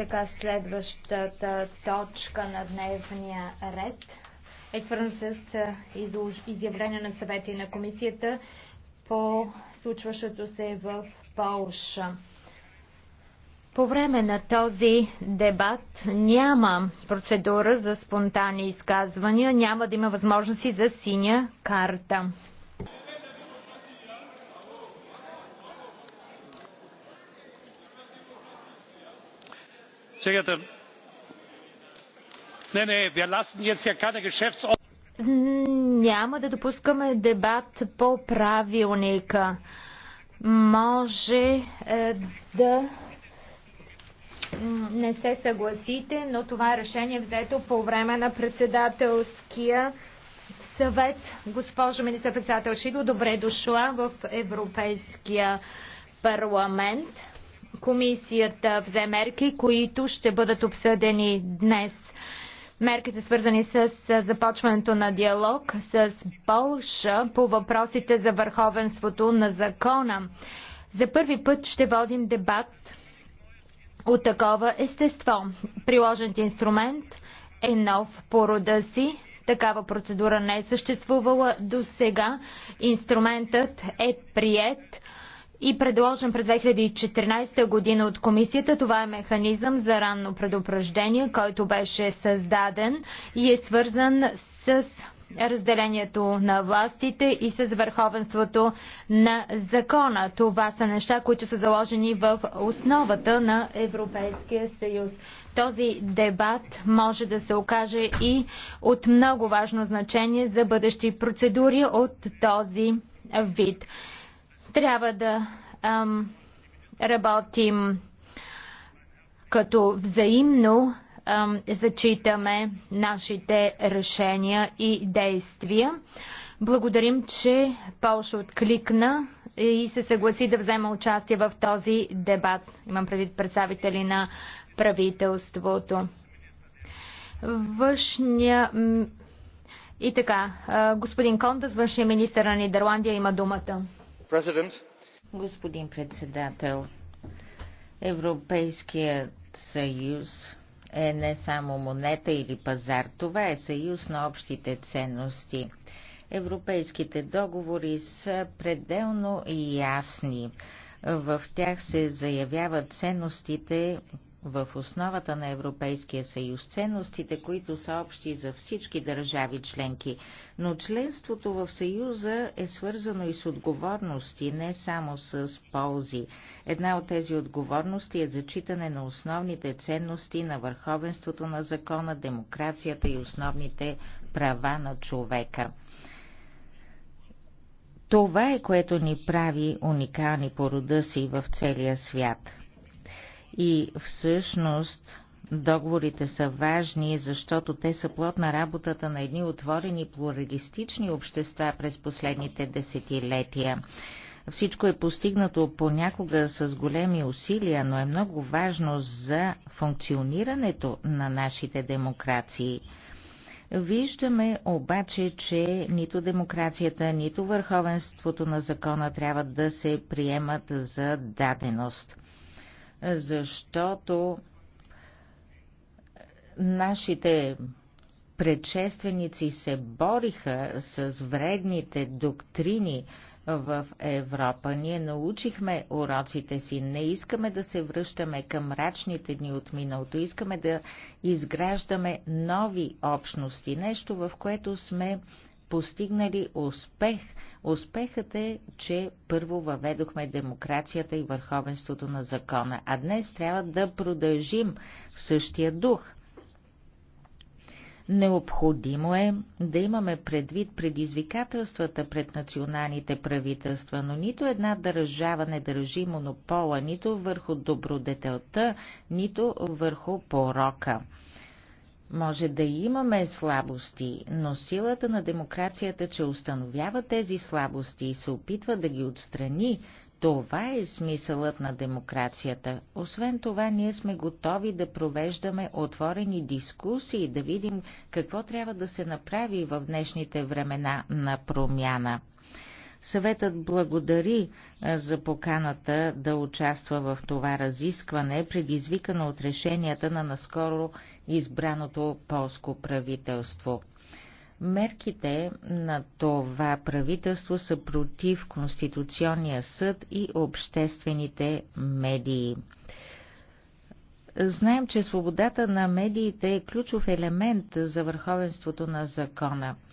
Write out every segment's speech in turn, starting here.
така следващата точка на дневния ред е свързана с изявление на съвета и на комисията по случващото се в Полша. По време на този дебат няма процедура за спонтанни изказвания, няма да има възможности за синя карта. Няма да допускаме дебат по правилника. Може е, да не се съгласите, но това е решение взето по време на председателския съвет. Госпожо министър-председател Шидо, добре дошла в Европейския парламент комисията взе мерки, които ще бъдат обсъдени днес. Мерките свързани с започването на диалог с Полша по въпросите за върховенството на закона. За първи път ще водим дебат от такова естество. Приложен инструмент е нов по рода си. Такава процедура не е съществувала до сега. Инструментът е прият и предложен през 2014 година от комисията. Това е механизъм за ранно предупреждение, който беше създаден и е свързан с разделението на властите и с върховенството на закона. Това са неща, които са заложени в основата на Европейския съюз. Този дебат може да се окаже и от много важно значение за бъдещи процедури от този вид. Трябва да ам, работим като взаимно ам, зачитаме нашите решения и действия. Благодарим, че Полша откликна и се съгласи да взема участие в този дебат. Имам предвид представители на правителството. Въшния И така, господин Кондас, външния министър на Нидерландия, има думата. Господин председател, Европейският съюз е не само монета или пазар, това е съюз на общите ценности. Европейските договори са пределно ясни. В тях се заявяват ценностите, в основата на Европейския съюз, ценностите, които са общи за всички държави членки. Но членството в съюза е свързано и с отговорности, не само с ползи. Една от тези отговорности е зачитане на основните ценности на върховенството на закона, демокрацията и основните права на човека. Това е което ни прави уникални по рода си в целия свят – и всъщност договорите са важни, защото те са плод на работата на едни отворени плуралистични общества през последните десетилетия. Всичко е постигнато понякога с големи усилия, но е много важно за функционирането на нашите демокрации. Виждаме обаче, че нито демокрацията, нито върховенството на закона трябва да се приемат за даденост защото нашите предшественици се бориха с вредните доктрини в Европа. Ние научихме уроците си. Не искаме да се връщаме към мрачните дни от миналото. Искаме да изграждаме нови общности. Нещо, в което сме постигнали успех. Успехът е, че първо въведохме демокрацията и върховенството на закона, а днес трябва да продължим в същия дух. Необходимо е да имаме предвид предизвикателствата пред националните правителства, но нито една държава не държи монопола нито върху добродетелта, нито върху порока. Може да имаме слабости, но силата на демокрацията, че установява тези слабости и се опитва да ги отстрани, това е смисълът на демокрацията. Освен това, ние сме готови да провеждаме отворени дискусии, да видим какво трябва да се направи в днешните времена на промяна. Съветът благодари за поканата да участва в това разискване, предизвикано от решенията на наскоро избраното полско правителство. Мерките на това правителство са против Конституционния съд и обществените медии. Знаем, че свободата на медиите е ключов елемент за върховенството на закона –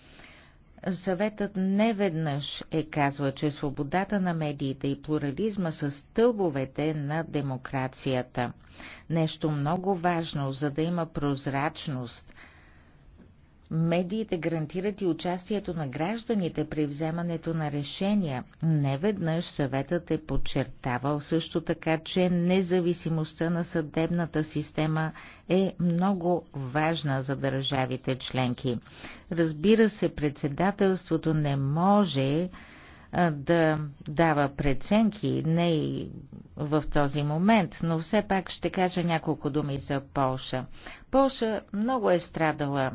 Съветът неведнъж е казва, че свободата на медиите и плурализма са стълбовете на демокрацията. Нещо много важно, за да има прозрачност – Медиите гарантират и участието на гражданите при вземането на решения. Неведнъж съветът е подчертавал също така, че независимостта на съдебната система е много важна за държавите членки. Разбира се, председателството не може да дава преценки, не и в този момент, но все пак ще кажа няколко думи за Полша. Полша много е страдала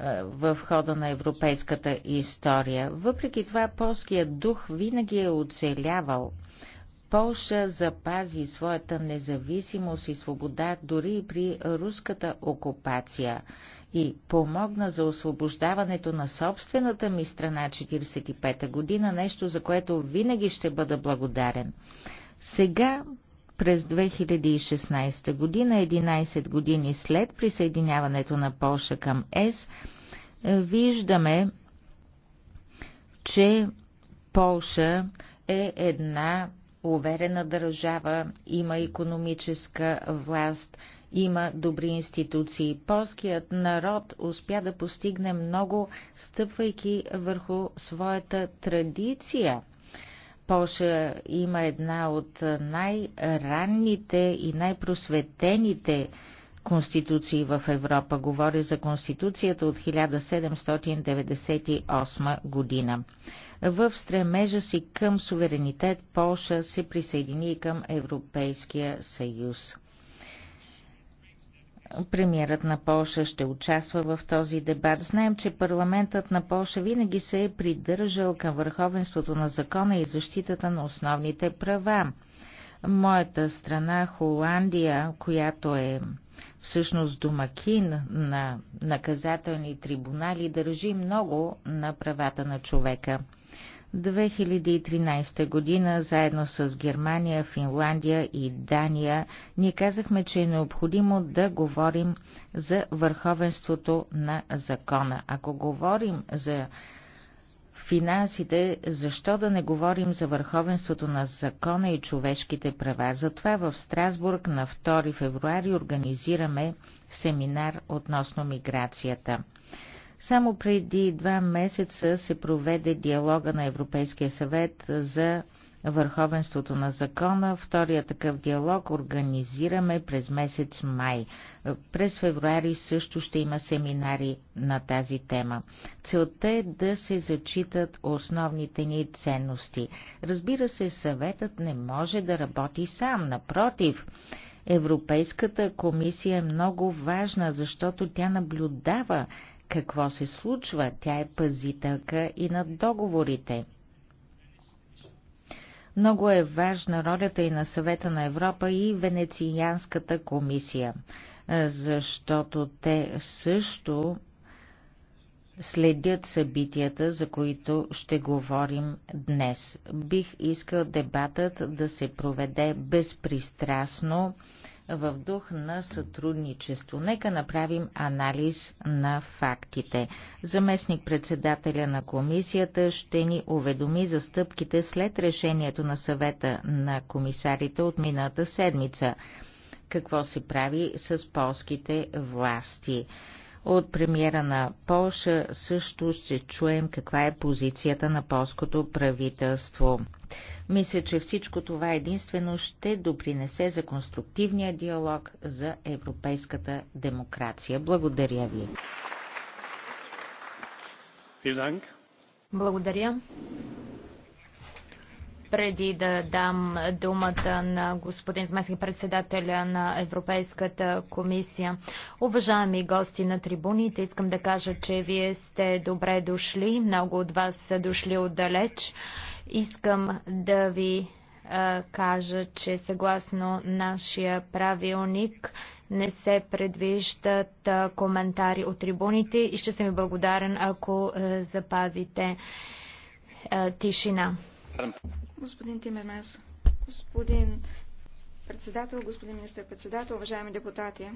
е, в хода на европейската история. Въпреки това, полският дух винаги е оцелявал. Полша запази своята независимост и свобода дори и при руската окупация и помогна за освобождаването на собствената ми страна 45-та година, нещо за което винаги ще бъда благодарен. Сега през 2016 година, 11 години след присъединяването на Полша към ЕС, виждаме, че Полша е една уверена държава, има економическа власт, има добри институции. Полският народ успя да постигне много, стъпвайки върху своята традиция – Польша има една от най-ранните и най-просветените конституции в Европа. Говори за конституцията от 1798 година. В стремежа си към суверенитет Полша се присъедини към Европейския съюз. Премиерът на Польша ще участва в този дебат. Знаем, че парламентът на Польша винаги се е придържал към върховенството на закона и защитата на основните права. Моята страна, Холандия, която е всъщност домакин на наказателни трибунали, държи много на правата на човека. 2013 година, заедно с Германия, Финландия и Дания, ние казахме, че е необходимо да говорим за върховенството на закона. Ако говорим за финансите, защо да не говорим за върховенството на закона и човешките права? Затова в Страсбург на 2 февруари организираме семинар относно миграцията. Само преди два месеца се проведе диалога на Европейския съвет за върховенството на закона. Втория такъв диалог организираме през месец май. През февруари също ще има семинари на тази тема. Целта е да се зачитат основните ни ценности. Разбира се, съветът не може да работи сам. Напротив, Европейската комисия е много важна, защото тя наблюдава какво се случва. Тя е пазителка и на договорите. Много е важна ролята и на съвета на Европа и Венецианската комисия, защото те също следят събитията, за които ще говорим днес. Бих искал дебатът да се проведе безпристрастно, в дух на сътрудничество. Нека направим анализ на фактите. Заместник председателя на комисията ще ни уведоми за стъпките след решението на съвета на комисарите от мината седмица. Какво се прави с полските власти? От премиера на Полша също ще чуем каква е позицията на полското правителство. Мисля, че всичко това единствено ще допринесе за конструктивния диалог за европейската демокрация. Благодаря ви. Благодаря. Преди да дам думата на господин заместник председателя на Европейската комисия, уважаеми гости на трибуните, искам да кажа, че вие сте добре дошли. Много от вас са дошли отдалеч. Искам да ви кажа, че съгласно нашия правилник не се предвиждат коментари от трибуните и ще съм ви благодарен, ако запазите тишина. Господин Тимермес, господин председател, господин министър-председател, уважаеми депутати.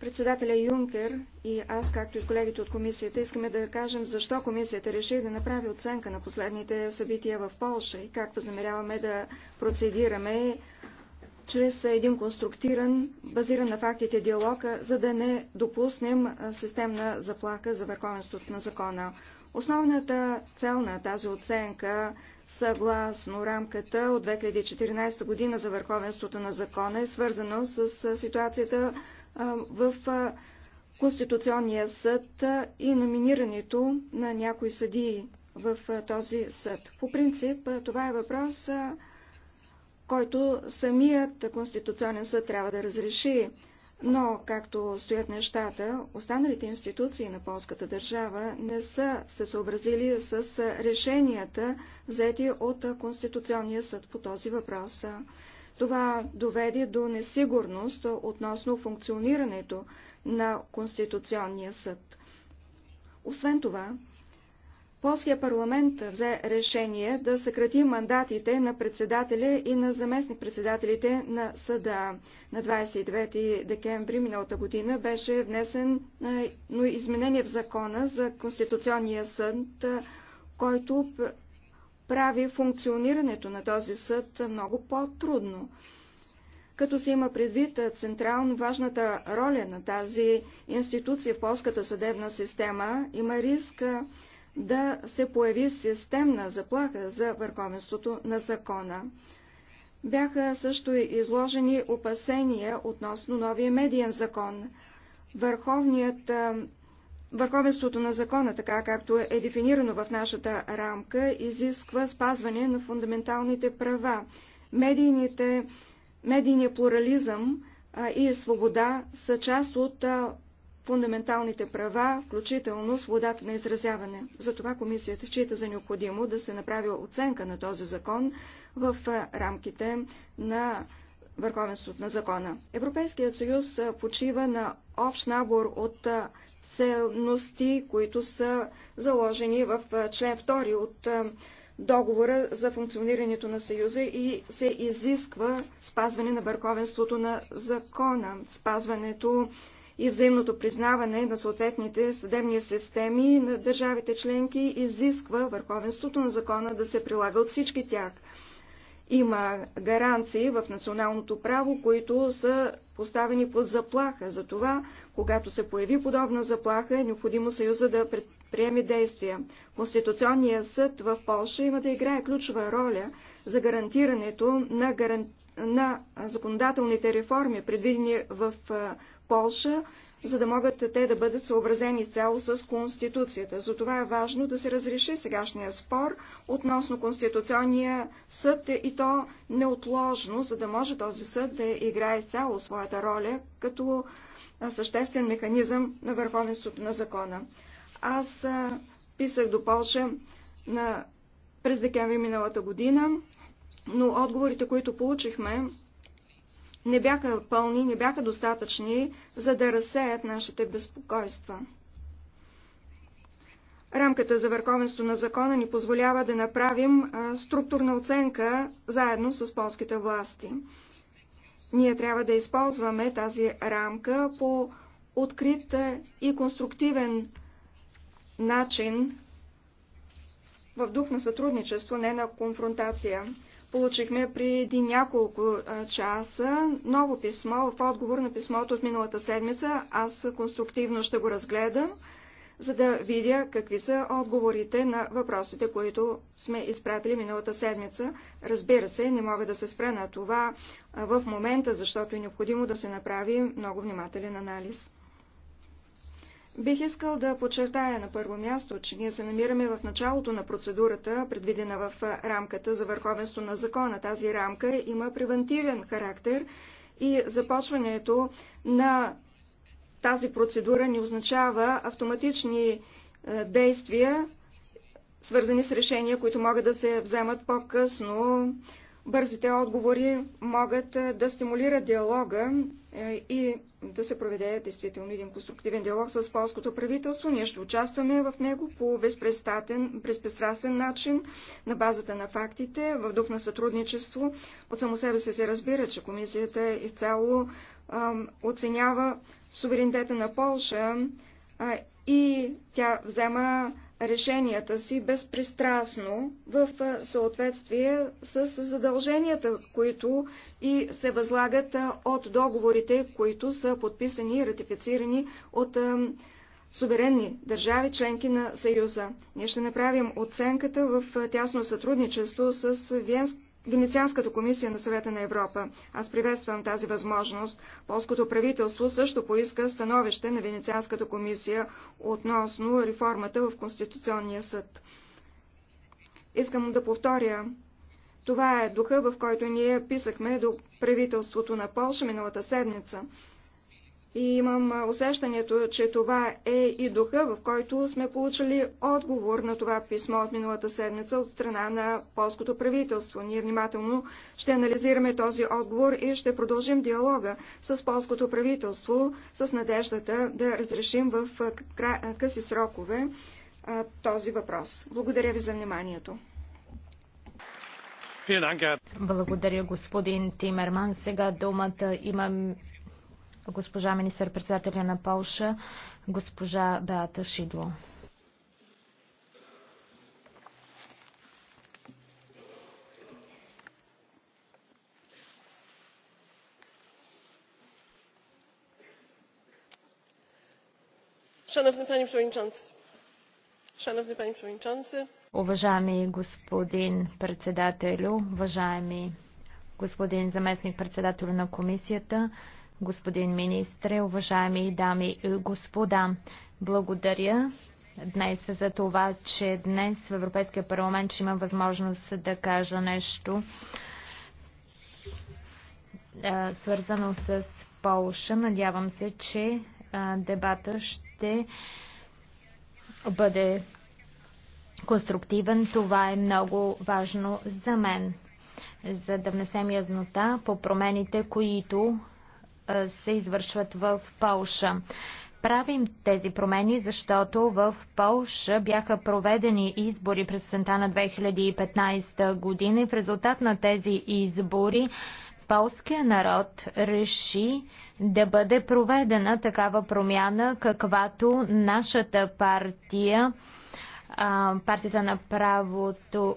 Председателя Юнкер и аз, както и колегите от комисията, искаме да кажем защо комисията реши да направи оценка на последните събития в Польша и как възнамеряваме да процедираме чрез един конструктиран, базиран на фактите диалога, за да не допуснем системна заплака за върховенството на закона. Основната цел на тази оценка, съгласно рамката от 2014 година за върховенството на закона, е свързано с ситуацията в Конституционния съд и номинирането на някои съдии в този съд. По принцип, това е въпрос, който самият Конституционен съд трябва да разреши. Но, както стоят нещата, останалите институции на полската държава не са се съобразили с решенията, взети от Конституционния съд по този въпрос. Това доведе до несигурност относно функционирането на Конституционния съд. Освен това, Полския парламент взе решение да съкрати мандатите на председателя и на заместник-председателите на съда. На 29 декември миналата година беше внесен но изменение в закона за Конституционния съд, който прави функционирането на този съд много по-трудно. Като се има предвид централно важната роля на тази институция в полската съдебна система, има риск да се появи системна заплаха за върховенството на закона. Бяха също изложени опасения относно новия медиен закон. Върховният, върховенството на закона, така както е дефинирано в нашата рамка, изисква спазване на фундаменталните права. Медийните, медийният плурализъм и свобода са част от фундаменталните права, включително свободата на изразяване. Затова комисията счита за необходимо да се направи оценка на този закон в рамките на върховенството на закона. Европейският съюз почива на общ набор от ценности, които са заложени в член 2 от договора за функционирането на Съюза и се изисква спазване на върховенството на закона, спазването и взаимното признаване на съответните съдебни системи на държавите членки изисква върховенството на закона да се прилага от всички тях. Има гаранции в националното право, които са поставени под заплаха. Затова когато се появи подобна заплаха, е необходимо Съюза да предприеме действия. Конституционният съд в Польша има да играе ключова роля за гарантирането на, гаран... на законодателните реформи, предвидени в Полша, за да могат те да бъдат съобразени цяло с Конституцията. Затова е важно да се разреши сегашния спор относно Конституционния съд и то неотложно, за да може този съд да играе цяло своята роля като съществен механизъм на върховенството на закона. Аз писах до Полша на... през декември миналата година, но отговорите, които получихме, не бяха пълни, не бяха достатъчни, за да разсеят нашите безпокойства. Рамката за върховенство на закона ни позволява да направим структурна оценка заедно с полските власти. Ние трябва да използваме тази рамка по открит и конструктивен начин в дух на сътрудничество, не на конфронтация. Получихме преди няколко часа ново писмо в отговор на писмото от миналата седмица. Аз конструктивно ще го разгледам за да видя какви са отговорите на въпросите, които сме изпратили миналата седмица. Разбира се, не мога да се спра на това в момента, защото е необходимо да се направи много внимателен анализ. Бих искал да подчертая на първо място, че ние се намираме в началото на процедурата, предвидена в рамката за върховенство на закона. Тази рамка има превентивен характер и започването на тази процедура не означава автоматични е, действия, свързани с решения, които могат да се вземат по-късно. Бързите отговори могат е, да стимулират диалога е, и да се проведе действително един конструктивен диалог с полското правителство. Ние ще участваме в него по безпристрастен начин, на базата на фактите, в дух на сътрудничество. От само себе се се разбира, че комисията изцяло оценява суверенитета на Полша и тя взема решенията си безпристрастно в съответствие с задълженията, които и се възлагат от договорите, които са подписани и ратифицирани от суверенни държави, членки на Съюза. Ние ще направим оценката в тясно сътрудничество с Венск Венецианската комисия на съвета на Европа. Аз приветствам тази възможност. Полското правителство също поиска становище на Венецианската комисия относно реформата в Конституционния съд. Искам да повторя. Това е духа, в който ние писахме до правителството на Полша миналата седмица. И имам усещането, че това е и духа, в който сме получили отговор на това писмо от миналата седмица от страна на полското правителство. Ние внимателно ще анализираме този отговор и ще продължим диалога с полското правителство с надеждата да разрешим в къси срокове този въпрос. Благодаря ви за вниманието. Благодаря, господин Тимерман. Сега думата имам госпожа министър-председателя на Полша, госпожа Беата Шидло. Шановни пани Przewodniczący! Шановни пани Przewodniczący! Уважаеми господин председателю, уважаеми господин заместник председател на комисията, господин министре, уважаеми дами и господа. Благодаря днес за това, че днес в Европейския парламент ще имам възможност да кажа нещо свързано с Полша. Надявам се, че дебата ще бъде конструктивен. Това е много важно за мен, за да внесем яснота по промените, които се извършват в Полша. Правим тези промени, защото в Полша бяха проведени избори през сента на 2015 година и в резултат на тези избори полския народ реши да бъде проведена такава промяна, каквато нашата партия, партията на правото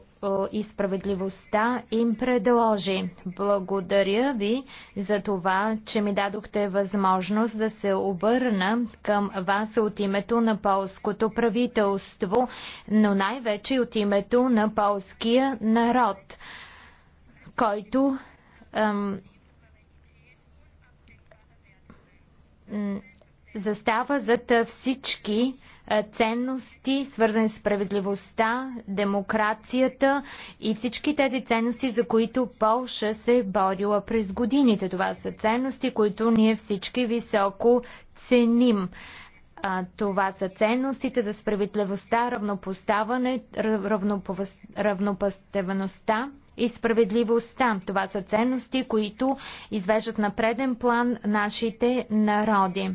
и справедливостта им предложи. Благодаря ви за това, че ми дадохте възможност да се обърна към вас от името на полското правителство, но най-вече от името на полския народ, който ем, застава зад всички ценности, свързани с справедливостта, демокрацията и всички тези ценности, за които Полша се е борила през годините. Това са ценности, които ние всички високо ценим. Това са ценностите за справедливостта, равнопоставане, равнопоставеността и справедливостта. Това са ценности, които извеждат на преден план нашите народи.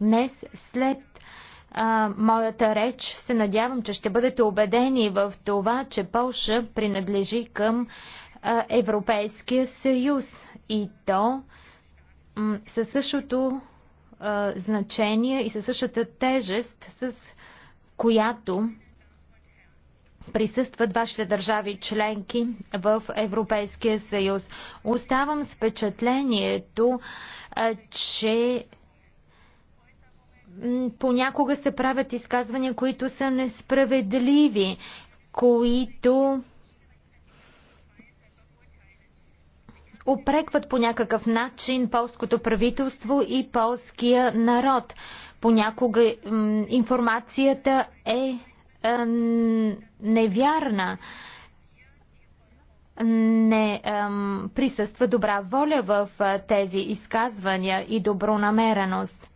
Днес, след а, моята реч, се надявам, че ще бъдете убедени в това, че Полша принадлежи към а, Европейския съюз и то със същото а, значение и със същата тежест, с която присъстват вашите държави членки в Европейския съюз. Оставам с впечатлението, че понякога се правят изказвания, които са несправедливи, които опрекват по някакъв начин полското правителство и полския народ. Понякога информацията е, е невярна. Не ем, присъства добра воля в тези изказвания и добронамереност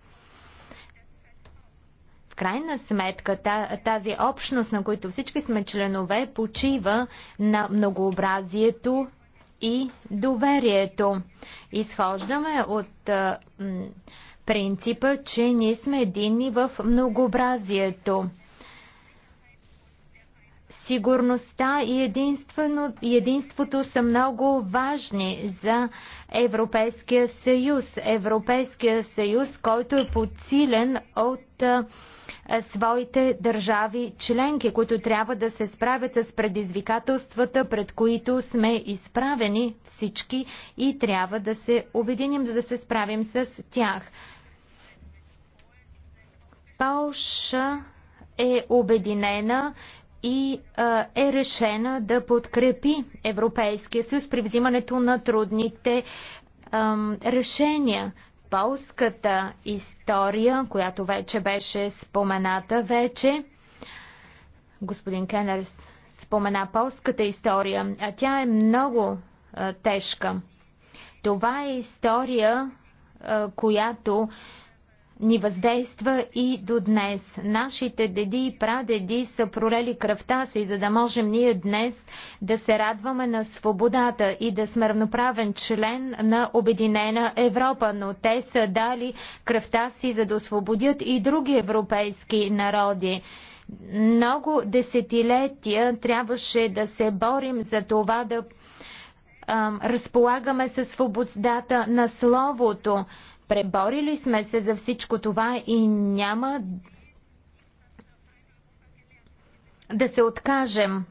крайна сметка тази общност, на която всички сме членове, почива на многообразието и доверието. Изхождаме от принципа, че ние сме единни в многообразието. Сигурността и, и единството са много важни за Европейския съюз. Европейския съюз, който е подсилен от е, своите държави членки, които трябва да се справят с предизвикателствата, пред които сме изправени всички и трябва да се обединим, за да се справим с тях. Полша е обединена и а, е, е решена да подкрепи Европейския съюз при взимането на трудните а, решения полската история, която вече беше спомената вече. Господин Кенерс спомена полската история, а тя е много а, тежка. Това е история, а, която ни въздейства и до днес. Нашите деди и прадеди са пролели кръвта си, за да можем ние днес да се радваме на свободата и да сме равноправен член на Обединена Европа, но те са дали кръвта си, за да освободят и други европейски народи. Много десетилетия трябваше да се борим за това да разполагаме със свободата на словото, Преборили сме се за всичко това и няма да се откажем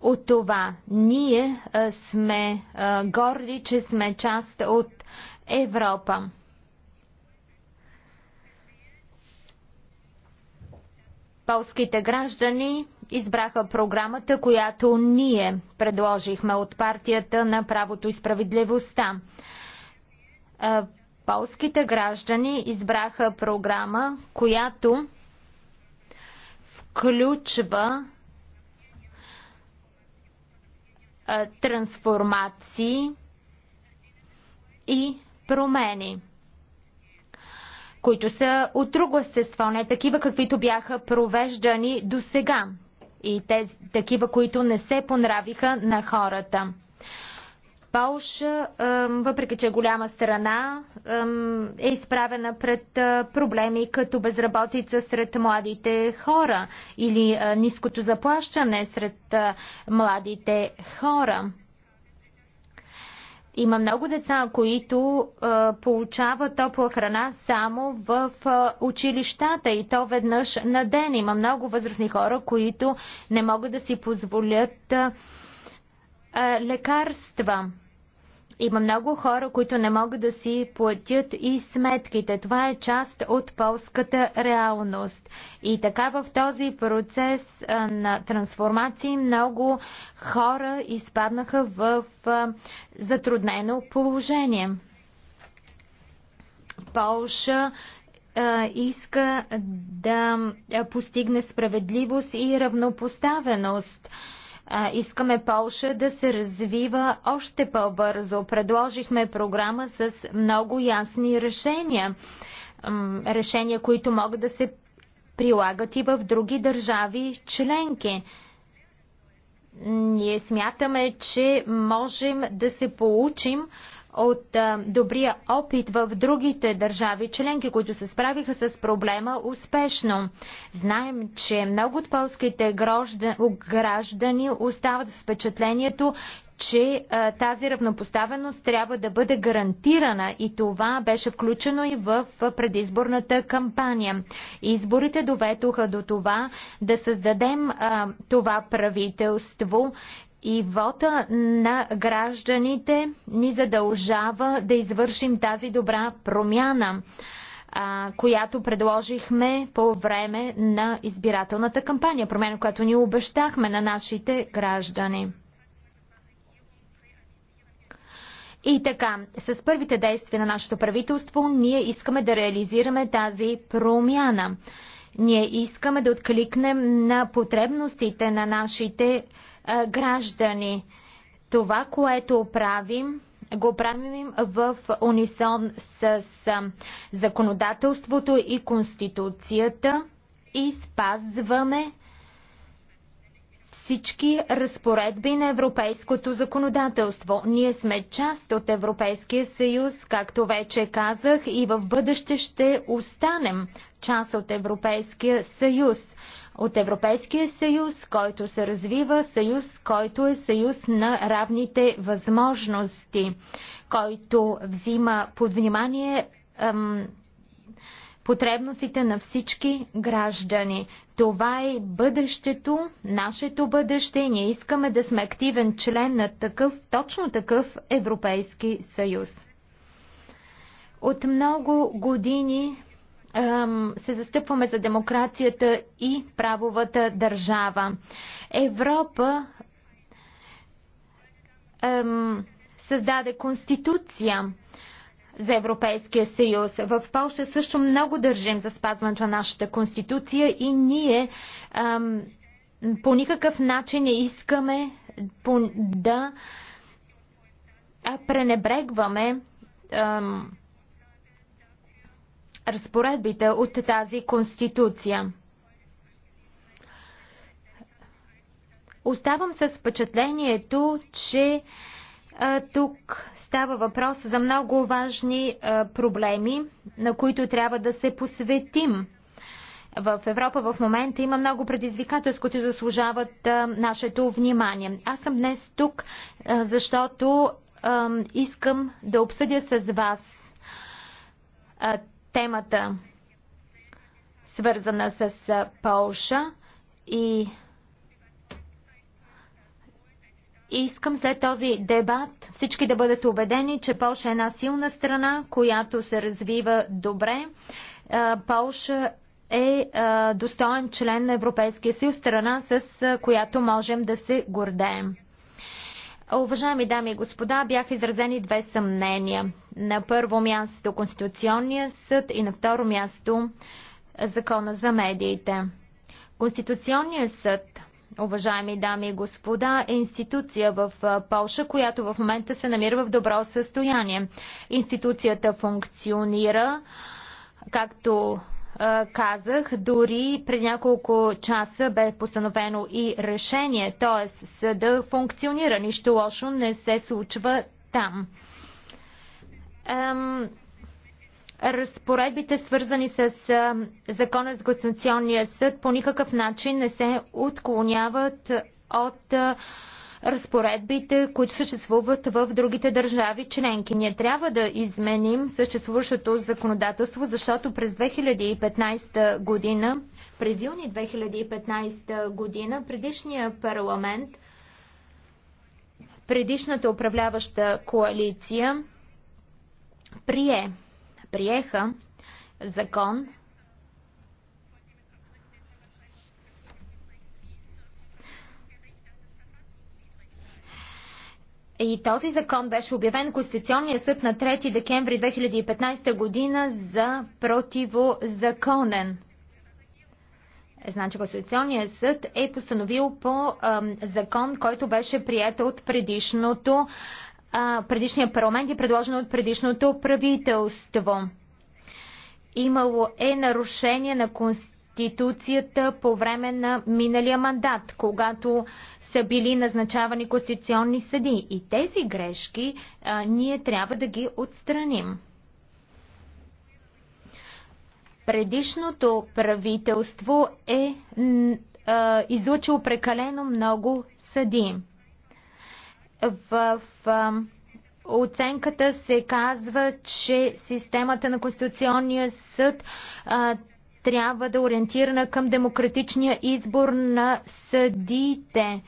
от това. Ние сме горди, че сме част от Европа. Полските граждани избраха програмата, която ние предложихме от партията на правото и справедливостта. Полските граждани избраха програма, която включва а, трансформации и промени, които са от друго естество, не такива, каквито бяха провеждани до сега и тези, такива, които не се понравиха на хората. Полша, въпреки че е голяма страна, е изправена пред проблеми като безработица сред младите хора или ниското заплащане сред младите хора. Има много деца, които получават топла храна само в училищата и то веднъж на ден. Има много възрастни хора, които не могат да си позволят лекарства. Има много хора, които не могат да си платят и сметките. Това е част от полската реалност. И така в този процес на трансформации много хора изпаднаха в затруднено положение. Полша иска да постигне справедливост и равнопоставеност а, искаме Полша да се развива още по-бързо. Предложихме програма с много ясни решения. Решения, които могат да се прилагат и в други държави членки. Ние смятаме, че можем да се получим от а, добрия опит в другите държави членки, които се справиха с проблема успешно. Знаем, че много от полските граждани остават с впечатлението, че а, тази равнопоставеност трябва да бъде гарантирана и това беше включено и в предизборната кампания. Изборите доведоха до това да създадем а, това правителство, и вота на гражданите ни задължава да извършим тази добра промяна, а, която предложихме по време на избирателната кампания, промяна, която ни обещахме на нашите граждани. И така, с първите действия на нашето правителство, ние искаме да реализираме тази промяна. Ние искаме да откликнем на потребностите на нашите граждани граждани. Това, което правим, го правим в унисон с законодателството и Конституцията и спазваме всички разпоредби на европейското законодателство. Ние сме част от Европейския съюз, както вече казах, и в бъдеще ще останем част от Европейския съюз от Европейския съюз, който се развива, съюз, който е съюз на равните възможности, който взима под внимание ем, потребностите на всички граждани. Това е бъдещето, нашето бъдеще. Ние искаме да сме активен член на такъв, точно такъв Европейски съюз. От много години се застъпваме за демокрацията и правовата държава. Европа създаде конституция за Европейския съюз. В Польша също много държим за спазването на нашата конституция и ние по никакъв начин не искаме да пренебрегваме разпоредбите от тази конституция. Оставам с впечатлението, че а, тук става въпрос за много важни а, проблеми, на които трябва да се посветим. В Европа в момента има много предизвикателства, които заслужават а, нашето внимание. Аз съм днес тук, а, защото а, искам да обсъдя с вас а, темата, свързана с Полша и Искам след този дебат всички да бъдат убедени, че Полша е една силна страна, която се развива добре. Полша е достоен член на Европейския съюз, страна с която можем да се гордеем. Уважаеми дами и господа, бяха изразени две съмнения. На първо място Конституционния съд и на второ място Закона за медиите. Конституционният съд, уважаеми дами и господа, е институция в Полша, която в момента се намира в добро състояние. Институцията функционира, както казах, дори преди няколко часа бе постановено и решение, т.е. съда функционира, нищо лошо не се случва там разпоредбите, свързани с Закона за Конституционния съд, по никакъв начин не се отклоняват от разпоредбите, които съществуват в другите държави членки. Ние трябва да изменим съществуващото законодателство, защото през 2015 година, през юни 2015 година, предишния парламент, предишната управляваща коалиция прие, приеха закон, И този закон беше обявен Конституционния съд на 3 декември 2015 година за противозаконен. Значи Конституционния съд е постановил по а, закон, който беше прият от предишното а, предишния парламент и е предложено от предишното правителство. Имало е нарушение на Конституцията по време на миналия мандат, когато са били назначавани конституционни съди. И тези грешки а, ние трябва да ги отстраним. Предишното правителство е а, излучило прекалено много съди. В оценката се казва, че системата на Конституционния съд трябва да е ориентирана към демократичния избор на съдите.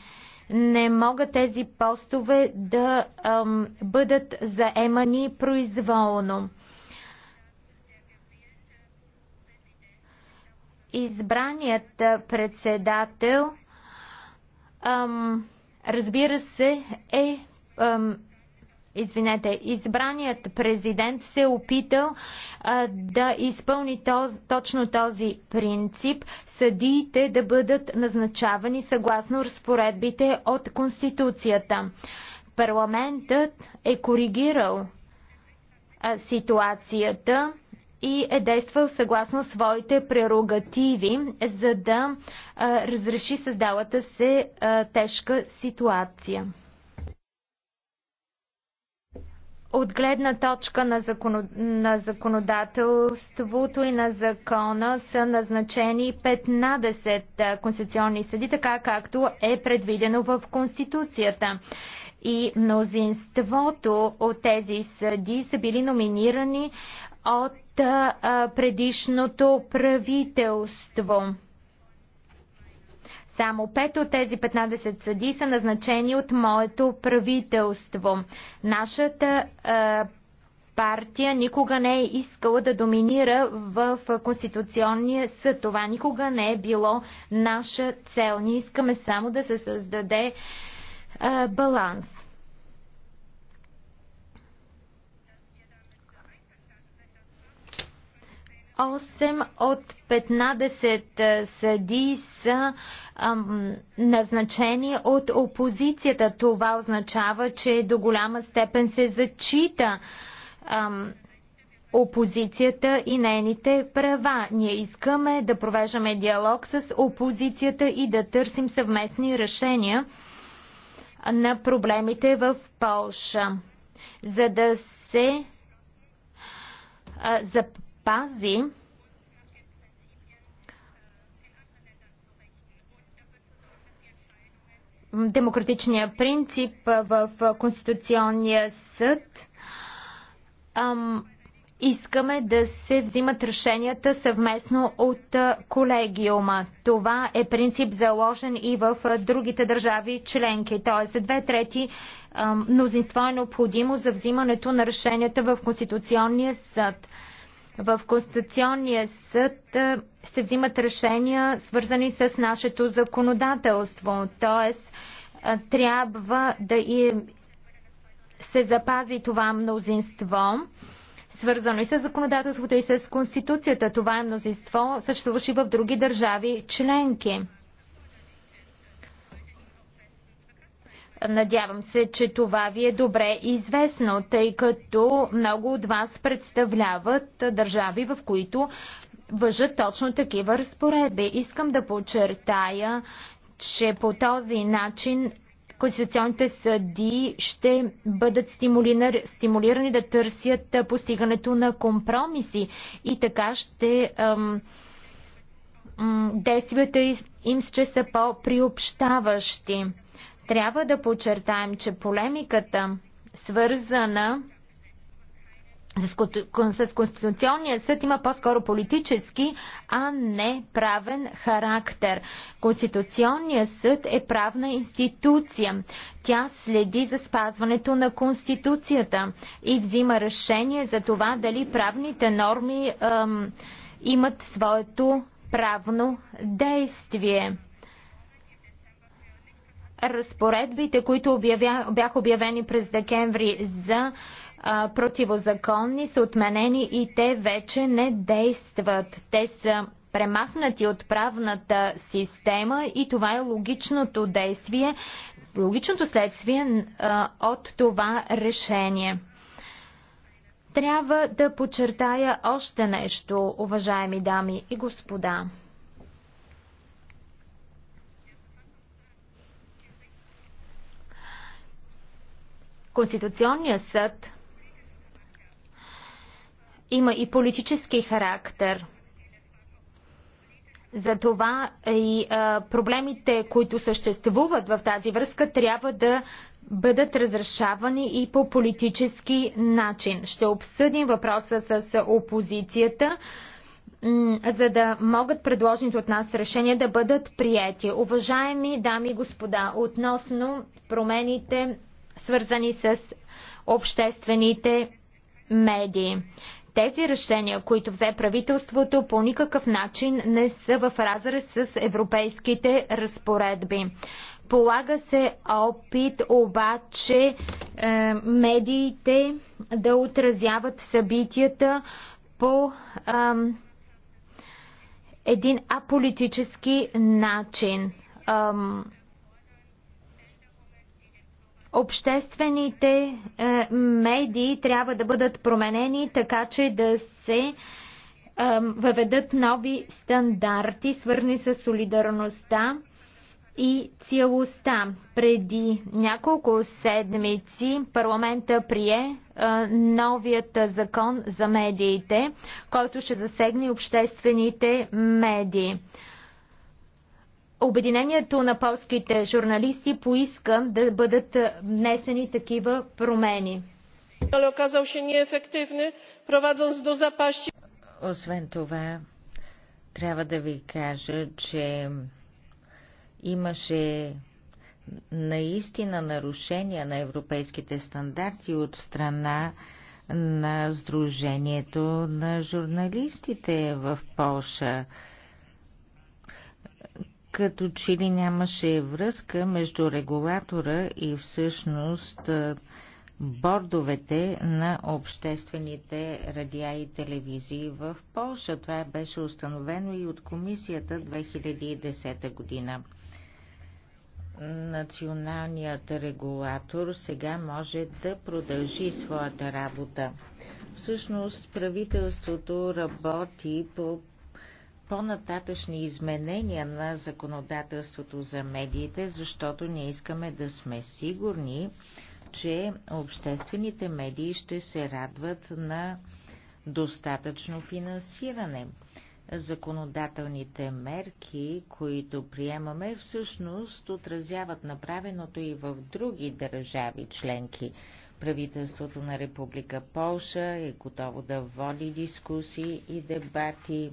Не могат тези постове да ам, бъдат заемани произволно. Избраният председател ам, Разбира се, е, ем, извинете, избраният президент се е опитал е, да изпълни този, точно този принцип съдиите да бъдат назначавани съгласно разпоредбите от Конституцията. Парламентът е коригирал е, ситуацията и е действал съгласно своите прерогативи, за да а, разреши създалата се а, тежка ситуация. От гледна точка на, законо... на законодателството и на закона са назначени 15 конституционни съди, така както е предвидено в Конституцията и мнозинството от тези съди са били номинирани от предишното правителство. Само 5 от тези 15 съди са назначени от моето правителство. Нашата а, партия никога не е искала да доминира в Конституционния съд. Това никога не е било наша цел. Ние искаме само да се създаде а, баланс. Осем от 15 съди са ам, назначени от опозицията. Това означава, че до голяма степен се зачита ам, опозицията и нейните права. Ние искаме да провеждаме диалог с опозицията и да търсим съвместни решения на проблемите в Полша, за да се запази демократичния принцип в Конституционния съд. Искаме да се взимат решенията съвместно от колегиума. Това е принцип заложен и в другите държави членки. Т.е. две трети мнозинство е необходимо за взимането на решенията в Конституционния съд. В Конституционния съд се взимат решения, свързани с нашето законодателство. Т.е. трябва да се запази това мнозинство свързано и с законодателството, и с Конституцията. Това е мнозинство, съществуващи в други държави членки. Надявам се, че това ви е добре известно, тъй като много от вас представляват държави, в които въжат точно такива разпоредби. Искам да подчертая, че по този начин Конституционните съди ще бъдат стимулирани да търсят постигането на компромиси и така ще действията им ще са по-приобщаващи. Трябва да подчертаем, че полемиката, свързана с Конституционния съд има по-скоро политически, а не правен характер. Конституционният съд е правна институция. Тя следи за спазването на Конституцията и взима решение за това дали правните норми ем, имат своето правно действие разпоредбите, които обявя, бяха обявени през декември за а, противозаконни, са отменени и те вече не действат. Те са премахнати от правната система и това е логичното действие, логичното следствие а, от това решение. Трябва да подчертая още нещо, уважаеми дами и господа. Конституционният съд има и политически характер. Затова и а, проблемите, които съществуват в тази връзка, трябва да бъдат разрешавани и по политически начин. Ще обсъдим въпроса с опозицията, за да могат предложените от нас решения да бъдат прияти. Уважаеми дами и господа, относно промените, свързани с обществените медии. Тези решения, които взе правителството, по никакъв начин не са в разрез с европейските разпоредби. Полага се опит обаче е, медиите да отразяват събитията по е, един аполитически начин. Е, Обществените е, медии трябва да бъдат променени така, че да се е, въведат нови стандарти, свързани с солидарността и цялостта. Преди няколко седмици парламента прие е, новият закон за медиите, който ще засегне обществените медии. Обединението на полските журналисти поиска да бъдат внесени такива промени. Освен това, трябва да ви кажа, че имаше наистина нарушения на европейските стандарти от страна на Сдружението на журналистите в Польша като че ли нямаше връзка между регулатора и всъщност бордовете на обществените радиа и телевизии в Польша. Това беше установено и от комисията 2010 година. Националният регулатор сега може да продължи своята работа. Всъщност правителството работи по по-нататъчни изменения на законодателството за медиите, защото ние искаме да сме сигурни, че обществените медии ще се радват на достатъчно финансиране. Законодателните мерки, които приемаме, всъщност отразяват направеното и в други държави членки. Правителството на Република Полша е готово да води дискусии и дебати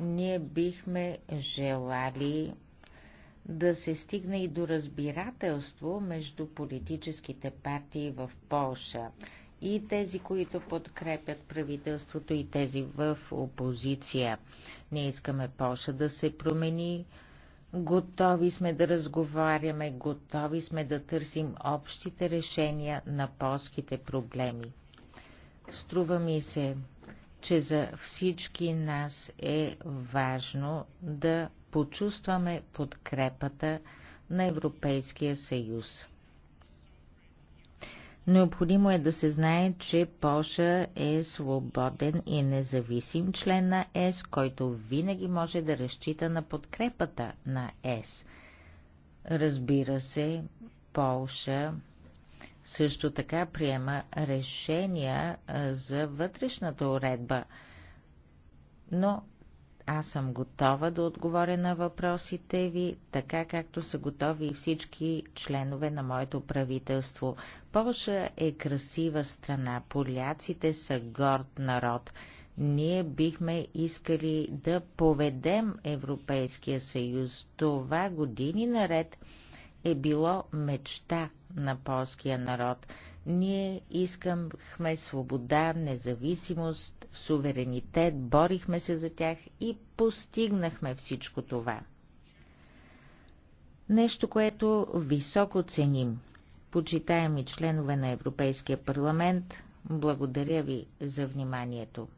ние бихме желали да се стигне и до разбирателство между политическите партии в Полша и тези, които подкрепят правителството и тези в опозиция. Ние искаме Польша да се промени. Готови сме да разговаряме, готови сме да търсим общите решения на полските проблеми. Струва ми се, че за всички нас е важно да почувстваме подкрепата на Европейския съюз. Необходимо е да се знае, че Польша е свободен и независим член на ЕС, който винаги може да разчита на подкрепата на ЕС. Разбира се, Полша също така приема решения за вътрешната уредба. Но аз съм готова да отговоря на въпросите ви, така както са готови и всички членове на моето правителство. Полша е красива страна, поляците са горд народ. Ние бихме искали да поведем Европейския съюз. Това години наред е било мечта на полския народ. Ние искахме свобода, независимост, суверенитет, борихме се за тях и постигнахме всичко това. Нещо, което високо ценим. Почитаеми членове на Европейския парламент, благодаря ви за вниманието.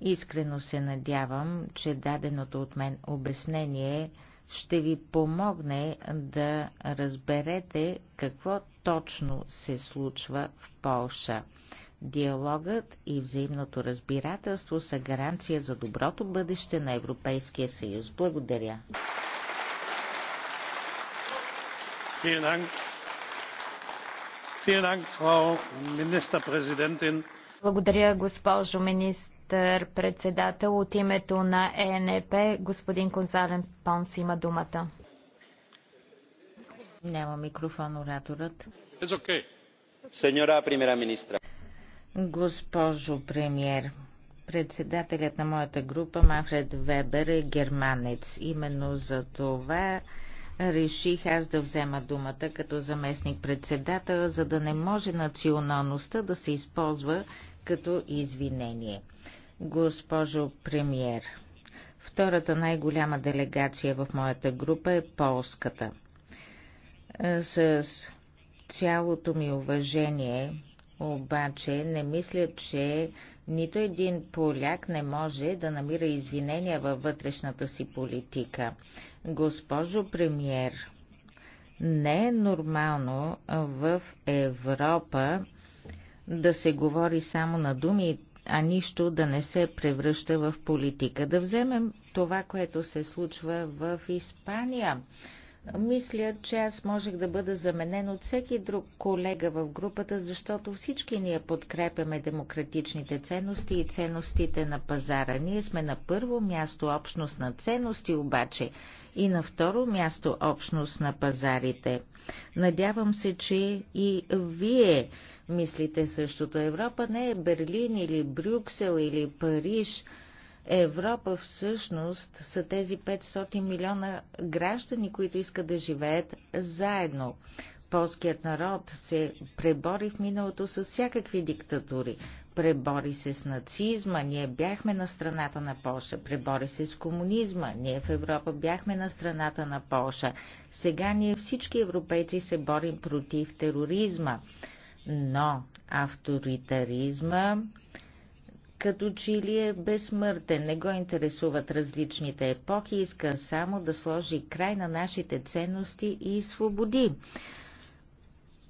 Искрено се надявам, че даденото от мен обяснение ще ви помогне да разберете какво точно се случва в Полша. Диалогът и взаимното разбирателство са гаранция за доброто бъдеще на Европейския съюз. Благодаря. Благодаря, госпожо министр министър-председател от името на ЕНП. Господин Конзален Понс има думата. Няма микрофон ораторът. Okay. Сеньора премьера министра. Госпожо премьер, председателят на моята група Манфред Вебер е германец. Именно за това реших аз да взема думата като заместник председател, за да не може националността да се използва като извинение. Госпожо премьер, втората най-голяма делегация в моята група е полската. С цялото ми уважение, обаче не мисля, че нито един поляк не може да намира извинения във вътрешната си политика. Госпожо премьер, не е нормално в Европа да се говори само на думи а нищо да не се превръща в политика. Да вземем това, което се случва в Испания. Мисля, че аз можех да бъда заменен от всеки друг колега в групата, защото всички ние подкрепяме демократичните ценности и ценностите на пазара. Ние сме на първо място общност на ценности, обаче и на второ място общност на пазарите. Надявам се, че и вие мислите същото. Европа не е Берлин или Брюксел или Париж. Европа всъщност са тези 500 милиона граждани, които искат да живеят заедно. Полският народ се пребори в миналото с всякакви диктатури. Пребори се с нацизма, ние бяхме на страната на Полша. Пребори се с комунизма, ние в Европа бяхме на страната на Польша. Сега ние всички европейци се борим против тероризма но авторитаризма като че ли е безсмъртен, не го интересуват различните епохи, иска само да сложи край на нашите ценности и свободи.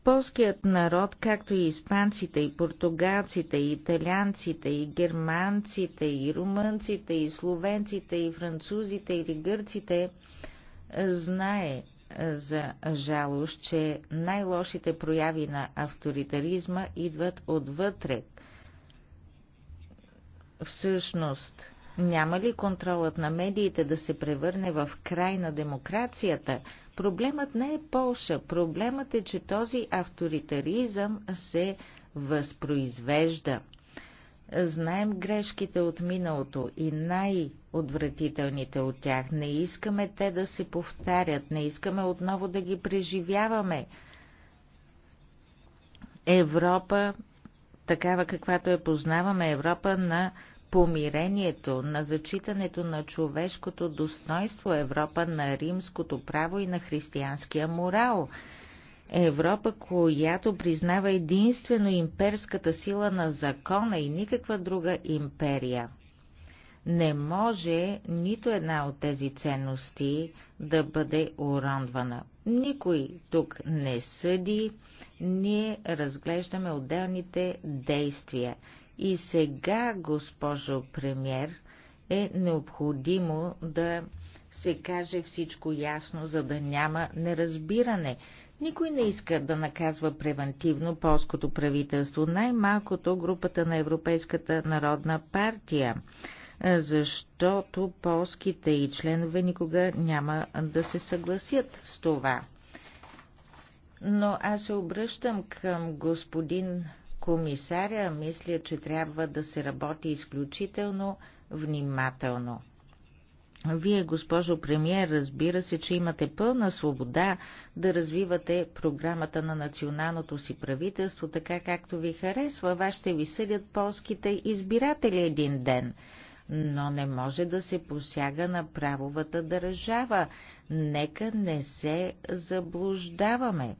Полският народ, както и испанците, и португалците, и италианците, и германците, и румънците, и словенците, и французите, или гърците, знае, за жалост, че най-лошите прояви на авторитаризма идват отвътре. Всъщност, няма ли контролът на медиите да се превърне в край на демокрацията? Проблемът не е Полша. Проблемът е, че този авторитаризъм се възпроизвежда. Знаем грешките от миналото и най-отвратителните от тях. Не искаме те да се повтарят, не искаме отново да ги преживяваме. Европа, такава каквато я познаваме, Европа на помирението, на зачитането на човешкото достоинство, Европа на римското право и на християнския морал – Европа, която признава единствено имперската сила на закона и никаква друга империя. Не може нито една от тези ценности да бъде уронвана. Никой тук не съди, ние разглеждаме отделните действия. И сега, госпожо премьер, е необходимо да се каже всичко ясно, за да няма неразбиране. Никой не иска да наказва превентивно полското правителство, най-малкото групата на Европейската народна партия, защото полските и членове никога няма да се съгласят с това. Но аз се обръщам към господин комисаря, мисля, че трябва да се работи изключително внимателно. Вие, госпожо премьер, разбира се, че имате пълна свобода да развивате програмата на националното си правителство, така както ви харесва. Вас ще ви съдят полските избиратели един ден. Но не може да се посяга на правовата държава. Нека не се заблуждаваме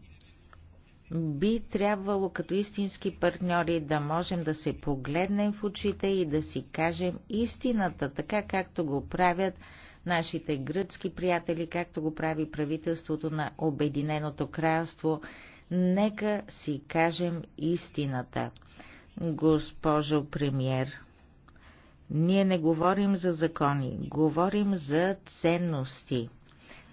би трябвало като истински партньори да можем да се погледнем в очите и да си кажем истината, така както го правят нашите гръцки приятели, както го прави правителството на Обединеното кралство. Нека си кажем истината. Госпожо премьер, ние не говорим за закони, говорим за ценности –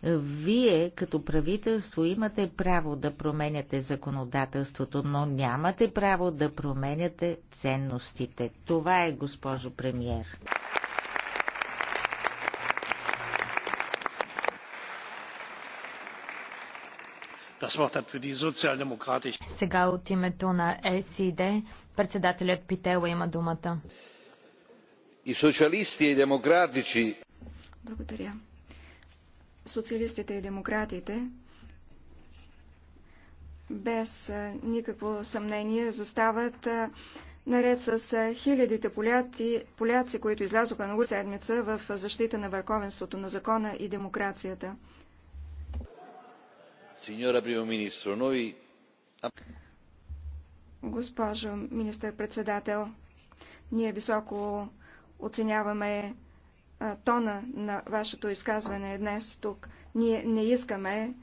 вие като правителство имате право да променяте законодателството, но нямате право да променяте ценностите. Това е, госпожо премьер. Сега от името на СИД председателят Питела има думата. И социалисти и демократичи. Благодаря социалистите и демократите без никакво съмнение застават наред с хилядите поляци, поляци които излязоха на седмица в защита на върховенството на закона и демокрацията. Госпожо министър-председател, ние високо оценяваме тона на вашето изказване днес тук. Ние не искаме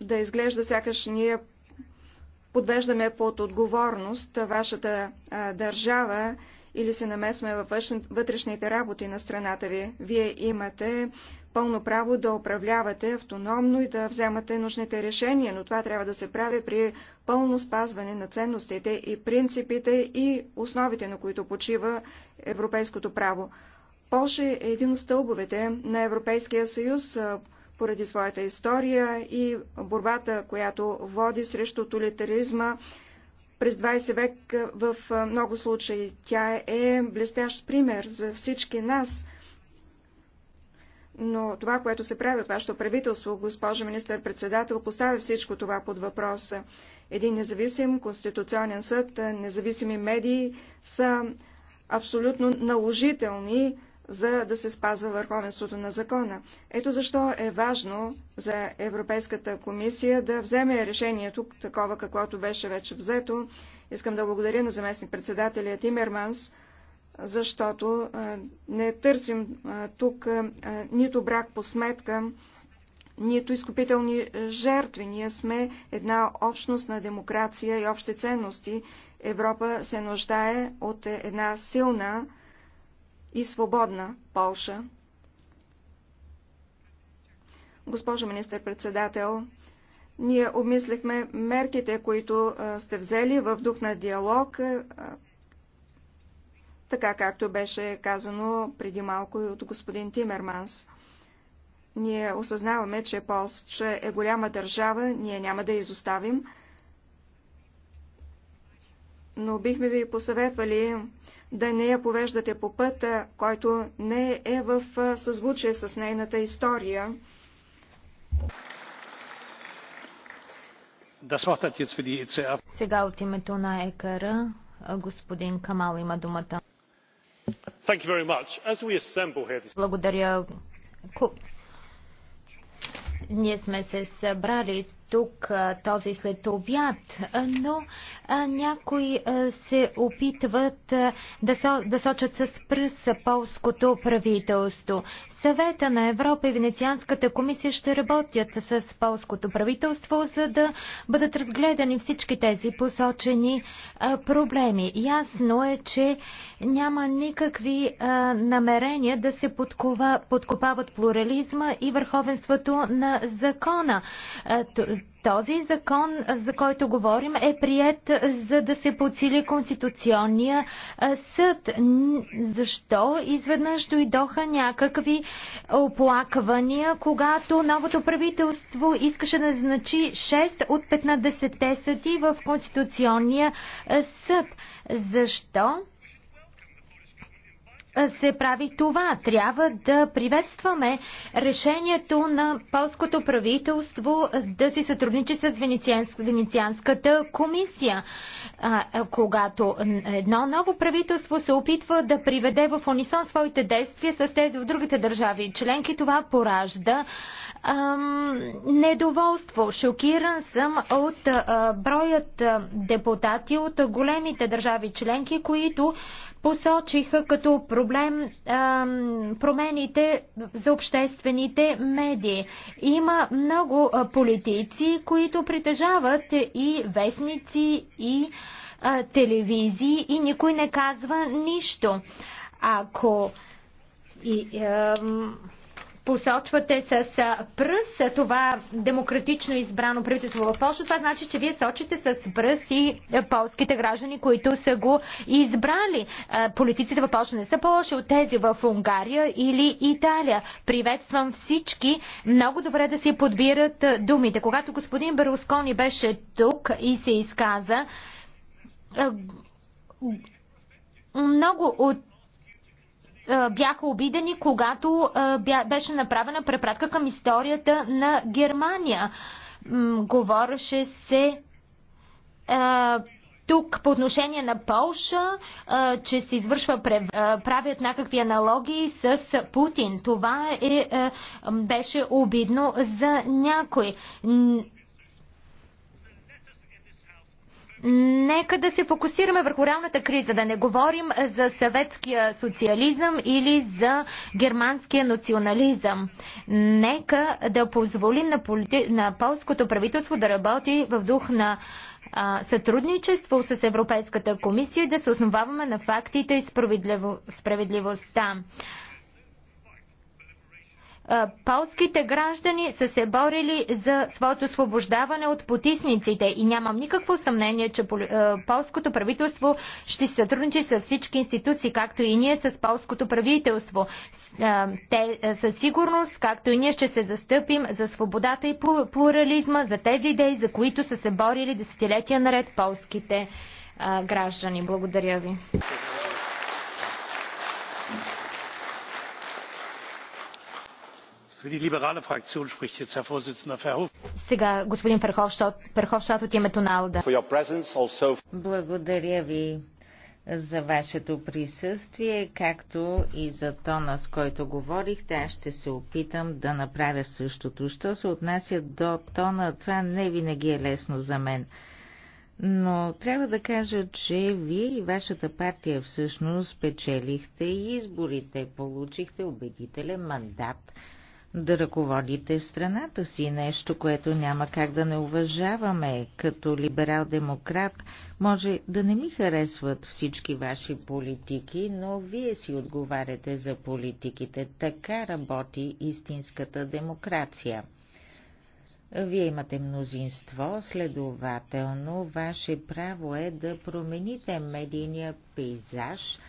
да изглежда сякаш ние подвеждаме под отговорност вашата държава или се намесваме във вътрешните работи на страната ви. Вие имате пълно право да управлявате автономно и да вземате нужните решения, но това трябва да се прави при пълно спазване на ценностите и принципите и основите, на които почива европейското право. Польша е един от стълбовете на Европейския съюз поради своята история и борбата, която води срещу тоталитаризма, през 20 век в много случаи. Тя е блестящ пример за всички нас. Но това, което се прави от вашето правителство, госпожо министър-председател, поставя всичко това под въпроса. Един независим конституционен съд, независими медии са абсолютно наложителни за да се спазва върховенството на закона. Ето защо е важно за Европейската комисия да вземе решението, такова каквото беше вече взето. Искам да благодаря на заместник председателя Тимерманс, защото не търсим тук нито брак по сметка, нито изкупителни жертви. Ние сме една общност на демокрация и общи ценности. Европа се нуждае от една силна и свободна Полша. Госпожо министър-председател, ние обмислихме мерките, които сте взели в дух на диалог, така както беше казано преди малко и от господин Тимерманс. Ние осъзнаваме, че Полша е голяма държава, ние няма да изоставим но бихме ви посъветвали да не я повеждате по път, който не е в съзвучие с нейната история. E Сега от името на ЕКР господин Камал има думата. Благодаря. Ние сме се събрали тук този след обяд, но някои се опитват да, со, да сочат с пръст полското правителство. Съвета на Европа и Венецианската комисия ще работят с полското правителство, за да бъдат разгледани всички тези посочени проблеми. Ясно е, че няма никакви намерения да се подкова, подкопават плурализма и върховенството на закона. Този закон, за който говорим, е прият за да се подсили Конституционния съд. Защо изведнъж дойдоха някакви оплаквания, когато новото правителство искаше да назначи 6 от 15 съди в Конституционния съд? Защо? се прави това. Трябва да приветстваме решението на полското правителство да си сътрудничи с Венецианската комисия. А, когато едно ново правителство се опитва да приведе в унисон своите действия с тези в другите държави членки, това поражда ам, недоволство. Шокиран съм от а, броят депутати от големите държави членки, които посочиха като проблем а, промените за обществените медии. Има много а, политици, които притежават и вестници, и а, телевизии, и никой не казва нищо. Ако и, а, посочвате с пръст това демократично избрано правителство в Польша, това значи, че вие сочите с пръст и полските граждани, които са го избрали. Политиците в Польша не са повече от тези в Унгария или Италия. Приветствам всички. Много добре да си подбират думите. Когато господин Берлускони беше тук и се изказа, много от бяха обидени, когато беше направена препратка към историята на Германия. Говореше се тук по отношение на Полша, че се извършва правят някакви аналогии с Путин. Това е, беше обидно за някой. Нека да се фокусираме върху реалната криза, да не говорим за съветския социализъм или за германския национализъм. Нека да позволим на, полити... на полското правителство да работи в дух на а, сътрудничество с Европейската комисия и да се основаваме на фактите и справедливо... справедливостта. Полските граждани са се борили за своето освобождаване от потисниците и нямам никакво съмнение, че полското правителство ще сътрудничи с всички институции, както и ние с полското правителство. Те със сигурност, както и ние ще се застъпим за свободата и плурализма, за тези идеи, за които са се борили десетилетия наред полските граждани. Благодаря ви. Сега господин Ферховщат от името на Алда. Благодаря ви за вашето присъствие, както и за тона, с който говорихте. Аз ще се опитам да направя същото. Що се отнася до тона, това не винаги е лесно за мен. Но трябва да кажа, че вие и вашата партия всъщност печелихте изборите, получихте убедителен мандат да ръководите страната си, нещо, което няма как да не уважаваме. Като либерал-демократ може да не ми харесват всички ваши политики, но вие си отговаряте за политиките. Така работи истинската демокрация. Вие имате мнозинство, следователно ваше право е да промените медийния пейзаж –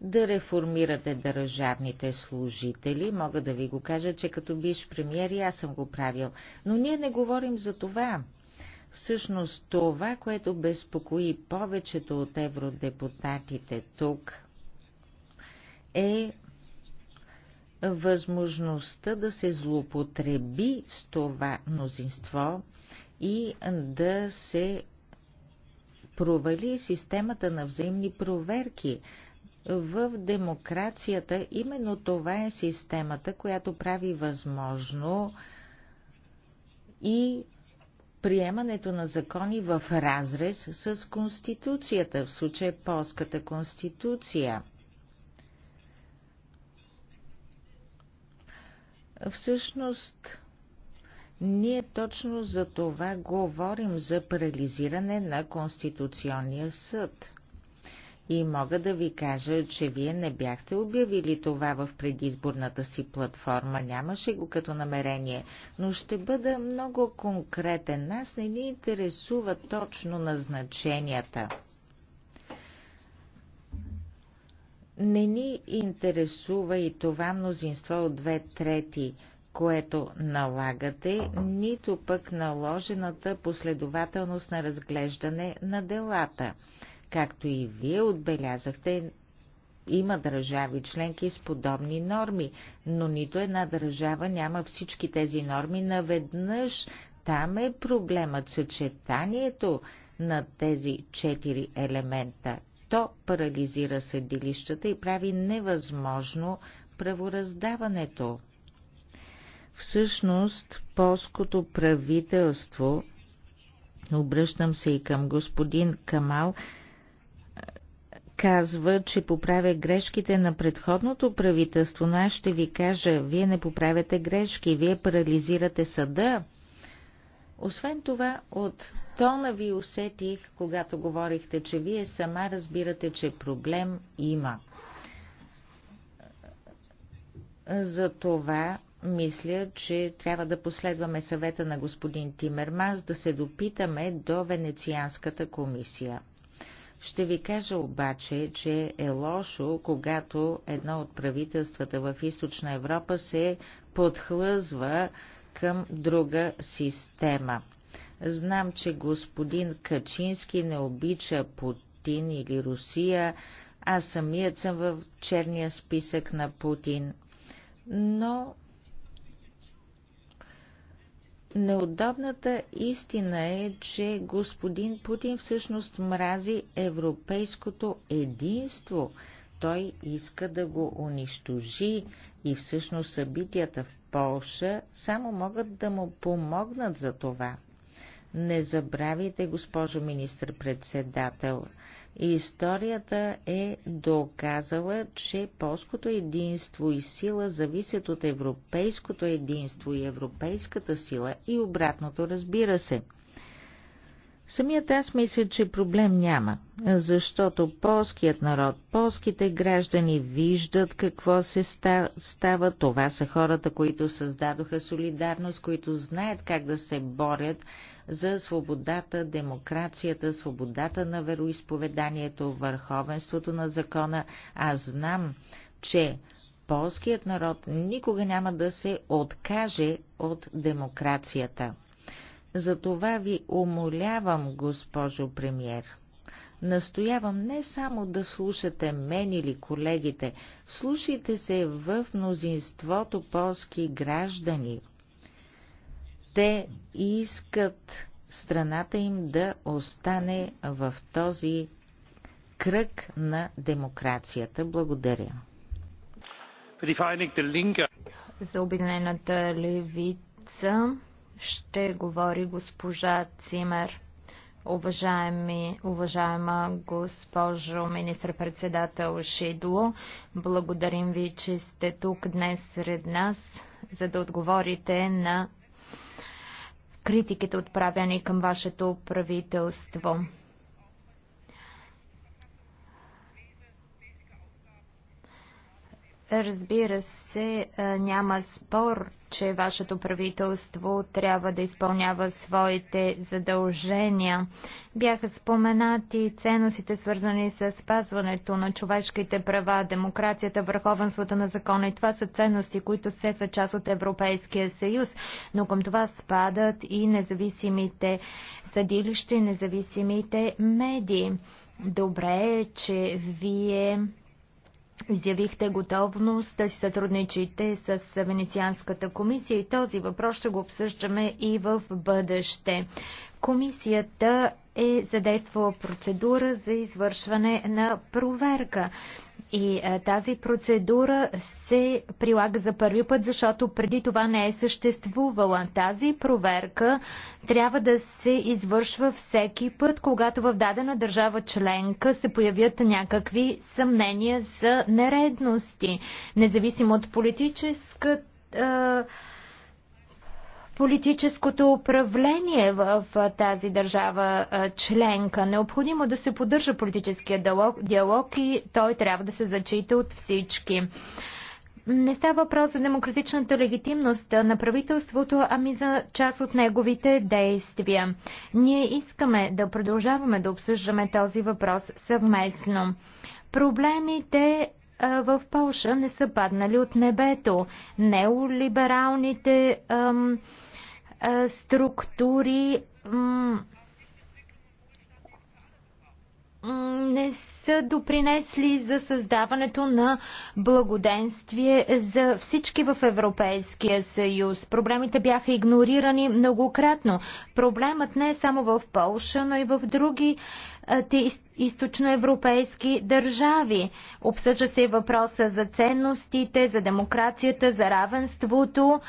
да реформирате държавните служители. Мога да ви го кажа, че като биш премьер и аз съм го правил. Но ние не говорим за това. Всъщност това, което безпокои повечето от евродепутатите тук, е възможността да се злоупотреби с това мнозинство и да се провали системата на взаимни проверки, в демокрацията именно това е системата, която прави възможно и приемането на закони в разрез с Конституцията, в случай Полската Конституция. Всъщност, ние точно за това говорим за парализиране на Конституционния съд – и мога да ви кажа, че вие не бяхте обявили това в предизборната си платформа, нямаше го като намерение, но ще бъда много конкретен. Нас не ни интересува точно назначенията. Не ни интересува и това мнозинство от две трети, което налагате, нито пък наложената последователност на разглеждане на делата – Както и вие отбелязахте, има държави членки с подобни норми, но нито една държава няма всички тези норми наведнъж. Там е проблемът съчетанието на тези четири елемента. То парализира съдилищата и прави невъзможно правораздаването. Всъщност, полското правителство, обръщам се и към господин Камал, казва, че поправя грешките на предходното правителство, но аз ще ви кажа, вие не поправяте грешки, вие парализирате съда. Освен това, от тона ви усетих, когато говорихте, че вие сама разбирате, че проблем има. За това мисля, че трябва да последваме съвета на господин Тимермас да се допитаме до Венецианската комисия. Ще ви кажа обаче, че е лошо, когато едно от правителствата в Източна Европа се подхлъзва към друга система. Знам, че господин Качински не обича Путин или Русия, аз самият съм в черния списък на Путин, но Неудобната истина е, че господин Путин всъщност мрази европейското единство. Той иска да го унищожи и всъщност събитията в Полша само могат да му помогнат за това. Не забравяйте, госпожо министр-председател, Историята е доказала, че полското единство и сила зависят от европейското единство и европейската сила и обратното, разбира се. Самият аз мисля, че проблем няма, защото полският народ, полските граждани виждат какво се става. Това са хората, които създадоха солидарност, които знаят как да се борят за свободата, демокрацията, свободата на вероисповеданието, върховенството на закона. Аз знам, че полският народ никога няма да се откаже от демокрацията. Затова ви умолявам, госпожо премьер. Настоявам не само да слушате мен или колегите, слушайте се в мнозинството полски граждани – те искат страната им да остане в този кръг на демокрацията. Благодаря. За Обединената левица ще говори госпожа Цимер. Уважаеми, уважаема госпожо министр-председател Шидло, благодарим ви, че сте тук днес сред нас, за да отговорите на критиките отправяни към вашето правителство. Разбира се, няма спор, че вашето правителство трябва да изпълнява своите задължения. Бяха споменати ценностите, свързани с спазването на човешките права, демокрацията, върховенството на закона. И това са ценности, които се са част от Европейския съюз, но към това спадат и независимите съдилища и независимите медии. Добре е, че вие изявихте готовност да си сътрудничите с Венецианската комисия и този въпрос ще го обсъждаме и в бъдеще. Комисията е задействала процедура за извършване на проверка. И а, е, тази процедура се прилага за първи път, защото преди това не е съществувала. Тази проверка трябва да се извършва всеки път, когато в дадена държава членка се появят някакви съмнения за нередности, независимо от политическата е, политическото управление в тази държава членка. Необходимо е да се поддържа политическия диалог, диалог и той трябва да се зачита от всички. Не става въпрос за демократичната легитимност на правителството, ами за част от неговите действия. Ние искаме да продължаваме да обсъждаме този въпрос съвместно. Проблемите в Польша не са паднали от небето. Неолибералните ам, а, структури ам, не са са допринесли за създаването на благоденствие за всички в Европейския съюз. Проблемите бяха игнорирани многократно. Проблемът не е само в Полша, но и в други източноевропейски държави. Обсъжда се и въпроса за ценностите, за демокрацията, за равенството.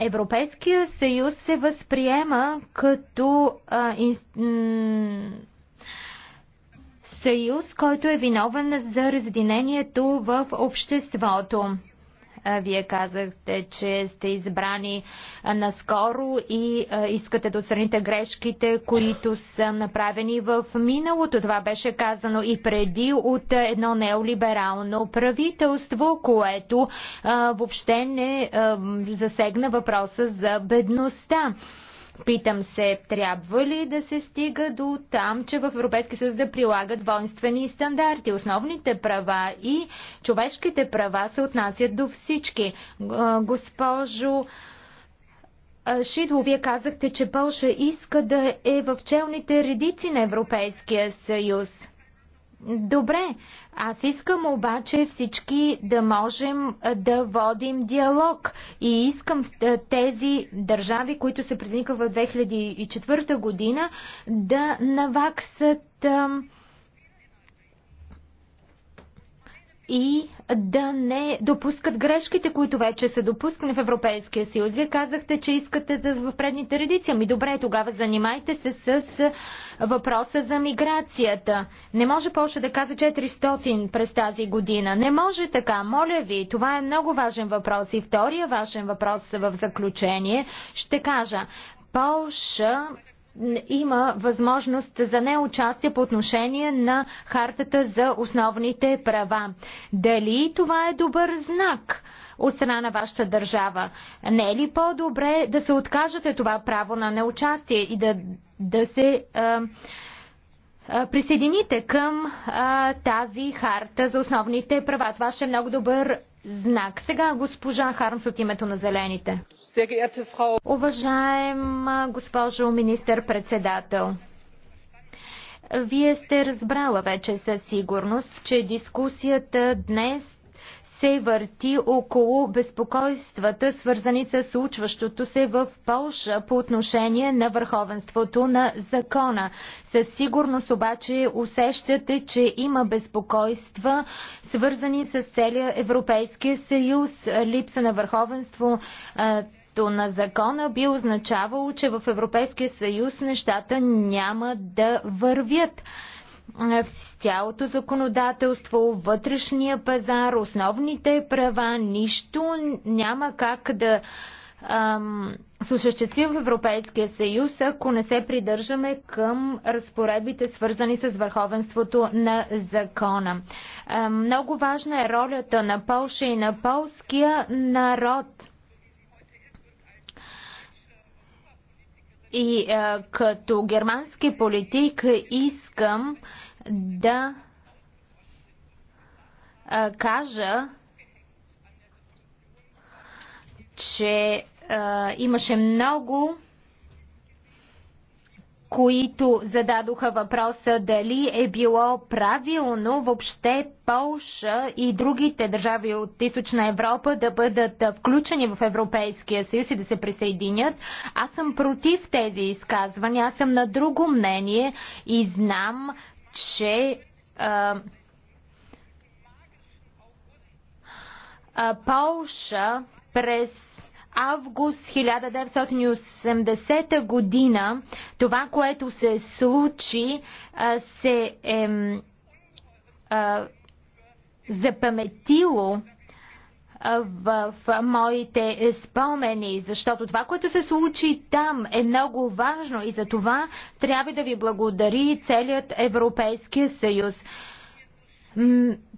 Европейския съюз се възприема като а, инст съюз, който е виновен за разединението в обществото. Вие казахте, че сте избрани наскоро и искате да отстраните грешките, които са направени в миналото. Това беше казано и преди от едно неолиберално правителство, което въобще не засегна въпроса за бедността. Питам се, трябва ли да се стига до там, че в Европейския съюз да прилагат воинствени стандарти? Основните права и човешките права се отнасят до всички. Госпожо Шидло, вие казахте, че Пълша иска да е в челните редици на Европейския съюз. Добре, аз искам обаче всички да можем да водим диалог и искам тези държави, които се признаха в 2004 година, да наваксат и да не допускат грешките, които вече са допускани в Европейския съюз. Вие казахте, че искате да в предните редици. Ами добре, тогава занимайте се с въпроса за миграцията. Не може Польша да каза 400 през тази година. Не може така. Моля ви, това е много важен въпрос. И втория важен въпрос в заключение ще кажа. Полша има възможност за неучастие по отношение на хартата за основните права. Дали това е добър знак от страна на вашата държава? Не е ли по-добре да се откажете това право на неучастие и да, да се а, а, присъедините към а, тази харта за основните права? Това ще е много добър знак. Сега госпожа Хармс от името на Зелените. Уважаема госпожо министър-председател, вие сте разбрала вече със сигурност, че дискусията днес се върти около безпокойствата, свързани с случващото се в Польша по отношение на върховенството на закона. Със сигурност обаче усещате, че има безпокойства, свързани с целия Европейския съюз, липса на върховенство върховенството на закона би означавало, че в Европейския съюз нещата няма да вървят. Е, в цялото законодателство, вътрешния пазар, основните права, нищо няма как да ам, се осъществи в Европейския съюз, ако не се придържаме към разпоредбите, свързани с върховенството на закона. Ам, е, много важна е ролята на Полша и на полския народ И а, е, като германски политик искам да а, е, кажа, че а, е, имаше много които зададоха въпроса дали е било правилно въобще Полша и другите държави от Източна Европа да бъдат включени в Европейския съюз и да се присъединят. Аз съм против тези изказвания, аз съм на друго мнение и знам, че а, а, Полша през август 1980 година това, което се случи, се е запаметило в, в моите спомени, защото това, което се случи там е много важно и за това трябва да ви благодари целият Европейския съюз.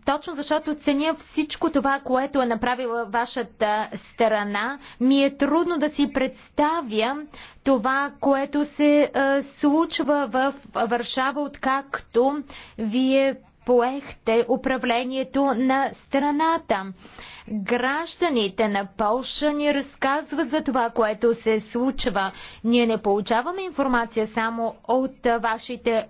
Точно защото ценя всичко това, което е направила вашата страна, ми е трудно да си представя това, което се е, случва в Варшава, откакто вие поехте управлението на страната. Гражданите на Полша ни разказват за това, което се случва. Ние не получаваме информация само от вашите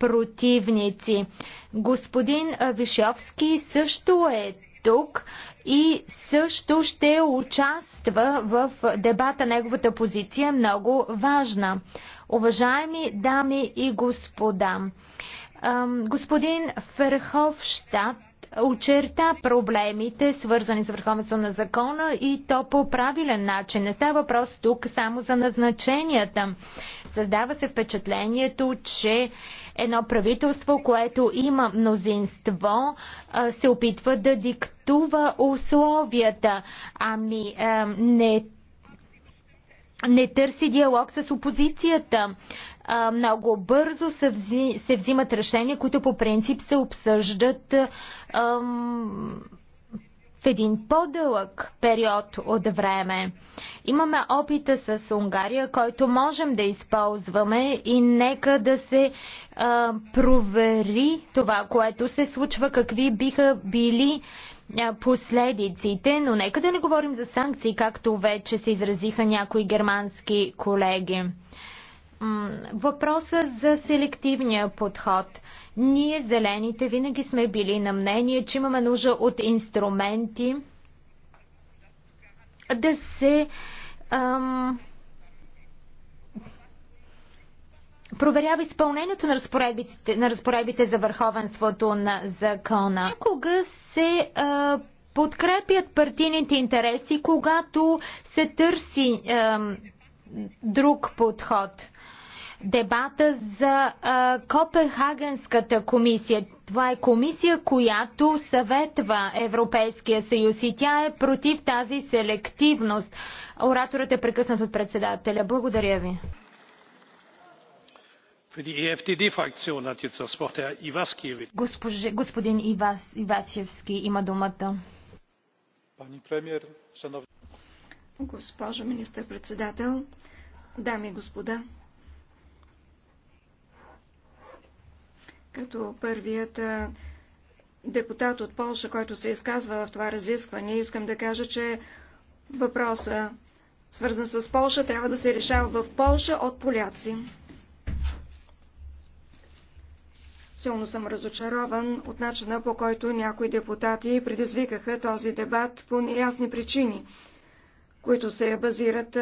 противници. Господин Вишовски също е тук и също ще участва в дебата. Неговата позиция е много важна. Уважаеми дами и господа, господин Ферховщад очерта проблемите, свързани с върховенство на закона и то по правилен начин. Не става въпрос тук само за назначенията. Създава се впечатлението, че едно правителство, което има мнозинство, се опитва да диктува условията. Ами не, не търси диалог с опозицията. Много бързо се, се взимат решения, които по принцип се обсъждат в един по-дълъг период от време. Имаме опита с Унгария, който можем да използваме и нека да се а, провери това, което се случва, какви биха били последиците, но нека да не говорим за санкции, както вече се изразиха някои германски колеги. Въпроса за селективния подход – ние, зелените, винаги сме били на мнение, че имаме нужда от инструменти да се ам, проверява изпълнението на разпоредбите, на разпоредбите за върховенството на закона. Кога се а, подкрепят партийните интереси, когато се търси а, друг подход дебата за а, Копенхагенската комисия. Това е комисия, която съветва Европейския съюз и тя е против тази селективност. Ораторът е прекъснат от председателя. Благодаря ви. E господин Ивас, Ивасевски има думата. Госпожо министър-председател, дами и господа, като първият депутат от Польша, който се изказва в това разискване, искам да кажа, че въпроса, свързан с Польша, трябва да се решава в Польша от поляци. Силно съм разочарован от начина по който някои депутати предизвикаха този дебат по неясни причини, които се базират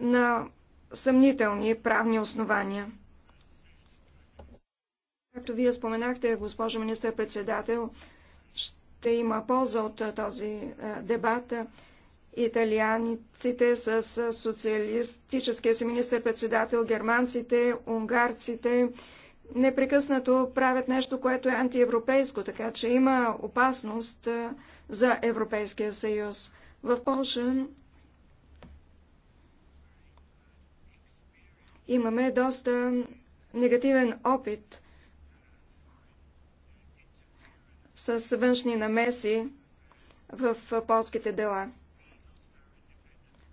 на съмнителни правни основания. Както вие споменахте, госпожо министър-председател, ще има полза от този дебат. Италианците с социалистическия си министър-председател, германците, унгарците непрекъснато правят нещо, което е антиевропейско, така че има опасност за Европейския съюз. В Польша имаме доста негативен опит с външни намеси в полските дела.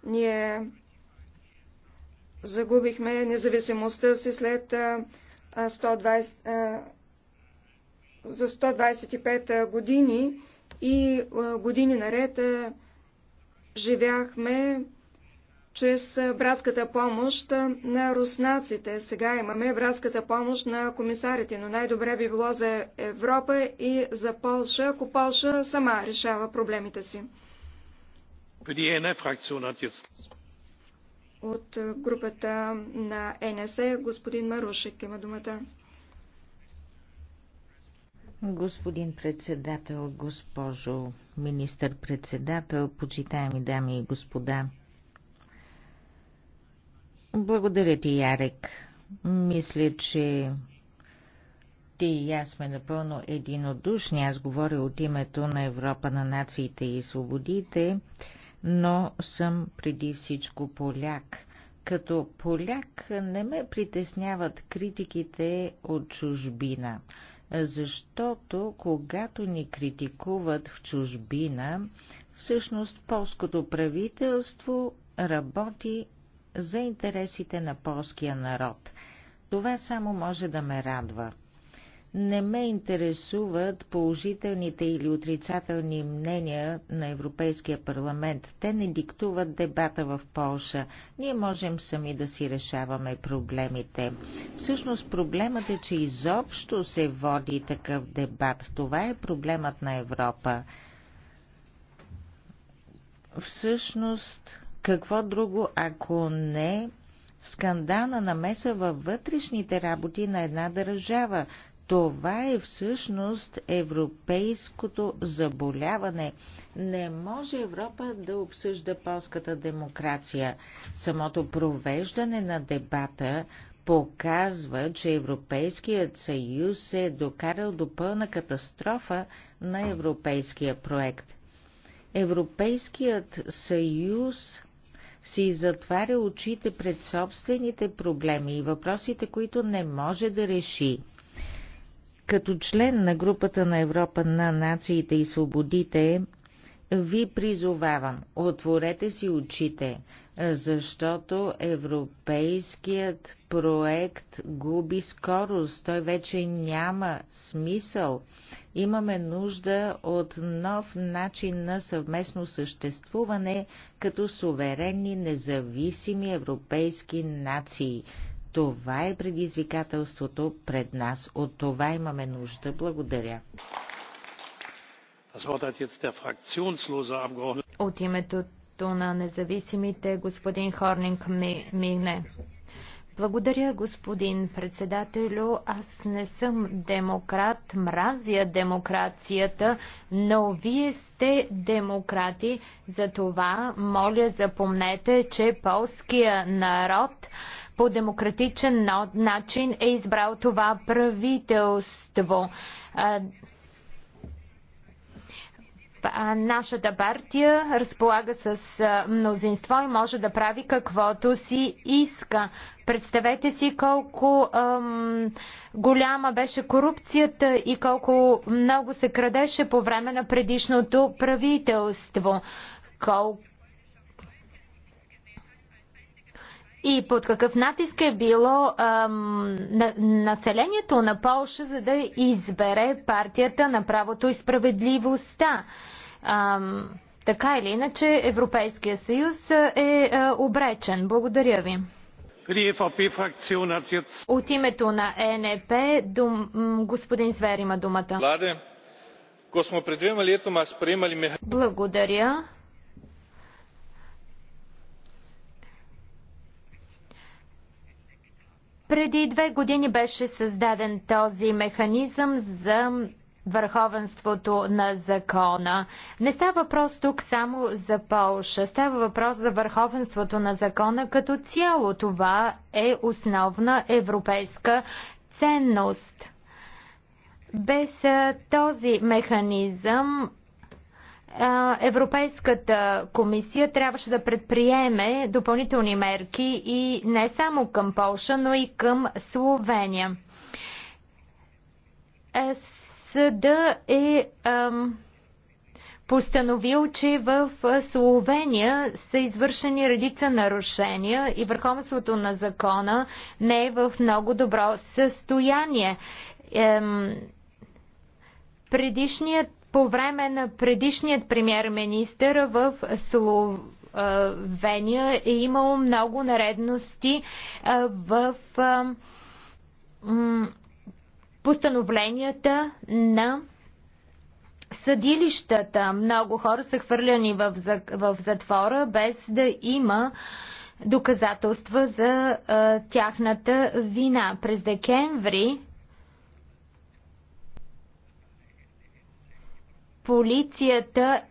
Ние загубихме независимостта си след 120, за 125 години и години наред живяхме чрез братската помощ на руснаците. Сега имаме братската помощ на комисарите, но най-добре би било за Европа и за Полша, ако Полша сама решава проблемите си. E От групата на НСЕ господин Марушек има думата. Господин председател, госпожо министър-председател, почитаеми дами и господа, благодаря ти, Ярек. Мисля, че ти и аз сме напълно единодушни. Аз говоря от името на Европа на нациите и свободите, но съм преди всичко поляк. Като поляк не ме притесняват критиките от чужбина, защото когато ни критикуват в чужбина, всъщност полското правителство работи за интересите на полския народ. Това само може да ме радва. Не ме интересуват положителните или отрицателни мнения на Европейския парламент. Те не диктуват дебата в Полша. Ние можем сами да си решаваме проблемите. Всъщност проблемът е, че изобщо се води такъв дебат. Това е проблемът на Европа. Всъщност какво друго, ако не скандална намеса във вътрешните работи на една държава? Това е всъщност европейското заболяване. Не може Европа да обсъжда полската демокрация. Самото провеждане на дебата показва, че Европейският съюз се е докарал до пълна катастрофа на европейския проект. Европейският съюз си затваря очите пред собствените проблеми и въпросите, които не може да реши. Като член на групата на Европа на нациите и свободите, ви призовавам, отворете си очите, защото европейският проект губи скорост, той вече няма смисъл. Имаме нужда от нов начин на съвместно съществуване като суверенни, независими европейски нации. Това е предизвикателството пред нас. От това имаме нужда. Благодаря. От името на независимите господин Хорнинг Мигне. Благодаря, господин председателю. Аз не съм демократ, мразя демокрацията, но вие сте демократи. Затова, моля, запомнете, че полския народ по демократичен начин е избрал това правителство нашата партия разполага с мнозинство и може да прави каквото си иска. Представете си колко ам, голяма беше корупцията и колко много се крадеше по време на предишното правителство. Колко и под какъв натиск е било ам, на, населението на Полша, за да избере партията на правото и справедливостта. Ам, така или иначе, Европейския съюз е а, е, обречен. Благодаря ви. От името на ЕНП дум, господин Звер има думата. Благодаря. Преди две години беше създаден този механизъм за върховенството на закона. Не става въпрос тук само за Полша, става въпрос за върховенството на закона като цяло. Това е основна европейска ценност. Без този механизъм Европейската комисия трябваше да предприеме допълнителни мерки и не само към Полша, но и към Словения. Е, съда е ам, постановил, че в Словения са извършени редица нарушения и върховенството на закона не е в много добро състояние. Ам, предишният по време на предишният премьер-министър в Словения е имало много наредности в постановленията на съдилищата. Много хора са хвърляни в затвора без да има доказателства за а, тяхната вина. През декември полицията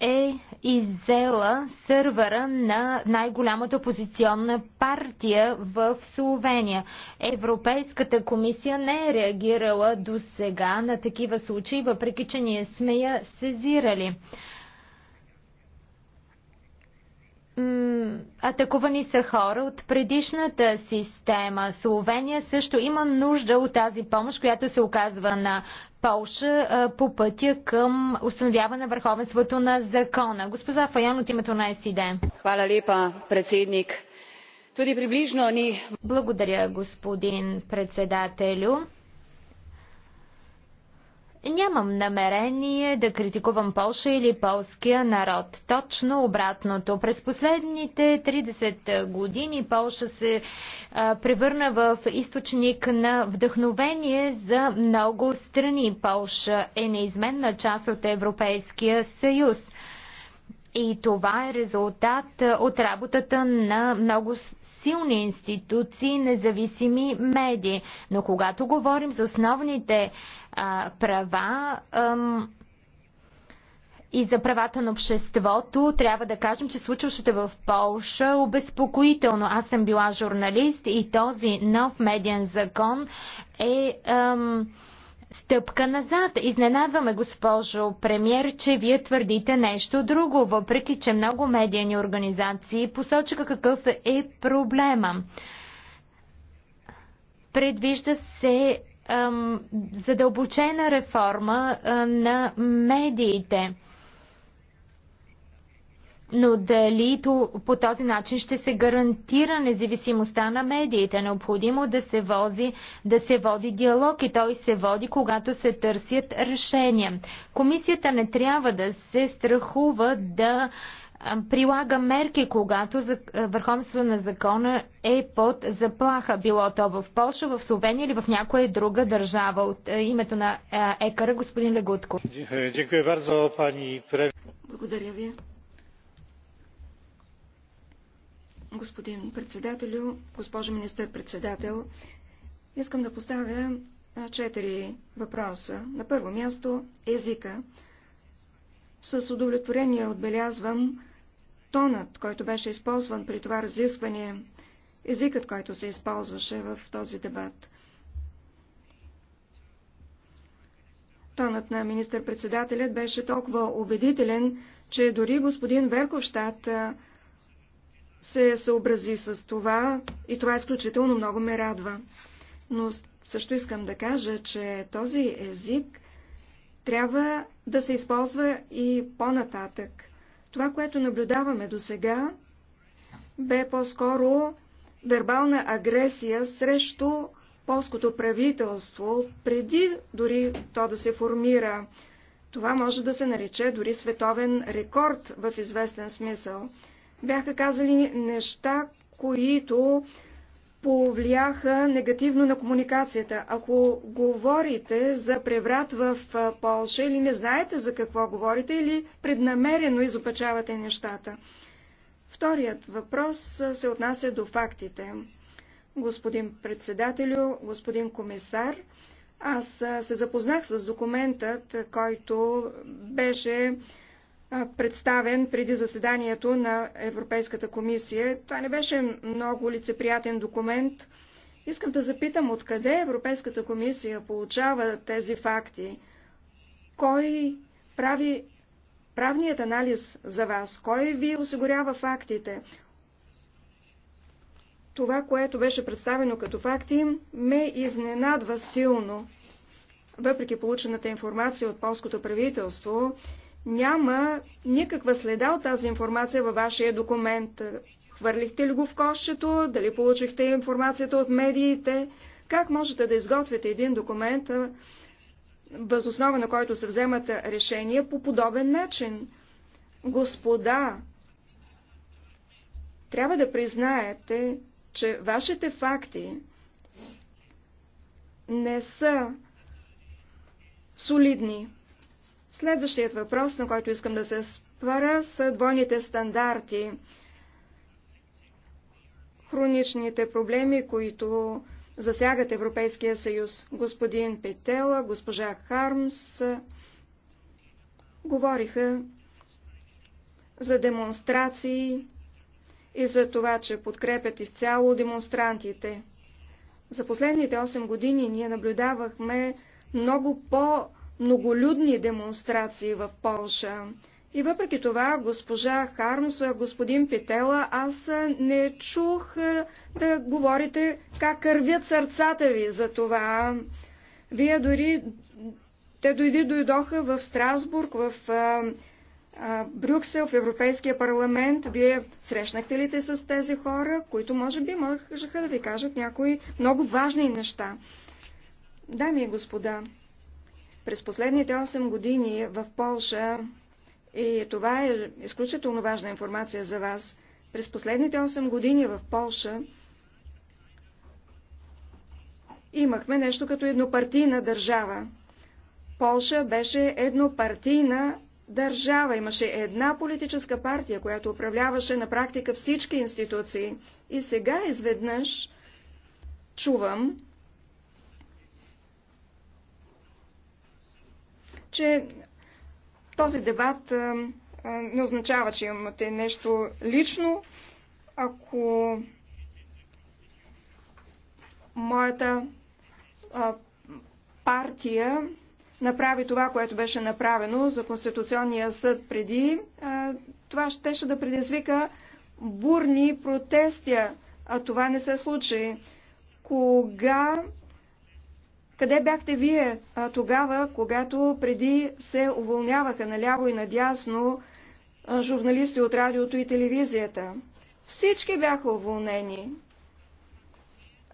е иззела сървъра на най-голямата опозиционна партия в Словения. Европейската комисия не е реагирала до сега на такива случаи, въпреки че ние сме я сезирали. атакувани са хора от предишната система. Словения също има нужда от тази помощ, която се оказва на Польша по пътя към установяване на върховенството на закона. Госпожа Фаян от името на СИД. Хвала лепа, председник. Tudi približno ni. Благодаря, господин председателю. Нямам намерение да критикувам Полша или полския народ. Точно обратното. През последните 30 години Полша се а, превърна в източник на вдъхновение за много страни. Полша е неизменна част от Европейския съюз. И това е резултат от работата на много силни институции, независими медии. Но когато говорим за основните права. и за правата на обществото, трябва да кажем, че случващото в Полша е обезпокоително. Аз съм била журналист и този нов медиен закон е ам, стъпка назад. Изненадваме, госпожо премьер, че вие твърдите нещо друго, въпреки че много медийни организации посочиха какъв е проблема. Предвижда се задълбочена реформа на медиите. Но дали по този начин ще се гарантира независимостта на медиите? Необходимо да се, вози, да се води диалог и той се води, когато се търсят решения. Комисията не трябва да се страхува да прилага мерки, когато върховенство на закона е под заплаха, било то в Польша, в Словения или в някоя друга държава. От името на ЕКАРА, господин Легутко. Благодаря ви. Господин председателю, госпожо министър-председател, искам да поставя четири въпроса. На първо място езика. С удовлетворение отбелязвам тонът, който беше използван при това разискване, езикът, който се използваше в този дебат. Тонът на министър-председателят беше толкова убедителен, че дори господин Верковщад се съобрази с това и това изключително много ме радва. Но също искам да кажа, че този език трябва да се използва и по-нататък – това, което наблюдаваме до сега, бе по-скоро вербална агресия срещу полското правителство, преди дори то да се формира. Това може да се нарече дори световен рекорд в известен смисъл. Бяха казали неща, които повлияха негативно на комуникацията. Ако говорите за преврат в Полша или не знаете за какво говорите, или преднамерено изопачавате нещата. Вторият въпрос се отнася до фактите. Господин председателю, господин комисар, аз се запознах с документът, който беше представен преди заседанието на Европейската комисия. Това не беше много лицеприятен документ. Искам да запитам откъде Европейската комисия получава тези факти. Кой прави правният анализ за вас? Кой ви осигурява фактите? Това, което беше представено като факти, ме изненадва силно. Въпреки получената информация от полското правителство, няма никаква следа от тази информация във вашия документ. Хвърлихте ли го в кошчето? Дали получихте информацията от медиите? Как можете да изготвите един документ, възоснова на който се вземат решения по подобен начин? Господа, трябва да признаете, че вашите факти не са солидни. Следващият въпрос, на който искам да се спара, са двойните стандарти. Хроничните проблеми, които засягат Европейския съюз. Господин Петела, госпожа Хармс говориха за демонстрации и за това, че подкрепят изцяло демонстрантите. За последните 8 години ние наблюдавахме много по- многолюдни демонстрации в Полша. И въпреки това, госпожа Хармс, господин Петела, аз не чух е, да говорите как кървят сърцата ви за това. Вие дори, те дойди, дойдоха в Страсбург, в а, е, а, е, Брюксел, в Европейския парламент. Вие срещнахте ли те с тези хора, които може би можеха да ви кажат някои много важни неща? Дами и господа, през последните 8 години в Полша, и това е изключително важна информация за вас, през последните 8 години в Полша имахме нещо като еднопартийна държава. Полша беше еднопартийна държава. Имаше една политическа партия, която управляваше на практика всички институции. И сега изведнъж чувам, че този дебат не означава, че имате нещо лично. Ако моята партия направи това, което беше направено за Конституционния съд преди, това щеше да предизвика бурни протести, а това не се случи. Кога къде бяхте вие а, тогава, когато преди се уволняваха наляво и надясно а, журналисти от радиото и телевизията? Всички бяха уволнени.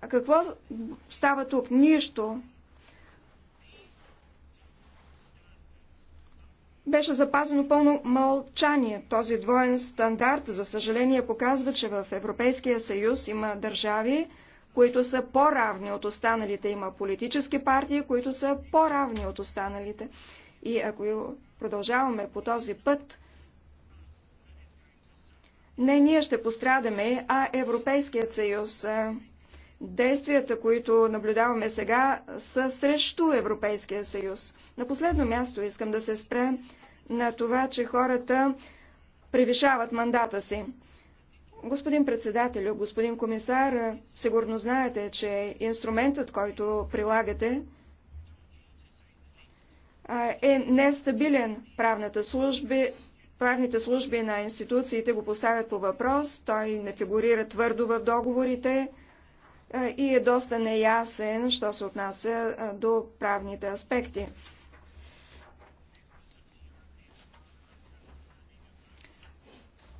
А какво става тук? Нищо. Беше запазено пълно мълчание. Този двоен стандарт, за съжаление, показва, че в Европейския съюз има държави, които са по-равни от останалите. Има политически партии, които са по-равни от останалите. И ако продължаваме по този път, не ние ще пострадаме, а Европейският съюз. Действията, които наблюдаваме сега, са срещу Европейския съюз. На последно място искам да се спре на това, че хората превишават мандата си. Господин председателю, господин комисар, сигурно знаете, че инструментът, който прилагате, е нестабилен. Правната служби, правните служби на институциите го поставят по въпрос, той не фигурира твърдо в договорите и е доста неясен, що се отнася до правните аспекти.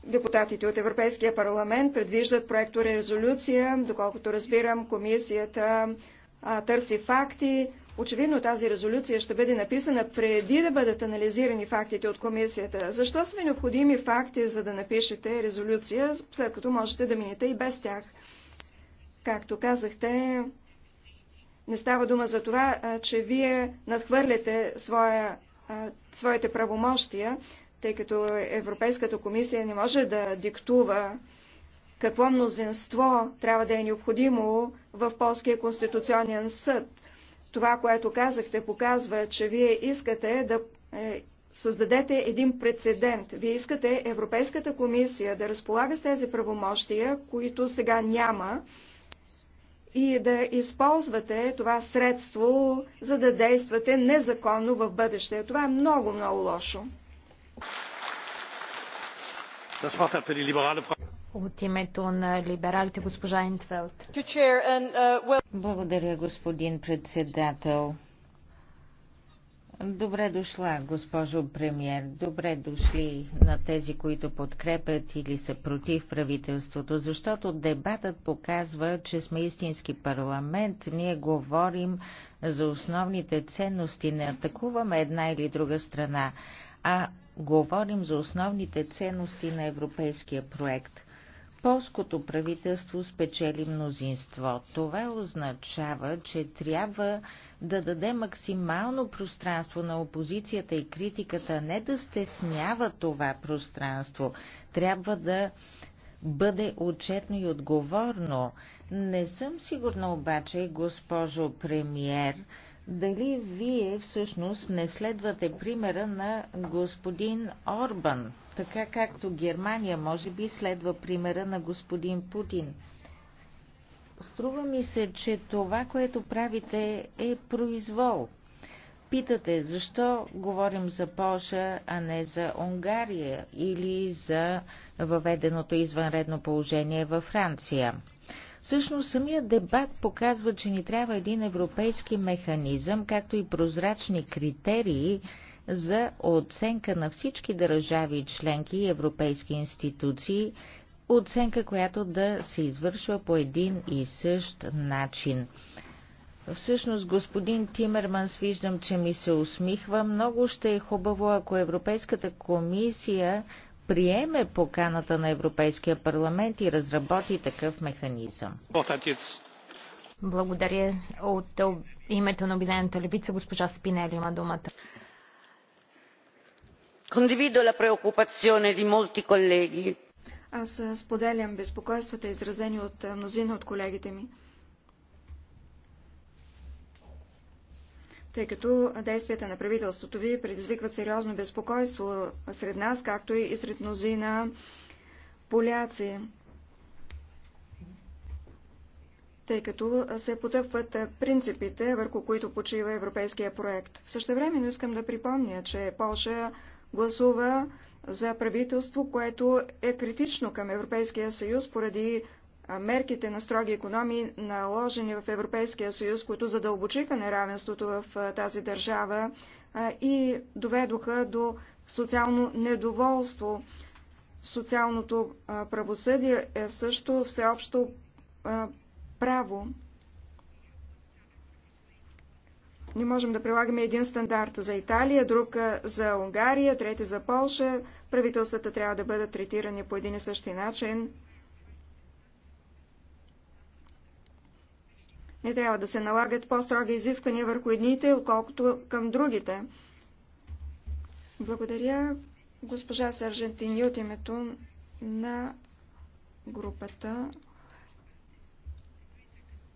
Депутатите от Европейския парламент предвиждат проекто резолюция, доколкото разбирам, комисията а, търси факти. Очевидно тази резолюция ще бъде написана преди да бъдат анализирани фактите от комисията. Защо са ви необходими факти, за да напишете резолюция, след като можете да минете и без тях? Както казахте, не става дума за това, че вие надхвърляте своя, своите правомощия, тъй като Европейската комисия не може да диктува какво мнозинство трябва да е необходимо в Полския конституционен съд. Това, което казахте, показва, че вие искате да е, създадете един прецедент. Вие искате Европейската комисия да разполага с тези правомощия, които сега няма, и да използвате това средство, за да действате незаконно в бъдеще. Това е много, много лошо. От името на либералите госпожа Интвелт. Uh, Благодаря, господин председател. Добре дошла, госпожо премьер. Добре дошли на тези, които подкрепят или са против правителството, защото дебатът показва, че сме истински парламент. Ние говорим за основните ценности, не атакуваме една или друга страна, а говорим за основните ценности на европейския проект. Полското правителство спечели мнозинство. Това означава, че трябва да даде максимално пространство на опозицията и критиката, не да стеснява това пространство. Трябва да бъде отчетно и отговорно. Не съм сигурна обаче, госпожо премьер, дали вие всъщност не следвате примера на господин Орбан, така както Германия може би следва примера на господин Путин. Струва ми се, че това, което правите е произвол. Питате, защо говорим за Польша, а не за Унгария или за въведеното извънредно положение във Франция. Всъщност самия дебат показва, че ни трябва един европейски механизъм, както и прозрачни критерии за оценка на всички държави, членки и европейски институции, оценка, която да се извършва по един и същ начин. Всъщност, господин Тимерманс, виждам, че ми се усмихва. Много ще е хубаво, ако Европейската комисия приеме поканата на Европейския парламент и разработи такъв механизъм. Благодаря. От името на Обединената левица госпожа Спинели има думата. Condivido la preoccupazione di molti colleghi. Аз споделям безпокойствата, изразени от мнозина от колегите ми. тъй като действията на правителството ви предизвикват сериозно безпокойство сред нас, както и сред мнозина поляци, тъй като се потъпват принципите, върху които почива европейския проект. В време искам да припомня, че Полша гласува за правителство, което е критично към Европейския съюз поради мерките на строги економии, наложени в Европейския съюз, които задълбочиха неравенството в тази държава и доведоха до социално недоволство. Социалното правосъдие е също всеобщо право. Не можем да прилагаме един стандарт за Италия, друг за Унгария, трети за Полша. Правителствата трябва да бъдат третирани по един и същи начин. Не трябва да се налагат по-строги изисквания върху едните, отколкото към другите. Благодаря госпожа Сържентини от името на групата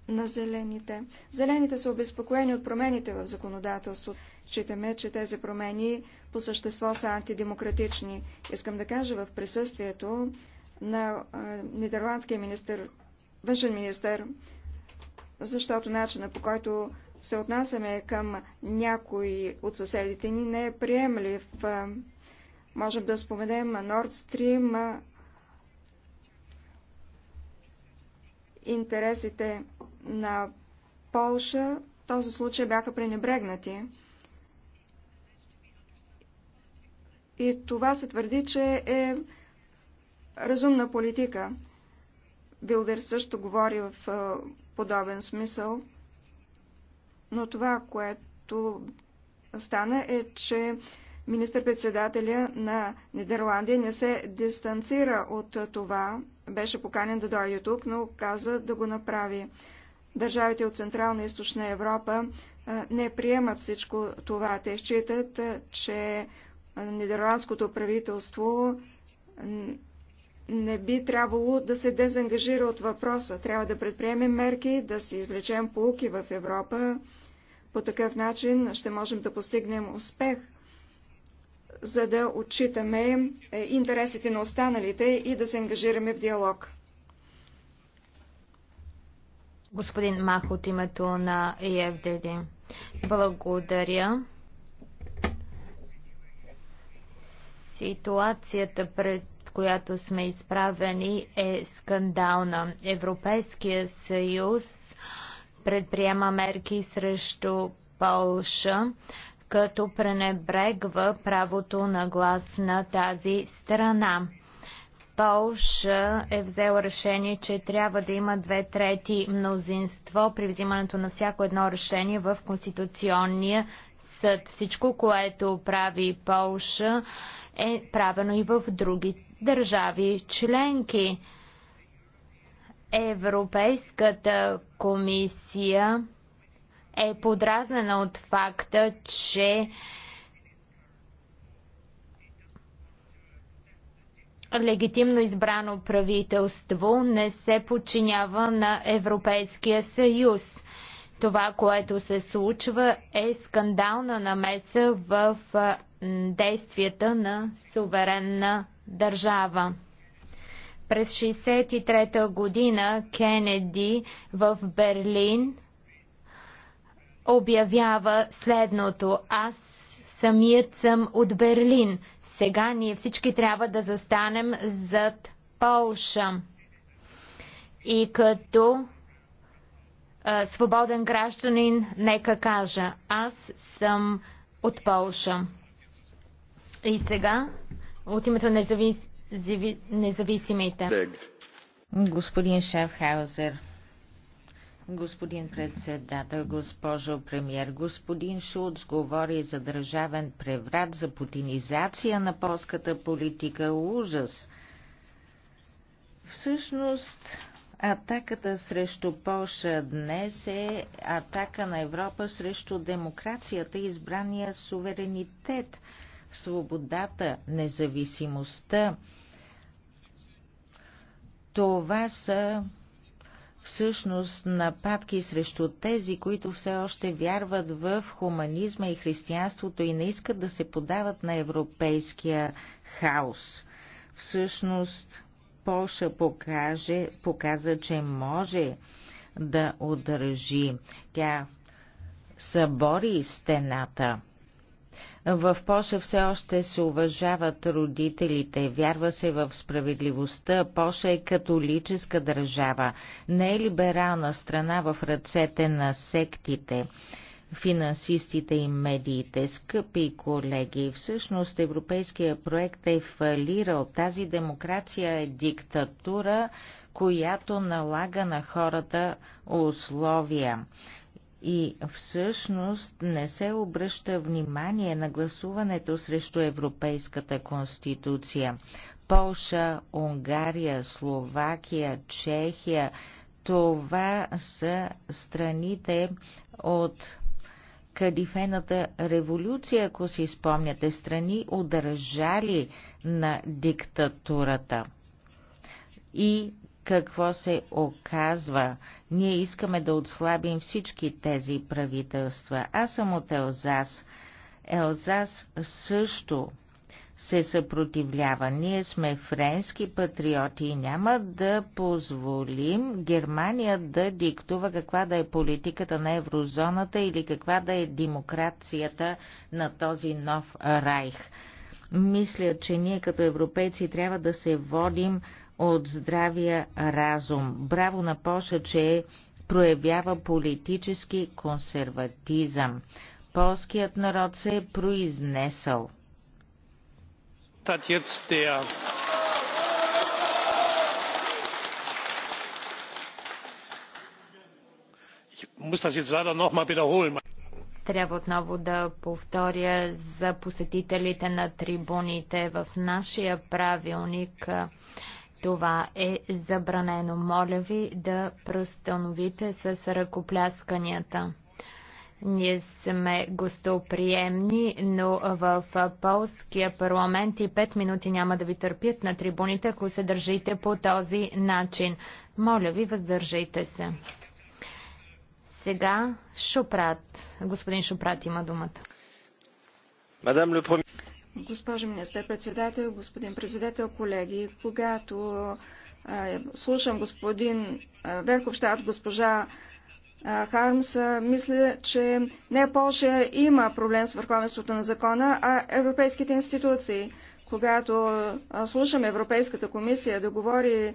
на зелените. Зелените са обезпокоени от промените в законодателството. Читаме, че тези промени по същество са антидемократични. Искам да кажа в присъствието на нидерландския министър, външен министър защото начина по който се отнасяме към някои от съседите ни не е приемлив. Можем да споменем Nord Stream, интересите на Полша в този случай бяха пренебрегнати. И това се твърди, че е разумна политика. Билдер също говори в подобен смисъл. Но това, което стана е, че министър-председателя на Нидерландия не се дистанцира от това. Беше поканен да дойде тук, но каза да го направи. Държавите от Централна и Източна Европа не приемат всичко това. Те считат, че нидерландското правителство не би трябвало да се дезангажира от въпроса. Трябва да предприемем мерки, да си извлечем полки в Европа. По такъв начин ще можем да постигнем успех, за да отчитаме е, интересите на останалите и да се ангажираме в диалог. Господин Мах от името на ЕФДД. Благодаря. Ситуацията пред която сме изправени, е скандална. Европейския съюз предприема мерки срещу Полша, като пренебрегва правото на глас на тази страна. Полша е взела решение, че трябва да има две трети мнозинство при взимането на всяко едно решение в Конституционния съд. Всичко, което прави Полша, е правено и в други държави членки. Европейската комисия е подразнена от факта, че легитимно избрано правителство не се подчинява на Европейския съюз. Това, което се случва, е скандална намеса в действията на суверенна държава. През 1963 година Кенеди в Берлин обявява следното. Аз самият съм от Берлин. Сега ние всички трябва да застанем зад Полша. И като а, свободен гражданин, нека кажа, аз съм от Полша. И сега от името на независ... независимите. Господин Шафхаузер, господин председател, госпожо премьер, господин Шулц говори за държавен преврат, за путинизация на полската политика. Ужас! Всъщност, атаката срещу Польша днес е атака на Европа срещу демокрацията и избрания суверенитет – свободата, независимостта. Това са всъщност нападки срещу тези, които все още вярват в хуманизма и християнството и не искат да се подават на европейския хаос. Всъщност Полша покаже, показа, че може да удържи. Тя събори стената. В Польша все още се уважават родителите, вярва се в справедливостта. Польша е католическа държава, не е либерална страна в ръцете на сектите финансистите и медиите. Скъпи колеги, всъщност европейския проект е фалирал. Тази демокрация е диктатура, която налага на хората условия и всъщност не се обръща внимание на гласуването срещу Европейската конституция. Полша, Унгария, Словакия, Чехия – това са страните от Кадифената революция, ако си спомняте, страни удържали на диктатурата. И какво се оказва? Ние искаме да отслабим всички тези правителства. Аз съм от Елзас. Елзас също се съпротивлява. Ние сме френски патриоти и няма да позволим Германия да диктува каква да е политиката на еврозоната или каква да е демокрацията на този нов райх. Мисля, че ние като европейци трябва да се водим от здравия разум. Браво на поша че проявява политически консерватизъм. Полският народ се е произнесъл. Трябва отново да повторя за посетителите на трибуните в нашия правилник. Това е забранено. Моля ви да простановите с ръкоплясканията. Ние сме гостоприемни, но в полския парламент и 5 минути няма да ви търпят на трибуните, ако се държите по този начин. Моля ви, въздържайте се. Сега Шопрат. Господин Шопрат има думата. Госпожо министър-председател, господин председател, колеги, когато а, слушам господин Верховщад, госпожа а, Хармс, а, мисля, че не Польша има проблем с върховенството на закона, а европейските институции. Когато слушам Европейската комисия да говори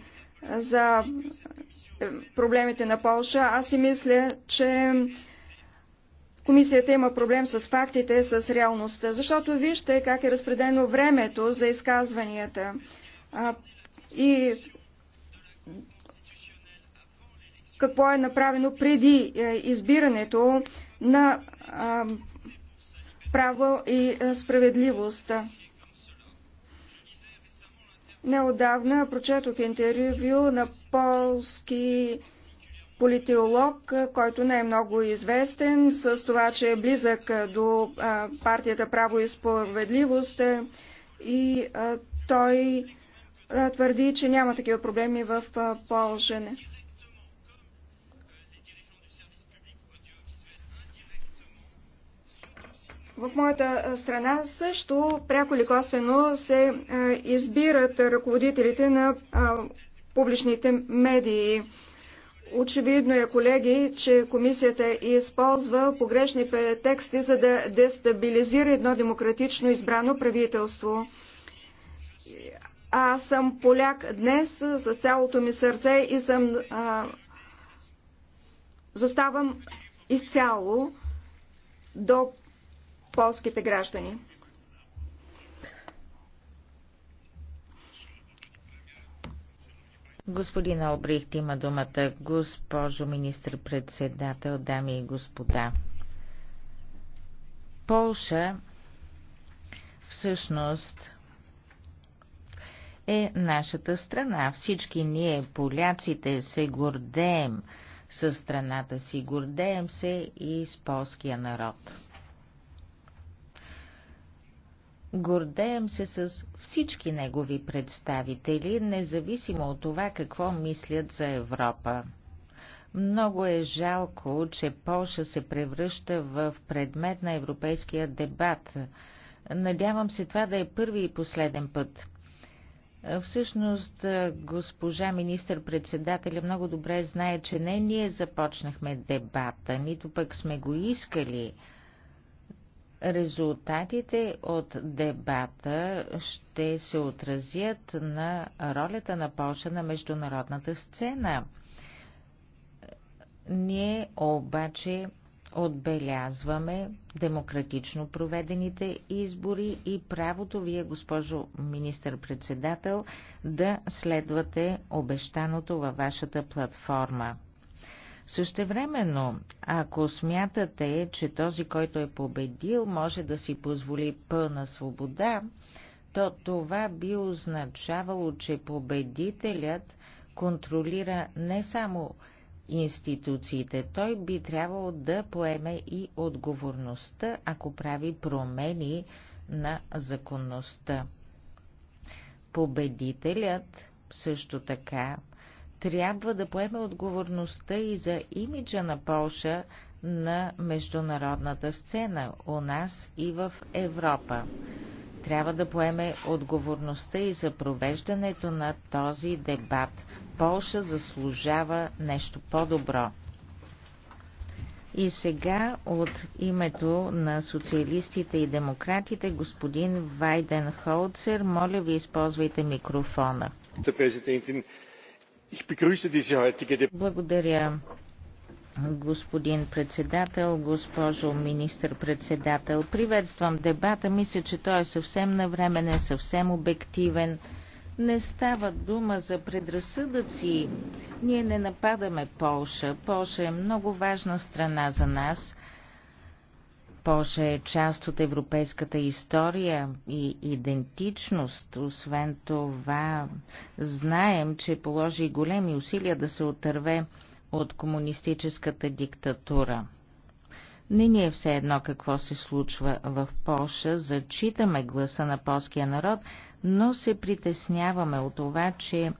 за е, проблемите на Польша, аз си мисля, че Комисията има проблем с фактите, с реалността, защото вижте как е разпределено времето за изказванията. А, и какво е направено преди е, избирането на а, право и е, справедливост. Неодавна прочетох интервю на полски политеолог, който не е много известен с това, че е близък до партията Право и справедливост и той твърди, че няма такива проблеми в Полжене. В моята страна също пряко или косвено се избират ръководителите на публичните медии. Очевидно е, колеги, че комисията използва погрешни тексти, за да дестабилизира едно демократично избрано правителство. Аз съм поляк днес с цялото ми сърце и съм а, заставам изцяло до полските граждани. Господин Обрихт има думата. Госпожо министр-председател, дами и господа. Полша всъщност е нашата страна. Всички ние, поляците, се гордеем със страната си, гордеем се и с полския народ. Гордеем се с всички негови представители, независимо от това какво мислят за Европа. Много е жалко, че Полша се превръща в предмет на европейския дебат. Надявам се това да е първи и последен път. Всъщност, госпожа министър-председателя много добре знае, че не ние започнахме дебата, нито пък сме го искали. Резултатите от дебата ще се отразят на ролята на Польша на международната сцена. Ние обаче отбелязваме демократично проведените избори и правото вие, госпожо министър-председател, да следвате обещаното във вашата платформа. Същевременно, ако смятате, че този, който е победил, може да си позволи пълна свобода, то това би означавало, че победителят контролира не само институциите, той би трябвало да поеме и отговорността, ако прави промени на законността. Победителят също така трябва да поеме отговорността и за имиджа на Полша на международната сцена у нас и в Европа. Трябва да поеме отговорността и за провеждането на този дебат. Полша заслужава нещо по-добро. И сега от името на социалистите и демократите, господин Вайден Холцер, моля ви използвайте микрофона. Viceprezidentin, благодаря, господин председател, госпожо министър-председател. Приветствам дебата. Мисля, че той е съвсем навременен, съвсем обективен. Не става дума за предразсъдъци. Ние не нападаме Полша. Полша е много важна страна за нас – Польша е част от европейската история и идентичност. Освен това, знаем, че положи големи усилия да се отърве от комунистическата диктатура. Не ни е все едно какво се случва в Польша, зачитаме гласа на полския народ, но се притесняваме от това, че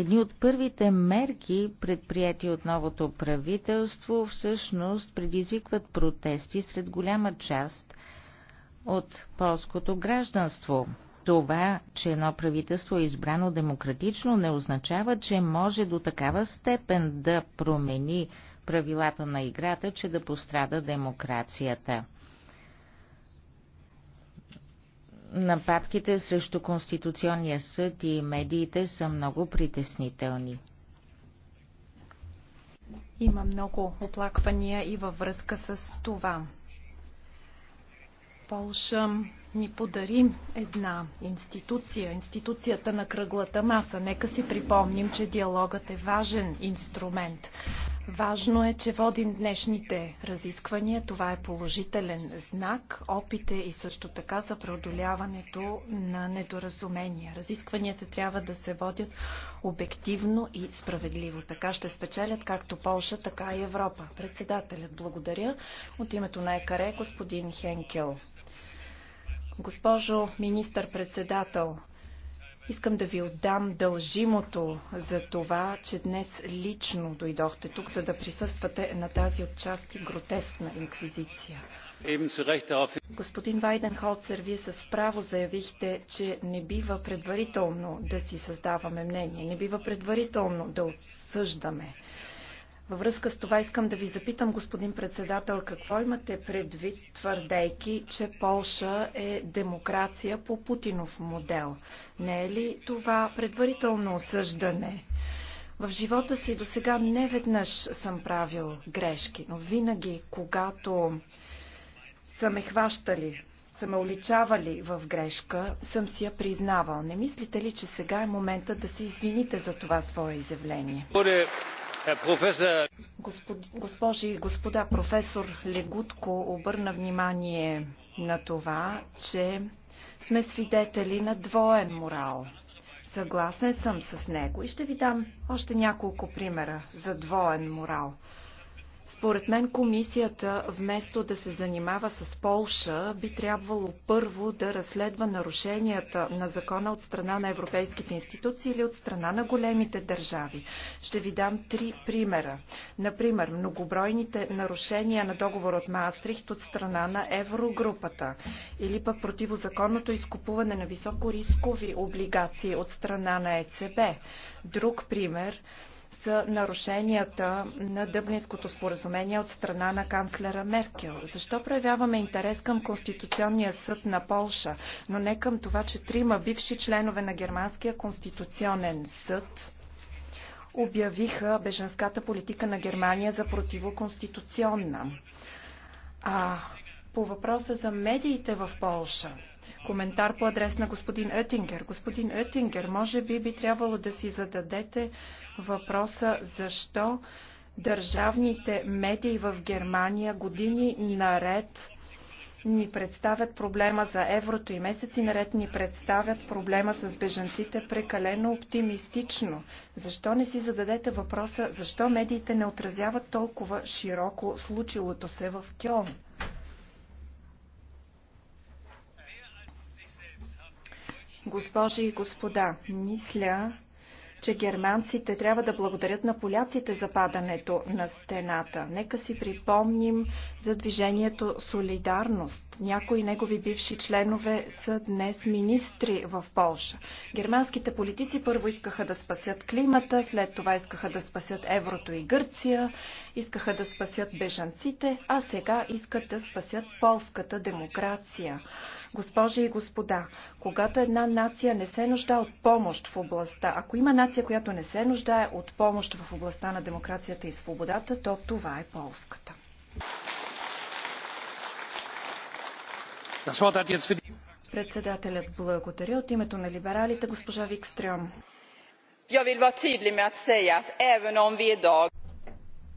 Едни от първите мерки, предприяти от новото правителство, всъщност предизвикват протести сред голяма част от полското гражданство. Това, че едно правителство е избрано демократично, не означава, че може до такава степен да промени правилата на играта, че да пострада демокрацията. Нападките срещу Конституционния съд и медиите са много притеснителни. Има много оплаквания и във връзка с това. Полша ни подари една институция, институцията на кръглата маса. Нека си припомним, че диалогът е важен инструмент. Важно е, че водим днешните разисквания. Това е положителен знак. Опите и също така за преодоляването на недоразумения. Разискванията трябва да се водят обективно и справедливо. Така ще спечелят както Полша, така и Европа. Председателят благодаря от името на ЕКАРЕ господин Хенкел. Госпожо министър-председател, Искам да ви отдам дължимото за това, че днес лично дойдохте тук, за да присъствате на тази отчасти гротескна инквизиция. Господин Вайденхолцер, вие с право заявихте, че не бива предварително да си създаваме мнение, не бива предварително да отсъждаме. Във връзка с това искам да ви запитам, господин председател, какво имате предвид, твърдейки, че Полша е демокрация по Путинов модел? Не е ли това предварително осъждане? В живота си до сега не веднъж съм правил грешки, но винаги, когато са ме хващали, са ме уличавали в грешка, съм си я признавал. Не мислите ли, че сега е момента да се извините за това свое изявление? Госпожи и господа, професор Легутко обърна внимание на това, че сме свидетели на двоен морал. Съгласен съм с него и ще ви дам още няколко примера за двоен морал – според мен комисията, вместо да се занимава с Полша, би трябвало първо да разследва нарушенията на закона от страна на европейските институции или от страна на големите държави. Ще ви дам три примера. Например, многобройните нарушения на договор от Маастрихт от страна на еврогрупата или пък противозаконното изкупуване на високорискови облигации от страна на ЕЦБ. Друг пример – нарушенията на Дъблинското споразумение от страна на канцлера Меркел? Защо проявяваме интерес към Конституционния съд на Полша, но не към това, че трима бивши членове на Германския конституционен съд обявиха беженската политика на Германия за противоконституционна? А по въпроса за медиите в Полша – коментар по адрес на господин Етингер. Господин Етингер, може би би трябвало да си зададете въпроса защо държавните медии в Германия години наред ни представят проблема за еврото и месеци наред ни представят проблема с бежанците прекалено оптимистично. Защо не си зададете въпроса, защо медиите не отразяват толкова широко случилото се в Кьон? Госпожи и господа, мисля, че германците трябва да благодарят на поляците за падането на стената. Нека си припомним за движението Солидарност. Някои негови бивши членове са днес министри в Полша. Германските политици първо искаха да спасят климата, след това искаха да спасят еврото и Гърция, искаха да спасят бежанците, а сега искат да спасят полската демокрация. Госпожи и господа, когато една нация не се нуждае от помощ в областта, ако има нация, която не се нуждае от помощ в областта на демокрацията и свободата, то това е полската. Председателят благодаря от името на либералите госпожа Викстрем. Е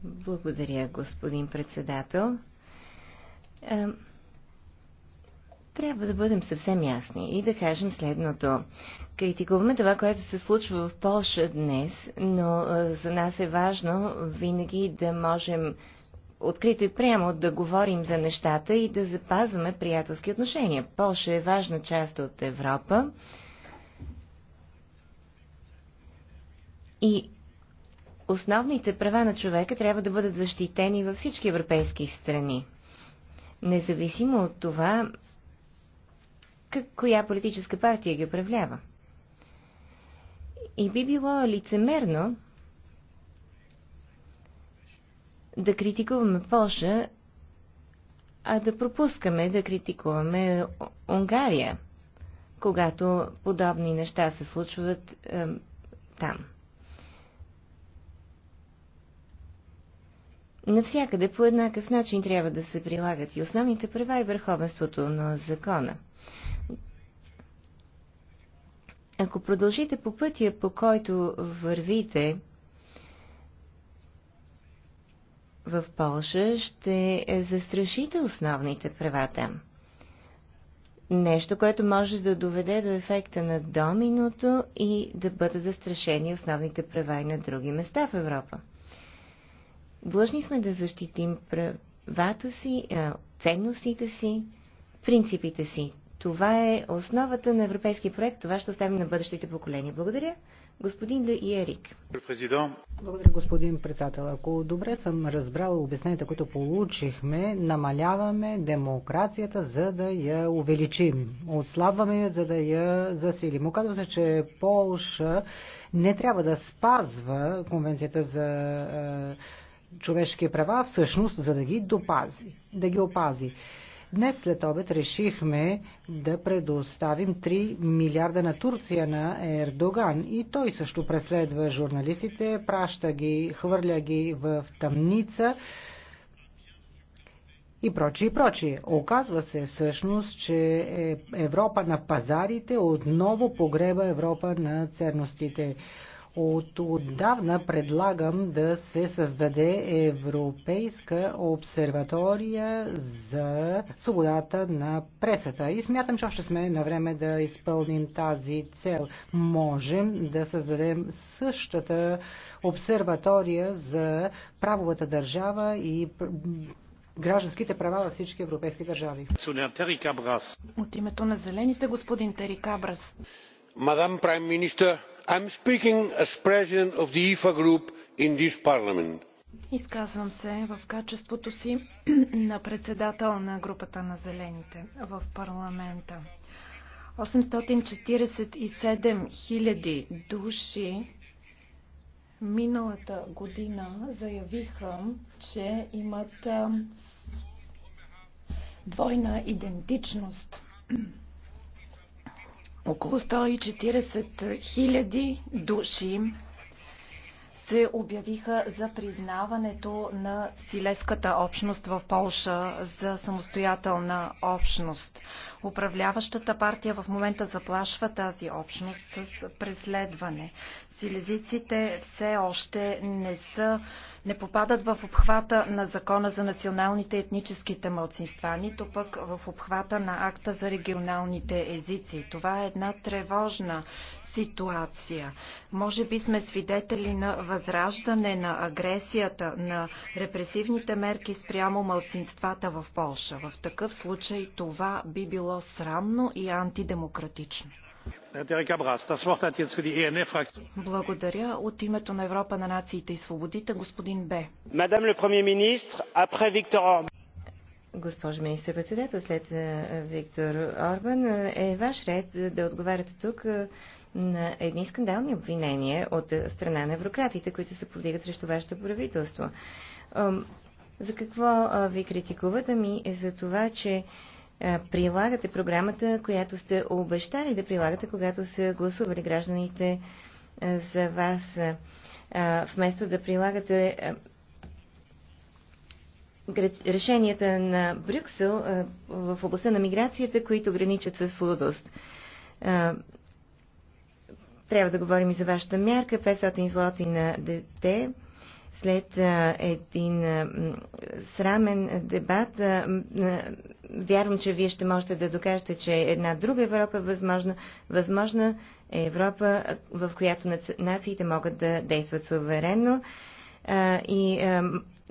благодаря, господин председател. Трябва да бъдем съвсем ясни и да кажем следното. Критикуваме това, което се случва в Польша днес, но за нас е важно винаги да можем открито и прямо да говорим за нещата и да запазваме приятелски отношения. Польша е важна част от Европа и основните права на човека трябва да бъдат защитени във всички европейски страни. Независимо от това, как, коя политическа партия ги управлява. И би било лицемерно да критикуваме Польша, а да пропускаме да критикуваме Унгария, когато подобни неща се случват е, там. Навсякъде по еднакъв начин трябва да се прилагат и основните права и върховенството на закона – ако продължите по пътя, по който вървите в Польша, ще застрашите основните права там. Нещо, което може да доведе до ефекта на доминото и да бъдат застрашени основните права и на други места в Европа. Длъжни сме да защитим правата си, ценностите си, принципите си. Това е основата на европейския проект. Това ще оставим на бъдещите поколения. Благодаря. Господин Ле и Ерик. Благодаря, господин председател. Ако добре съм разбрал обясненията, които получихме, намаляваме демокрацията, за да я увеличим. Отслабваме я, за да я засилим. Оказва се, че Полша не трябва да спазва конвенцията за е, човешки права, всъщност, за да ги допази, да ги опази. Днес след обед решихме да предоставим 3 милиарда на Турция на Ердоган и той също преследва журналистите, праща ги, хвърля ги в тъмница и прочие, и прочие. Оказва се всъщност, че е Европа на пазарите отново погреба Европа на ценностите. От отдавна предлагам да се създаде Европейска обсерватория за свободата на пресата. И смятам, че още сме на време да изпълним тази цел. Можем да създадем същата обсерватория за правовата държава и гражданските права във всички европейски държави. От името на Зелените, господин Терикабрас. Мадам прайм министър, i am speaking as president of the efa group in this parliament. Изказвам се в качеството си на председател на групата на зелените в парламента. 847 хиляди души миналата година заявиха, че имат двойна идентичност. Около 140 хиляди души се обявиха за признаването на силеската общност в Полша за самостоятелна общност. Управляващата партия в момента заплашва тази общност с преследване. Силезиците все още не са не попадат в обхвата на Закона за националните етническите мълцинства, нито пък в обхвата на акта за регионалните езици. Това е една тревожна ситуация. Може би сме свидетели на възраждане на агресията, на репресивните мерки спрямо мълцинствата в Польша. В такъв случай това би било било срамно и антидемократично. Благодаря. От името на Европа на нациите и свободите, господин Б. Госпожо министър председател, след е, Виктор Орбан е ваш ред да отговаряте тук е, на едни скандални обвинения от страна на еврократите, които се повдигат срещу вашето правителство. За какво ви критикувате ми е, за това, че прилагате програмата, която сте обещали да прилагате, когато са гласували гражданите за вас, вместо да прилагате решенията на Брюксел в областта на миграцията, които граничат с лудост. Трябва да говорим и за вашата мярка 500 злоти на дете след един срамен дебат, вярвам, че вие ще можете да докажете, че една друга Европа е възможна. Възможна е Европа, в която нациите могат да действат суверенно. И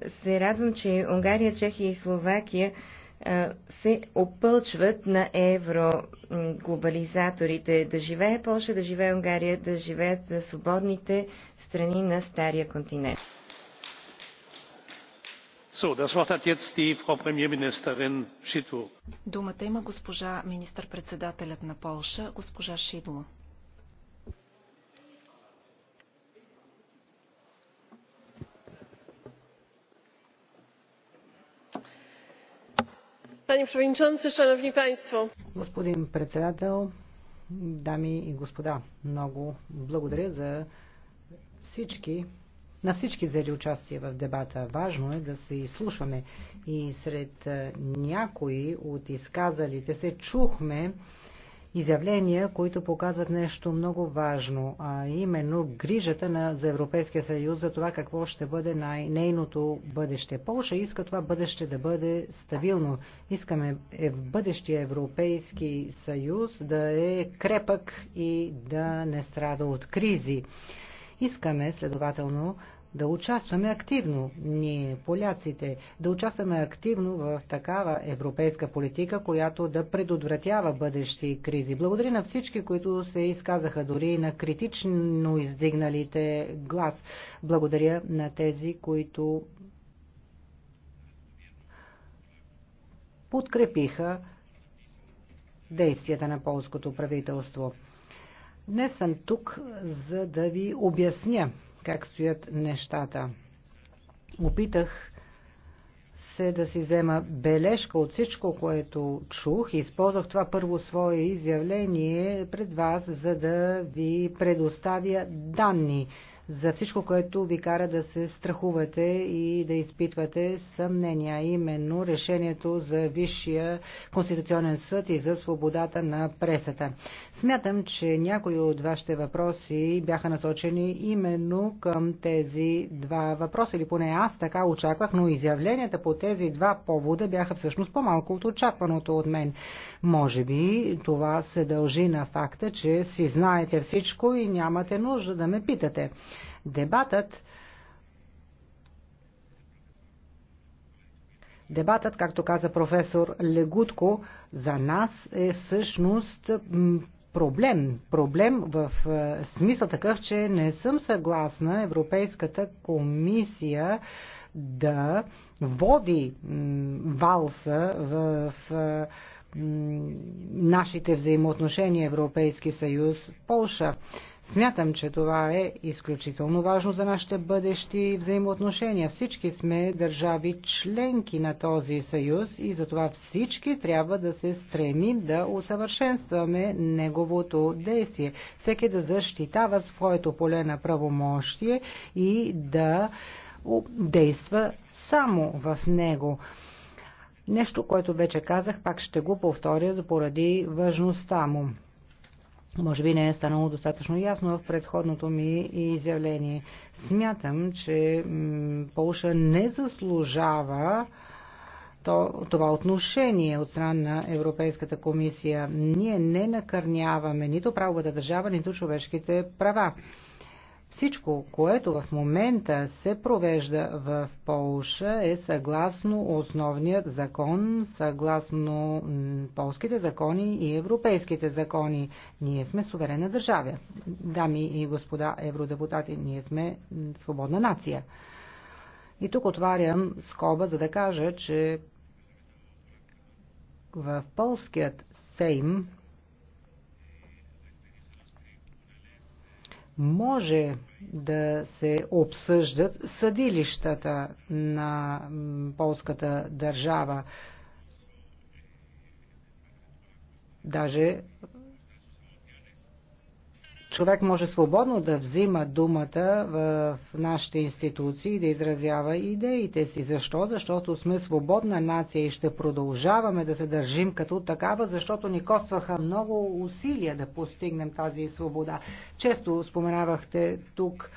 се радвам, че Унгария, Чехия и Словакия се опълчват на евроглобализаторите. Да живее Польша, да живее Унгария, да живеят свободните страни на Стария континент. Думата има госпожа министър-председателят на Полша, госпожа Шидло. Господин председател, дами и господа, много благодаря за всички на всички взели участие в дебата. Важно е да се изслушваме и сред някои от изказалите се чухме изявления, които показват нещо много важно, а именно грижата на, за Европейския съюз за това какво ще бъде най- нейното бъдеще. Полша иска това бъдеще да бъде стабилно. Искаме е, бъдещия Европейски съюз да е крепък и да не страда от кризи. Искаме, следователно, да участваме активно, ние, поляците, да участваме активно в такава европейска политика, която да предотвратява бъдещи кризи. Благодаря на всички, които се изказаха дори и на критично издигналите глас. Благодаря на тези, които подкрепиха действията на полското правителство. Днес съм тук, за да ви обясня как стоят нещата. Опитах се да си взема бележка от всичко, което чух. Използвах това първо свое изявление пред вас, за да ви предоставя данни за всичко, което ви кара да се страхувате и да изпитвате съмнения, именно решението за Висшия Конституционен съд и за свободата на пресата. Смятам, че някои от вашите въпроси бяха насочени именно към тези два въпроса, или поне аз така очаквах, но изявленията по тези два повода бяха всъщност по-малко от очакваното от мен. Може би това се дължи на факта, че си знаете всичко и нямате нужда да ме питате. Дебатът Дебатът, както каза професор Легутко, за нас е всъщност проблем. Проблем в е, смисъл такъв, че не съм съгласна Европейската комисия да води валса в нашите взаимоотношения Европейски съюз Полша. Смятам, че това е изключително важно за нашите бъдещи взаимоотношения. Всички сме държави членки на този съюз и затова всички трябва да се стремим да усъвършенстваме неговото действие. Всеки да защитава своето поле на правомощие и да действа само в него. Нещо, което вече казах, пак ще го повторя за поради важността му. Може би не е станало достатъчно ясно в предходното ми изявление. Смятам, че Полша не заслужава то, това отношение от страна на Европейската комисия. Ние не накърняваме нито правовата държава, нито човешките права. Всичко, което в момента се провежда в Полша е съгласно основният закон, съгласно полските закони и европейските закони. Ние сме суверена държава. Дами и господа евродепутати, ние сме свободна нация. И тук отварям скоба, за да кажа, че в полският Сейм може да се обсъждат съдилищата на полската държава. Даже човек може свободно да взима думата в нашите институции, да изразява идеите си. Защо? Защото сме свободна нация и ще продължаваме да се държим като такава, защото ни костваха много усилия да постигнем тази свобода. Често споменавахте тук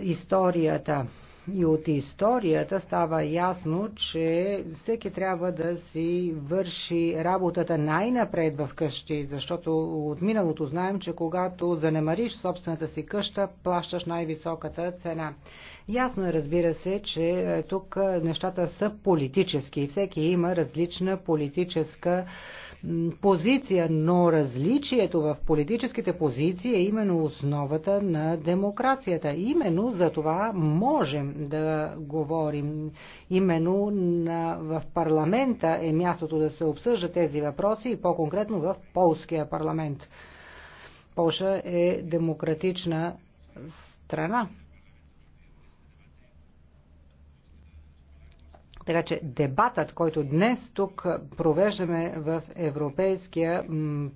историята. И от историята става ясно, че всеки трябва да си върши работата най-напред в къщи, защото от миналото знаем, че когато занемариш собствената си къща, плащаш най-високата цена. Ясно е, разбира се, че е, тук е, нещата са политически. Всеки има различна политическа позиция, но различието в политическите позиции е именно основата на демокрацията. Именно за това можем да говорим. Именно на, в парламента е мястото да се обсъжда тези въпроси и по-конкретно в полския парламент. Полша е демократична страна. Така че дебатът, който днес тук провеждаме в Европейския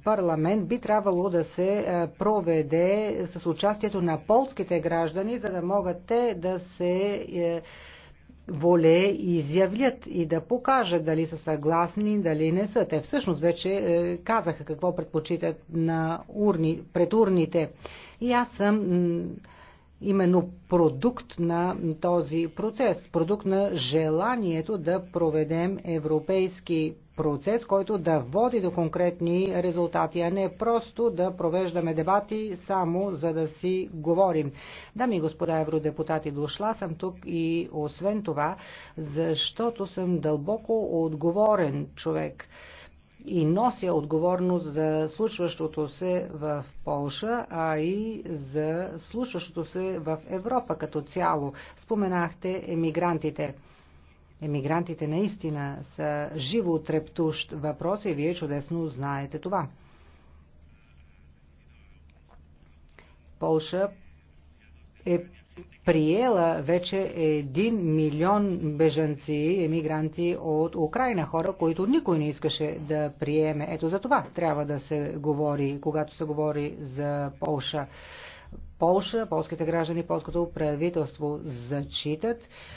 парламент, би трябвало да се е, проведе с участието на полските граждани, за да могат те да се е, воле изявлят и да покажат дали са съгласни, дали не са. Те всъщност вече е, казаха какво предпочитат на урни, пред урните. И аз съм именно продукт на този процес, продукт на желанието да проведем европейски процес, който да води до конкретни резултати, а не просто да провеждаме дебати само за да си говорим. Дами и господа евродепутати, дошла съм тук и освен това, защото съм дълбоко отговорен човек и нося отговорност за случващото се в Полша, а и за случващото се в Европа като цяло. Споменахте емигрантите. Емигрантите наистина са живо трептущ въпрос и вие чудесно знаете това. Полша е приела вече 1 милион бежанци, емигранти от Украина, хора, които никой не искаше да приеме. Ето за това трябва да се говори, когато се говори за Полша. Полша, полските граждани, полското правителство зачитат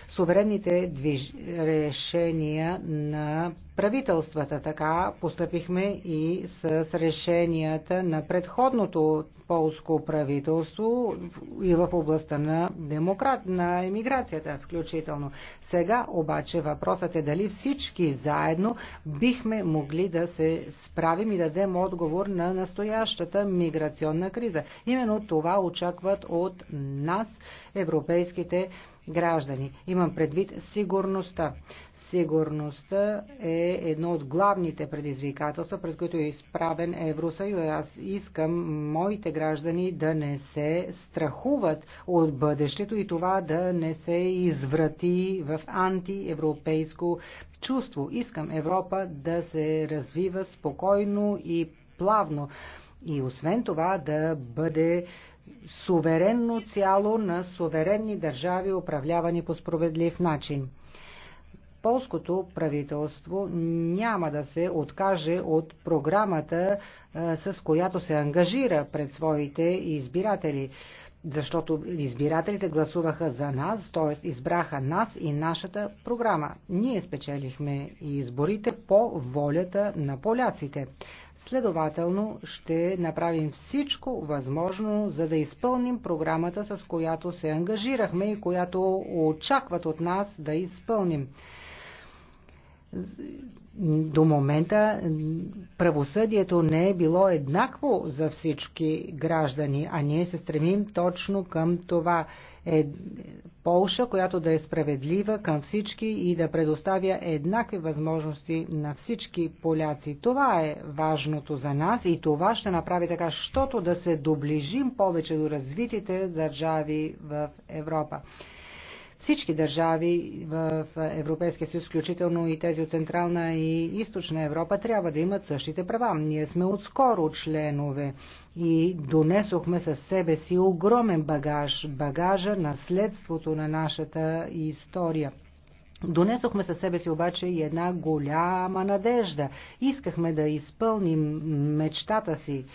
суверенните движ... решения на правителствата. Така постъпихме и с решенията на предходното полско правителство и в областта на, демократ... на емиграцията включително. Сега обаче въпросът е дали всички заедно бихме могли да се справим и да дадем отговор на настоящата миграционна криза. Именно това очаква очакват от нас, европейските граждани. Имам предвид сигурността. Сигурността е едно от главните предизвикателства, пред които е изправен Евросъюз. Аз искам моите граждани да не се страхуват от бъдещето и това да не се изврати в антиевропейско чувство. Искам Европа да се развива спокойно и плавно и освен това да бъде суверенно цяло на суверенни държави, управлявани по справедлив начин. Полското правителство няма да се откаже от програмата, е, с която се ангажира пред своите избиратели защото избирателите гласуваха за нас, т.е. избраха нас и нашата програма. Ние спечелихме изборите по волята на поляците. Следователно ще направим всичко възможно, за да изпълним програмата, с която се ангажирахме и която очакват от нас да изпълним до момента правосъдието не е било еднакво за всички граждани, а ние се стремим точно към това. Е, Полша, която да е справедлива към всички и да предоставя еднакви възможности на всички поляци. Това е важното за нас и това ще направи така, щото да се доближим повече до развитите държави в Европа всички държави в Европейския съюз, включително и тези от Централна и Източна Европа, трябва да имат същите права. Ние сме отскоро членове и донесохме със себе си огромен багаж, багажа, наследството на нашата история. Донесохме със себе си обаче и една голяма надежда. Искахме да изпълним мечтата си.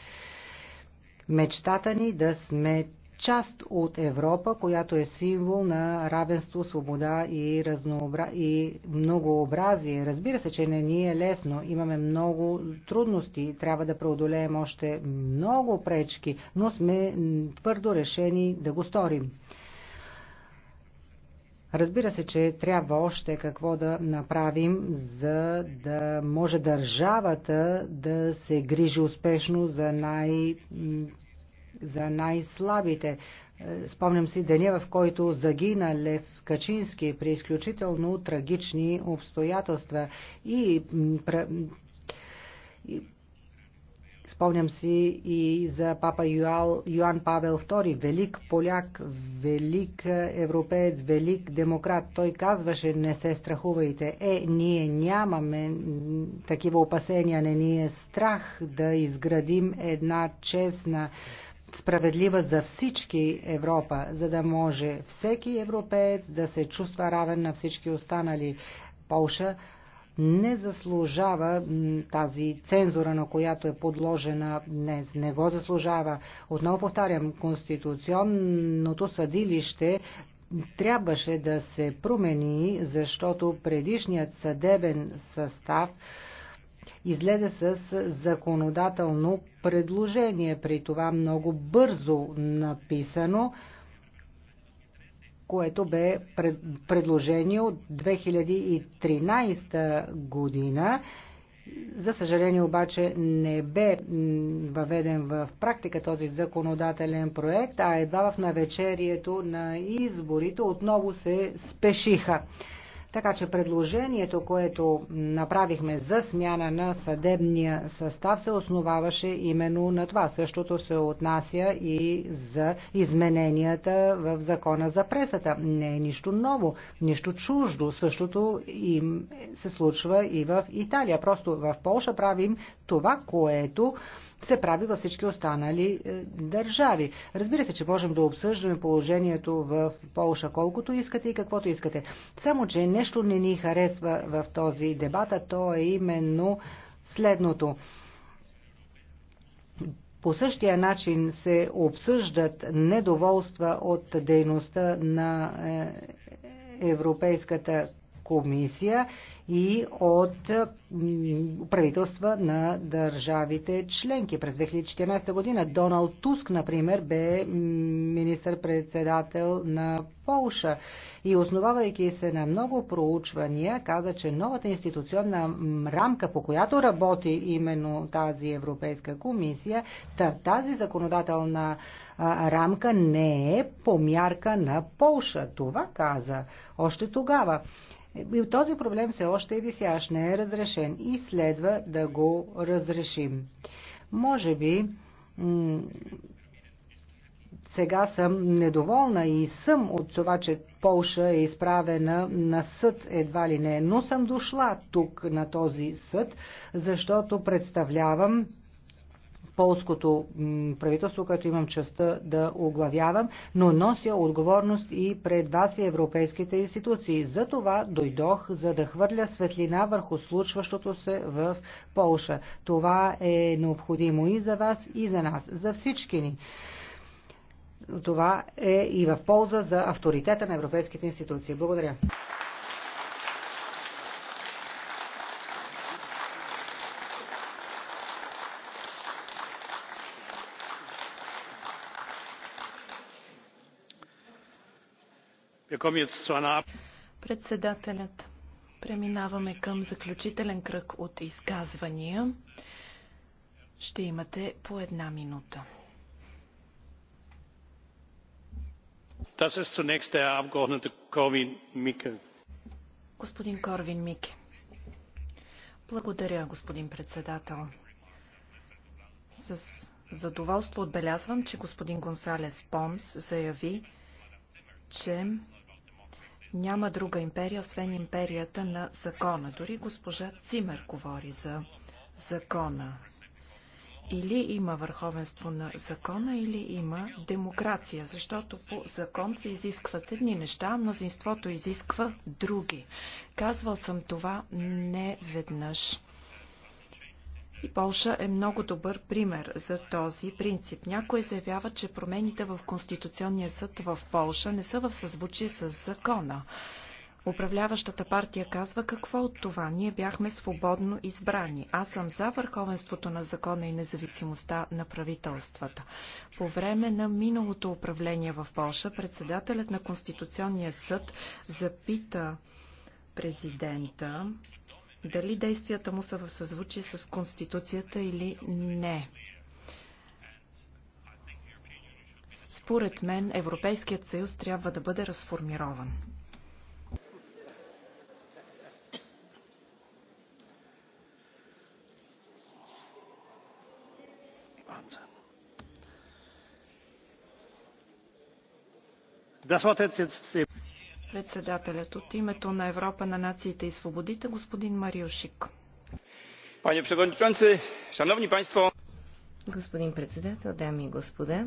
Мечтата ни да сме част от Европа, която е символ на равенство, свобода и, разнообра... и многообразие. Разбира се, че не ни е лесно. Имаме много трудности. Трябва да преодолеем още много пречки, но сме твърдо решени да го сторим. Разбира се, че трябва още какво да направим, за да може държавата да се грижи успешно за най- за най-слабите. Е, спомням си деня, в който загина Лев Качински при изключително трагични обстоятелства и Спомням си и за папа Юал, Йоан Павел II, велик поляк, велик европеец, велик демократ. Той казваше, не се страхувайте. Е, ние нямаме такива опасения, не ни е страх да изградим една честна справедлива за всички Европа, за да може всеки европеец да се чувства равен на всички останали. Полша не заслужава тази цензура, на която е подложена днес. Не го заслужава. Отново повтарям, Конституционното съдилище трябваше да се промени, защото предишният съдебен състав излезе с законодателно предложение, при това много бързо написано, което бе предложение от 2013 година. За съжаление обаче не бе въведен в практика този законодателен проект, а едва в навечерието на изборите отново се спешиха. Така че предложението, което направихме за смяна на съдебния състав, се основаваше именно на това. Същото се отнася и за измененията в закона за пресата. Не е нищо ново, нищо чуждо. Същото им се случва и в Италия. Просто в Польша правим това, което се прави във всички останали е, държави. Разбира се, че можем да обсъждаме положението в Полша колкото искате и каквото искате. Само, че нещо не ни харесва в този дебат, а то е именно следното. По същия начин се обсъждат недоволства от дейността на е, Европейската комисия и от правителства на държавите членки. През 2014 година Доналд Туск, например, бе министър-председател на Полша и основавайки се на много проучвания, каза, че новата институционна рамка, по която работи именно тази Европейска комисия, тази законодателна рамка не е по мярка на Полша. Това каза още тогава. И този проблем все още е висящ, не е разрешен и следва да го разрешим. Може би сега съм недоволна и съм от това, че Полша е изправена на съд едва ли не, но съм дошла тук на този съд, защото представлявам полското правителство, което имам честа да оглавявам, но нося отговорност и пред вас и европейските институции. За това дойдох, за да хвърля светлина върху случващото се в Полша. Това е необходимо и за вас, и за нас, за всички ни. Това е и в полза за авторитета на европейските институции. Благодаря. Председателят. Преминаваме към заключителен кръг от изказвания. Ще имате по една минута. Господин Корвин Мике. Благодаря, господин председател. С задоволство отбелязвам, че господин Гонсалес Понс заяви, че няма друга империя, освен империята на закона. Дори госпожа Цимер говори за закона. Или има върховенство на закона, или има демокрация, защото по закон се изискват едни неща, а мнозинството изисква други. Казвал съм това не веднъж. И Полша е много добър пример за този принцип. Някои заявяват, че промените в Конституционния съд в Полша не са в съзвучие с закона. Управляващата партия казва какво от това. Ние бяхме свободно избрани. Аз съм за върховенството на закона и независимостта на правителствата. По време на миналото управление в Польша, председателят на Конституционния съд запита президента дали действията му са в съзвучие с Конституцията или не. Според мен Европейският съюз трябва да бъде разформирован. Das Wort jetzt, jetzt Председателят от името на Европа на нациите и свободите, господин Мариошик. Пане председател, шановни панство! Господин председател, дами и господа,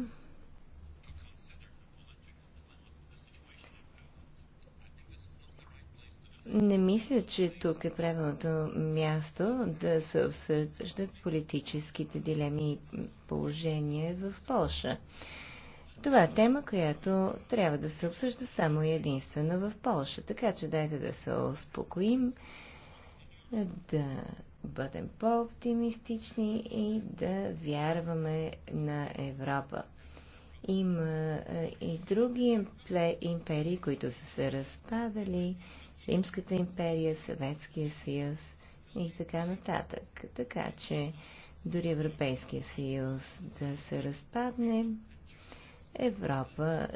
Не мисля, че тук е правилното място да се обсъждат политическите дилеми и положения в Польша. Това е тема, която трябва да се обсъжда само и единствено в Польша. Така че дайте да се успокоим, да бъдем по-оптимистични и да вярваме на Европа. Има е, и други империи, които са се разпадали. Римската империя, Съветския съюз и така нататък. Така че дори Европейския съюз да се разпадне, Европа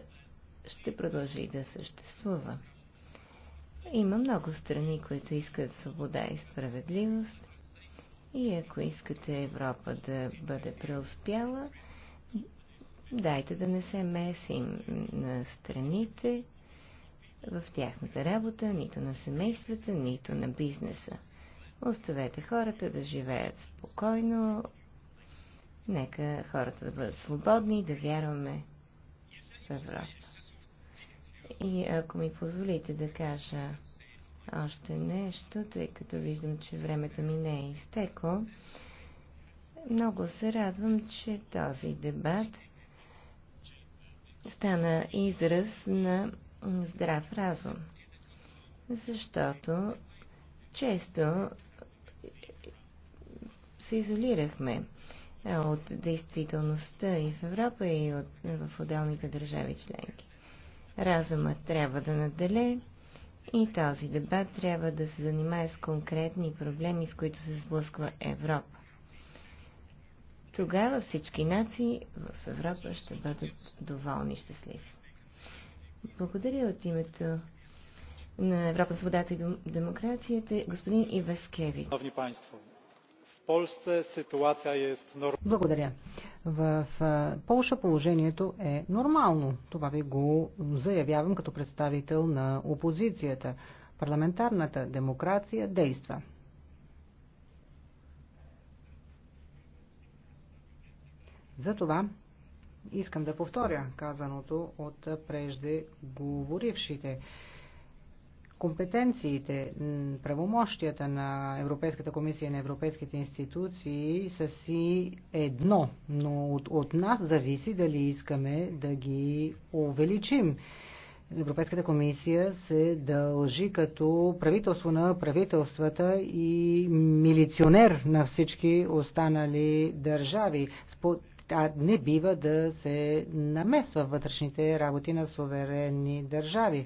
ще продължи да съществува. Има много страни, които искат свобода и справедливост. И ако искате Европа да бъде преуспяла, дайте да не се месим на страните, в тяхната работа, нито на семействата, нито на бизнеса. Оставете хората да живеят спокойно, нека хората да бъдат свободни и да вярваме Европа. И ако ми позволите да кажа още нещо, тъй като виждам, че времето ми не е изтекло, много се радвам, че този дебат стана израз на здрав разум. Защото често се изолирахме от действителността и в Европа, и от, в отделните държави членки. Разумът трябва да наделе и този дебат трябва да се занимае с конкретни проблеми, с които се сблъсква Европа. Тогава всички нации в Европа ще бъдат доволни и щастливи. Благодаря от името на Европа, свободата и демокрацията, господин Иваскевич. Polsce sytuacja е нормална. Благодаря. В Полша положението е нормално. Това ви го заявявам като представител на опозицията. Парламентарната демокрация действа. Затова искам да повторя казаното от преждеговорившите. говорившите компетенциите, правомощията на Европейската комисия и на европейските институции са си едно, но от, от нас зависи дали искаме да ги увеличим. Европейската комисия се дължи като правителство на правителствата и милиционер на всички останали държави. А не бива да се намесва вътрешните работи на суверенни държави.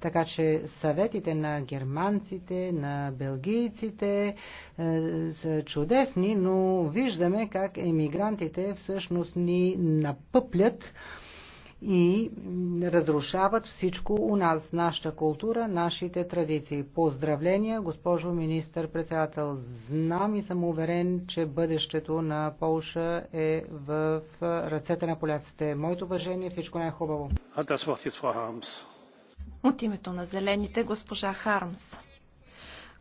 Така че съветите на германците, на белгийците е, са чудесни, но виждаме как емигрантите всъщност ни напъплят и разрушават всичко у нас, нашата култура, нашите традиции. Поздравления, госпожо министър-председател. Знам и съм уверен, че бъдещето на Полша е в ръцете на поляците. Моето уважение, всичко най-хубаво. А да, от името на зелените госпожа Хармс.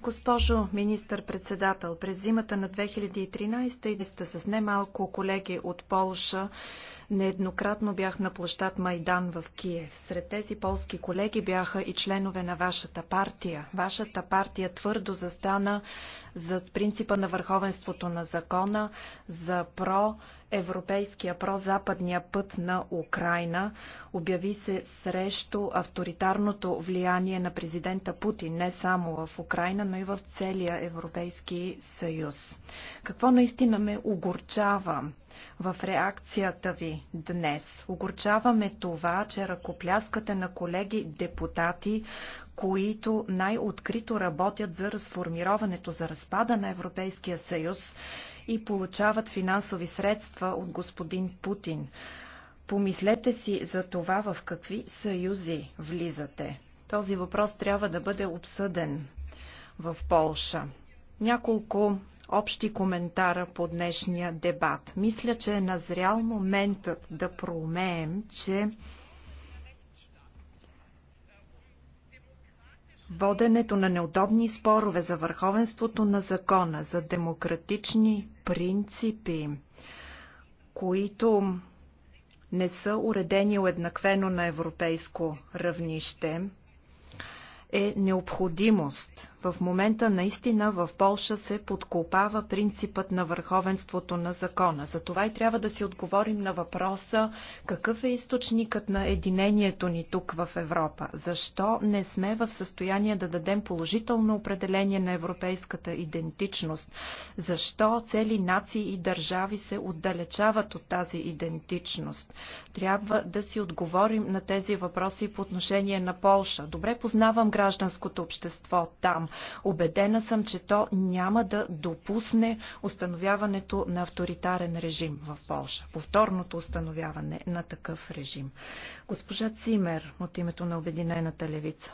Госпожо министър-председател, през зимата на 2013 и сте с немалко колеги от Полша нееднократно бях на площад Майдан в Киев. Сред тези полски колеги бяха и членове на вашата партия. Вашата партия твърдо застана за принципа на върховенството на закона, за про европейския прозападния път на Украина. Обяви се срещу авторитарното влияние на президента Путин не само в Украина, но и в целия Европейски съюз. Какво наистина ме огорчава в реакцията ви днес? Огорчаваме това, че ръкопляскате на колеги депутати, които най-открито работят за разформироването, за разпада на Европейския съюз, и получават финансови средства от господин Путин. Помислете си за това в какви съюзи влизате. Този въпрос трябва да бъде обсъден в Полша. Няколко общи коментара по днешния дебат. Мисля, че е назрял моментът да проумеем, че Воденето на неудобни спорове за върховенството на закона, за демократични принципи, които не са уредени уеднаквено на европейско равнище, е необходимост. В момента наистина в Полша се подкопава принципът на върховенството на закона. Затова и трябва да си отговорим на въпроса какъв е източникът на единението ни тук в Европа. Защо не сме в състояние да дадем положително определение на европейската идентичност? Защо цели нации и държави се отдалечават от тази идентичност? Трябва да си отговорим на тези въпроси по отношение на Полша. Добре познавам гражданското общество там. Обедена съм, че то няма да допусне установяването на авторитарен режим в Польша. Повторното установяване на такъв режим. Госпожа Цимер от името на Обединената левица.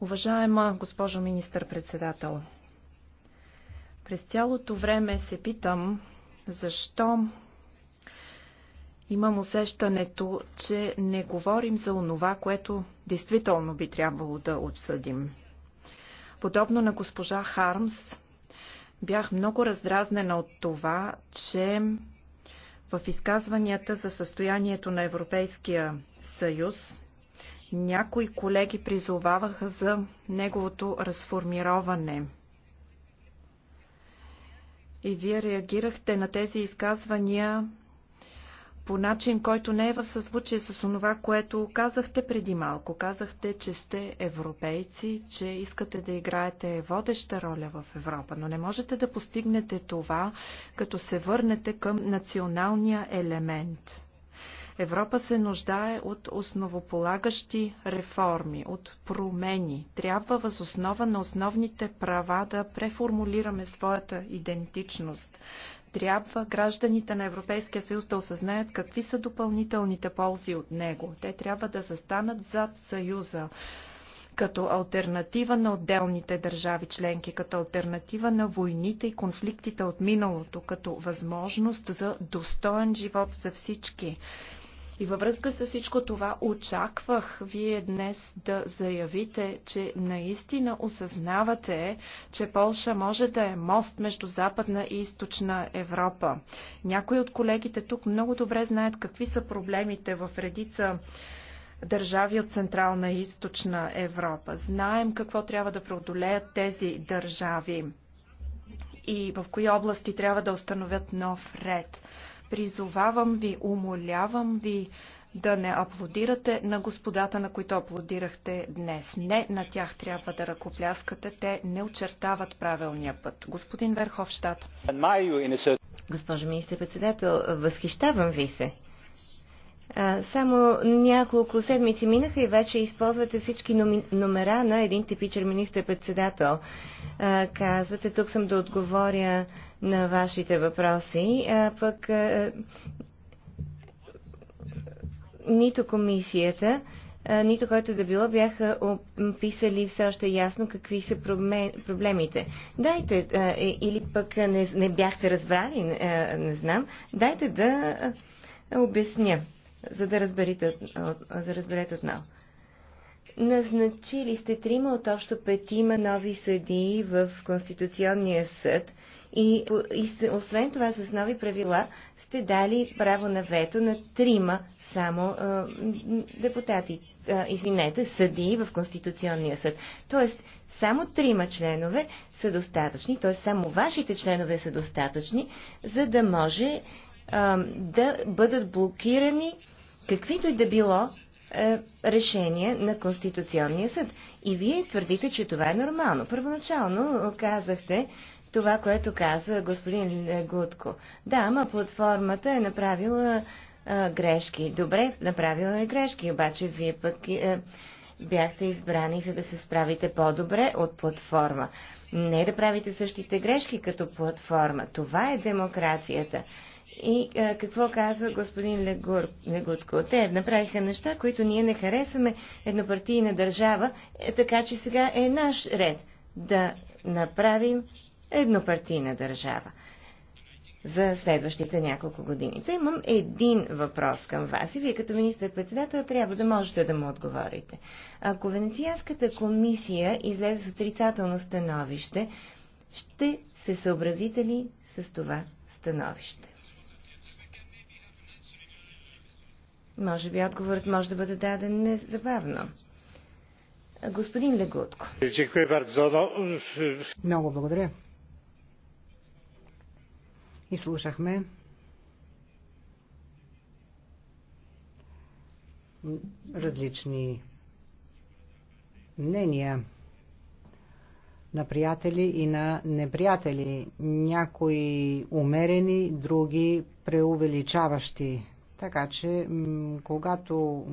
Уважаема госпожо министър-председател, през цялото време се питам защо Имам усещането, че не говорим за онова, което действително би трябвало да отсъдим. Подобно на госпожа Хармс, бях много раздразнена от това, че в изказванията за състоянието на Европейския съюз някои колеги призоваваха за неговото разформироване. И вие реагирахте на тези изказвания по начин, който не е в съзвучие с онова, което казахте преди малко. Казахте, че сте европейци, че искате да играете водеща роля в Европа, но не можете да постигнете това, като се върнете към националния елемент. Европа се нуждае от основополагащи реформи, от промени. Трябва възоснова на основните права да преформулираме своята идентичност. Трябва гражданите на Европейския съюз да осъзнаят какви са допълнителните ползи от него. Те трябва да застанат зад съюза като альтернатива на отделните държави членки, като альтернатива на войните и конфликтите от миналото, като възможност за достоен живот за всички. И във връзка с всичко това очаквах вие днес да заявите, че наистина осъзнавате, че Полша може да е мост между Западна и Източна Европа. Някои от колегите тук много добре знаят какви са проблемите в редица държави от Централна и Източна Европа. Знаем какво трябва да преодолеят тези държави и в кои области трябва да установят нов ред. Призовавам ви, умолявам ви да не аплодирате на господата, на които аплодирахте днес. Не на тях трябва да ръкопляскате, те не очертават правилния път. Господин Верховщат. Госпожо министър-председател, възхищавам ви се. Само няколко седмици минаха и вече използвате всички номера на един типичен министр-председател. Казвате, тук съм да отговоря на вашите въпроси, а пък нито комисията, нито който да било, бяха описали все още ясно какви са проблемите. Дайте, или пък не, не бяхте разбрали, не знам, дайте да обясня за да разберете, за разберете отново. Назначили сте трима от общо петима нови съдии в Конституционния съд и, и освен това с нови правила сте дали право на вето на трима само а, депутати, а, извинете, съдии в Конституционния съд. Тоест, само трима членове са достатъчни, т.е. само вашите членове са достатъчни, за да може а, да бъдат блокирани каквито и да било е, решение на Конституционния съд. И вие твърдите, че това е нормално. Първоначално казахте това, което каза господин Гудко. Да, ама платформата е направила е, грешки. Добре, направила е грешки, обаче вие пък е, бяхте избрани, за да се справите по-добре от платформа. Не да правите същите грешки като платформа. Това е демокрацията. И а, е, какво казва господин Легур, Легутко? Те направиха неща, които ние не харесваме еднопартийна държава, е, така че сега е наш ред да направим еднопартийна държава за следващите няколко години. Та имам един въпрос към вас и вие като министър-председател трябва да можете да му отговорите. Ако Венецианската комисия излезе с отрицателно становище, ще се съобразите ли с това становище? Може би отговорът може да бъде даден незабавно. Господин Легутко. Много благодаря. И слушахме различни мнения на приятели и на неприятели, някои умерени, други преувеличаващи така че, когато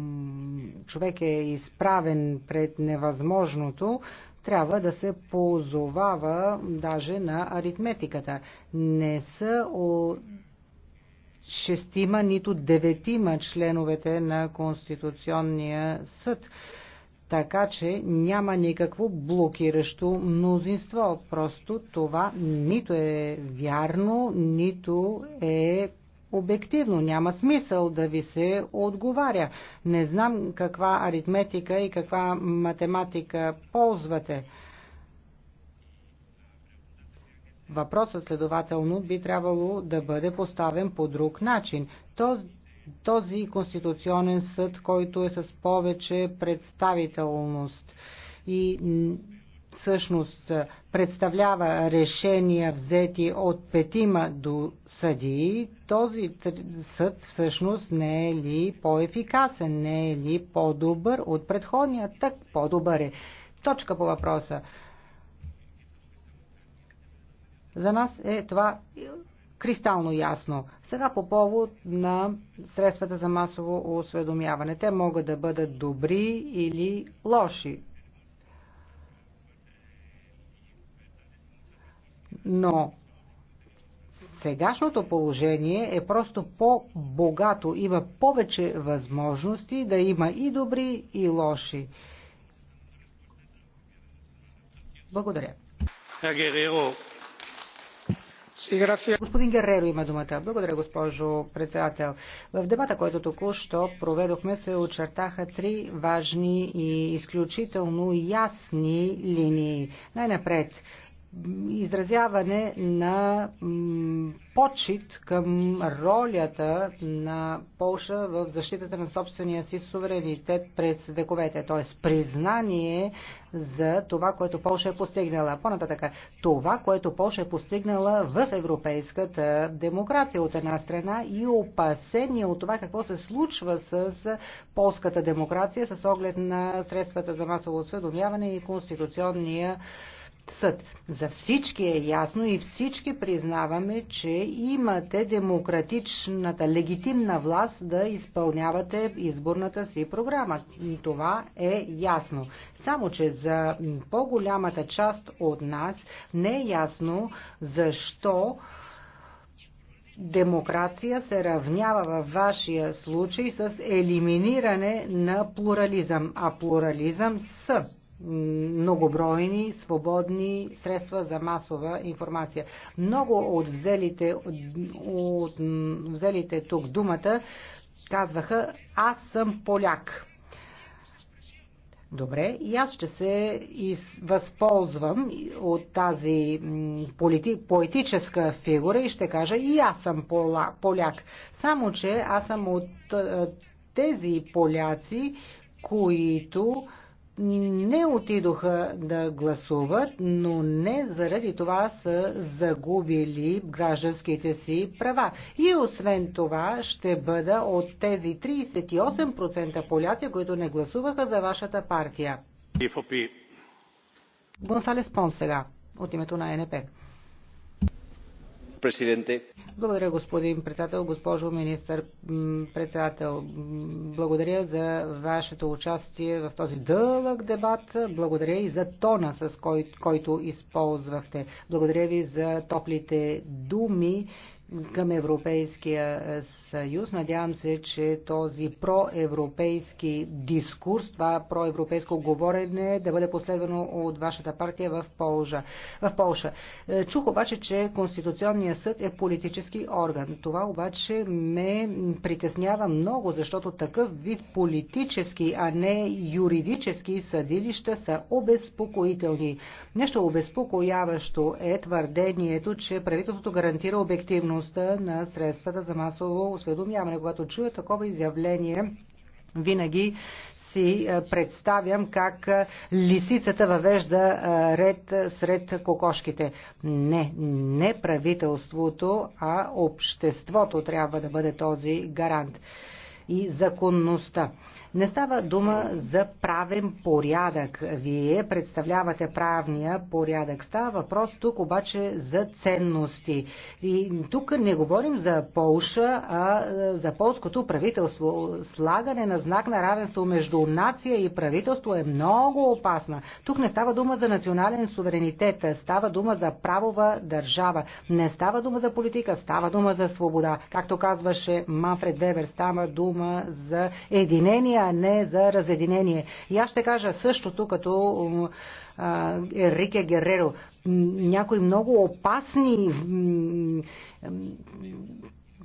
човек е изправен пред невъзможното, трябва да се позовава даже на аритметиката. Не са о шестима, нито деветима членовете на Конституционния съд. Така че няма никакво блокиращо мнозинство. Просто това нито е вярно, нито е обективно. Няма смисъл да ви се отговаря. Не знам каква аритметика и каква математика ползвате. Въпросът, следователно, би трябвало да бъде поставен по друг начин. Този, конституционен съд, който е с повече представителност и всъщност представлява решения взети от петима до съдии, този съд всъщност не е ли по-ефикасен, не е ли по-добър от предходния, так по-добър е. Точка по въпроса. За нас е това кристално ясно. Сега по повод на средствата за масово осведомяване. Те могат да бъдат добри или лоши но сегашното положение е просто по-богато, има повече възможности да има и добри, и лоши. Благодаря. Господин Герреро има думата. Благодаря, госпожо председател. В дебата, който току-що проведохме, се очертаха три важни и изключително ясни линии. Най-напред изразяване на почет към ролята на Полша в защитата на собствения си суверенитет през вековете, т.е. признание за това, което Полша е постигнала. по това, което Полша е постигнала в европейската демокрация от една страна и опасение от това какво се случва с полската демокрация с оглед на средствата за масово осведомяване и конституционния съд. За всички е ясно и всички признаваме, че имате демократичната, легитимна власт да изпълнявате изборната си програма. Това е ясно. Само, че за по-голямата част от нас не е ясно защо демокрация се равнява във вашия случай с елиминиране на плурализъм, а плурализъм са многобройни свободни средства за масова информация. Много от взелите, от взелите тук думата казваха аз съм поляк. Добре, и аз ще се из... възползвам от тази полити... поетическа фигура и ще кажа и аз съм пола... поляк. Само, че аз съм от тези поляци, които не отидоха да гласуват, но не заради това са загубили гражданските си права. И освен това ще бъда от тези 38% поляци, които не гласуваха за вашата партия. Гонсалес Пон сега, от името на НП. Благодаря, господин председател, госпожо министър председател. Благодаря за вашето участие в този дълъг дебат. Благодаря и за тона, с кой, който използвахте. Благодаря ви за топлите думи, към Европейския е, съюз. Надявам се, че този проевропейски дискурс, това проевропейско говорене да бъде последвано от вашата партия в Полша. В Полша. Е, чух обаче, че Конституционният съд е политически орган. Това обаче ме притеснява много, защото такъв вид политически, а не юридически съдилища са обезпокоителни. Нещо обезпокояващо е твърдението, че правителството гарантира обективно ефективността на средствата за масово осведомяване. Когато чуя такова изявление, винаги си е, представям как е, лисицата въвежда е, ред сред кокошките. Не, не правителството, а обществото трябва да бъде този гарант и законността. Не става дума за правен порядък. Вие представлявате правния порядък. Става въпрос тук обаче за ценности. И тук не говорим за Полша, а за полското правителство. Слагане на знак на равенство между нация и правителство е много опасна. Тук не става дума за национален суверенитет. Става дума за правова държава. Не става дума за политика. Става дума за свобода. Както казваше Манфред Вебер, става дума за единение а не за разединение. И аз ще кажа същото като Рике Гереро. Някои много опасни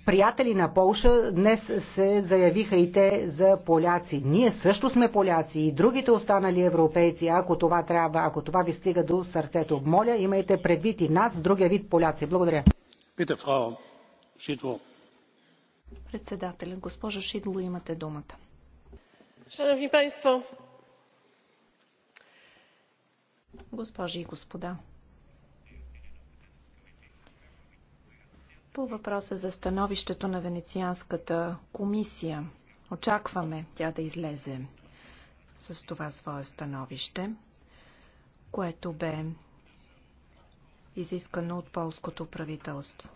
приятели на Полша днес се заявиха и те за поляци. Ние също сме поляци и другите останали европейци, ако това трябва, ако това ви стига до сърцето. Моля, имайте предвид и нас, другия вид поляци. Благодаря. Пита, фрау Шидло. Председателя, госпожо Шидло, имате думата. Шановни панство! Госпожи и господа! По въпроса за становището на Венецианската комисия. Очакваме тя да излезе с това свое становище, което бе изискано от полското правителство.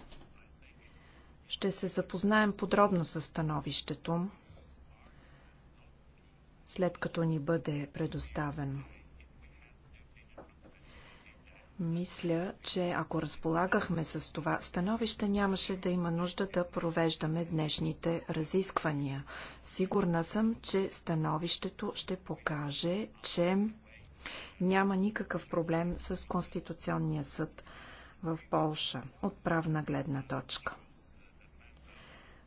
Ще се запознаем подробно с становището, след като ни бъде предоставено. Мисля, че ако разполагахме с това становище, нямаше да има нужда да провеждаме днешните разисквания. Сигурна съм, че становището ще покаже, че няма никакъв проблем с Конституционния съд в Полша от правна гледна точка.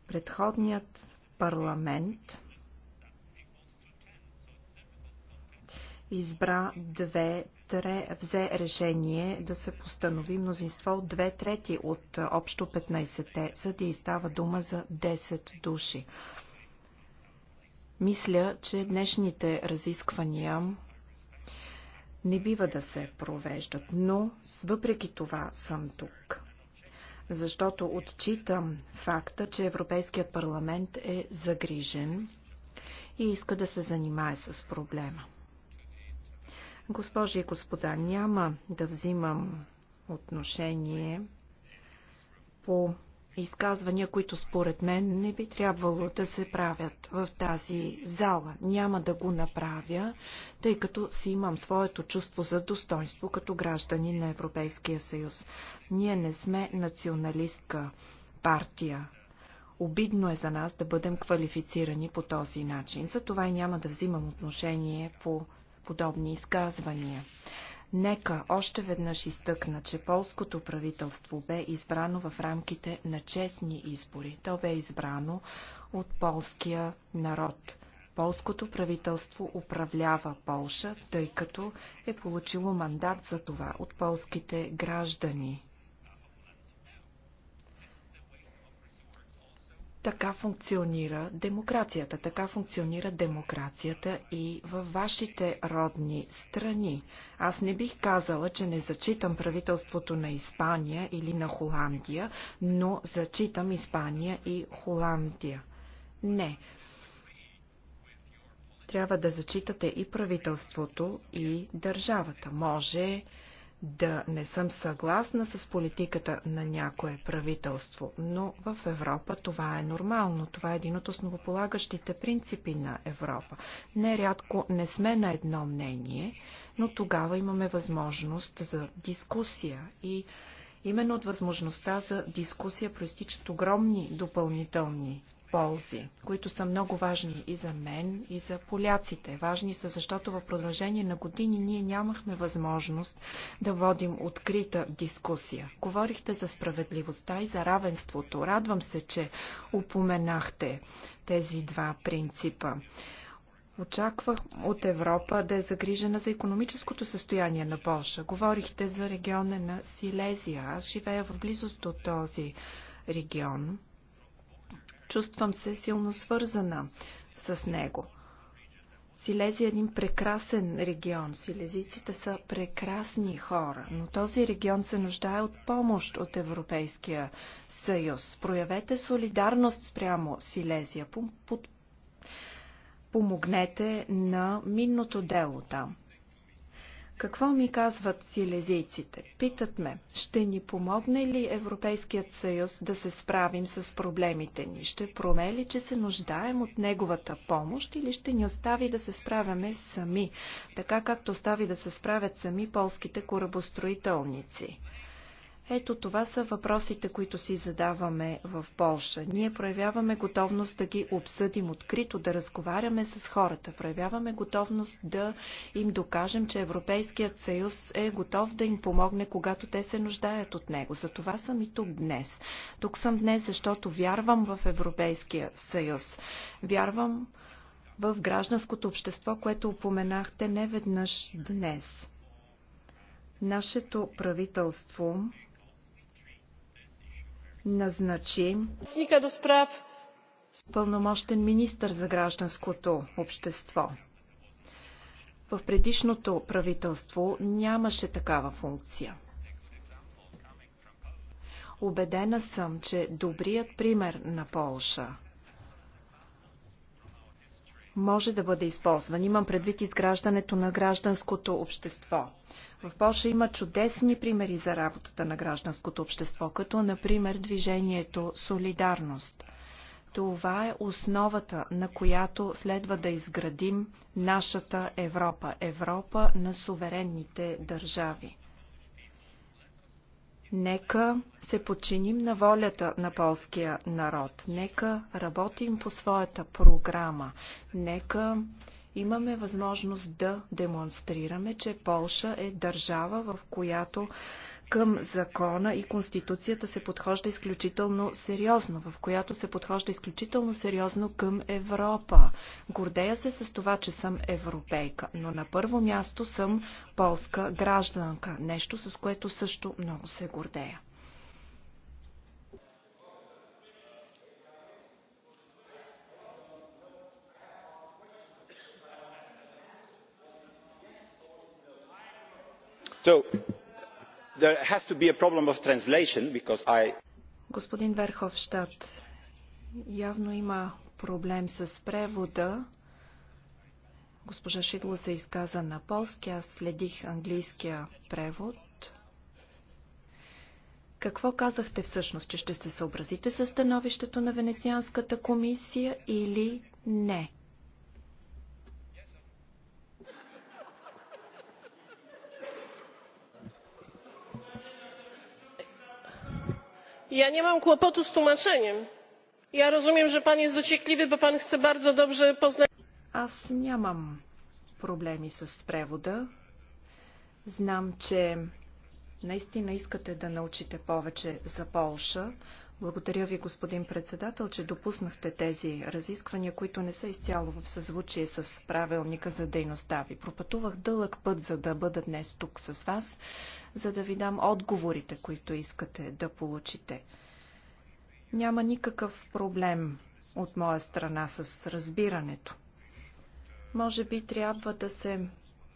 Предходният парламент избра две, тре, взе решение да се постанови мнозинство от две трети от общо 15-те и Става дума за 10 души. Мисля, че днешните разисквания не бива да се провеждат, но въпреки това съм тук. Защото отчитам факта, че Европейският парламент е загрижен и иска да се занимае с проблема. Госпожи и господа, няма да взимам отношение по изказвания, които според мен не би трябвало да се правят в тази зала. Няма да го направя, тъй като си имам своето чувство за достоинство като граждани на Европейския съюз. Ние не сме националистка партия. Обидно е за нас да бъдем квалифицирани по този начин. Затова и няма да взимам отношение по подобни изказвания. Нека още веднъж изтъкна, че полското правителство бе избрано в рамките на честни избори. То бе избрано от полския народ. Полското правителство управлява Полша, тъй като е получило мандат за това от полските граждани. Така функционира демокрацията. Така функционира демокрацията и във вашите родни страни. Аз не бих казала, че не зачитам правителството на Испания или на Холандия, но зачитам Испания и Холандия. Не. Трябва да зачитате и правителството, и държавата. Може да не съм съгласна с политиката на някое правителство, но в Европа това е нормално. Това е един от основополагащите принципи на Европа. Нерядко не сме на едно мнение, но тогава имаме възможност за дискусия и Именно от възможността за дискусия проистичат огромни допълнителни ползи, които са много важни и за мен, и за поляците. Важни са, защото в продължение на години ние нямахме възможност да водим открита дискусия. Говорихте за справедливостта и за равенството. Радвам се, че упоменахте тези два принципа. Очаквах от Европа да е загрижена за економическото състояние на Польша. Говорихте за региона на Силезия. Аз живея в близост до този регион. Чувствам се силно свързана с него. Силезия е един прекрасен регион. Силезиците са прекрасни хора, но този регион се нуждае от помощ от Европейския съюз. Проявете солидарност спрямо Силезия. Помогнете на минното дело там. Какво ми казват силезийците? Питат ме, ще ни помогне ли Европейският съюз да се справим с проблемите ни? Ще промели, ли, че се нуждаем от неговата помощ или ще ни остави да се справяме сами, така както остави да се справят сами полските корабостроителници? Ето това са въпросите, които си задаваме в Полша. Ние проявяваме готовност да ги обсъдим открито, да разговаряме с хората. Проявяваме готовност да им докажем, че Европейският съюз е готов да им помогне, когато те се нуждаят от него. За това съм и тук днес. Тук съм днес, защото вярвам в Европейския съюз. Вярвам в гражданското общество, което упоменахте неведнъж днес. Нашето правителство назначи пълномощен министър за гражданското общество. В предишното правителство нямаше такава функция. Убедена съм, че добрият пример на Полша – може да бъде използван. Имам предвид изграждането на гражданското общество. В Польша има чудесни примери за работата на гражданското общество, като например движението Солидарност. Това е основата, на която следва да изградим нашата Европа, Европа на суверенните държави. Нека се подчиним на волята на полския народ. Нека работим по своята програма. Нека имаме възможност да демонстрираме, че Полша е държава, в която към закона и Конституцията се подхожда изключително сериозно, в която се подхожда изключително сериозно към Европа. Гордея се с това, че съм европейка, но на първо място съм полска гражданка, нещо с което също много се гордея. So, there has to be a problem of translation because I... Господин Верховщад, явно има проблем с превода. Госпожа Шидло се изказа на полски, аз следих английския превод. Какво казахте всъщност, че ще се съобразите с становището на Венецианската комисия или не? ja nie mam kłopotu z tłumaczeniem ja rozumiem że pan jest dociekliwy bo pan chce bardzo dobrze poznać. Аз нямам проблеми с превода. Знам, че наистина искате да научите повече за Полша, благодаря ви, господин председател, че допуснахте тези разисквания, които не са изцяло в съзвучие с правилника за дейността ви. Пропътувах дълъг път, за да бъда днес тук с вас, за да ви дам отговорите, които искате да получите. Няма никакъв проблем от моя страна с разбирането. Може би трябва да се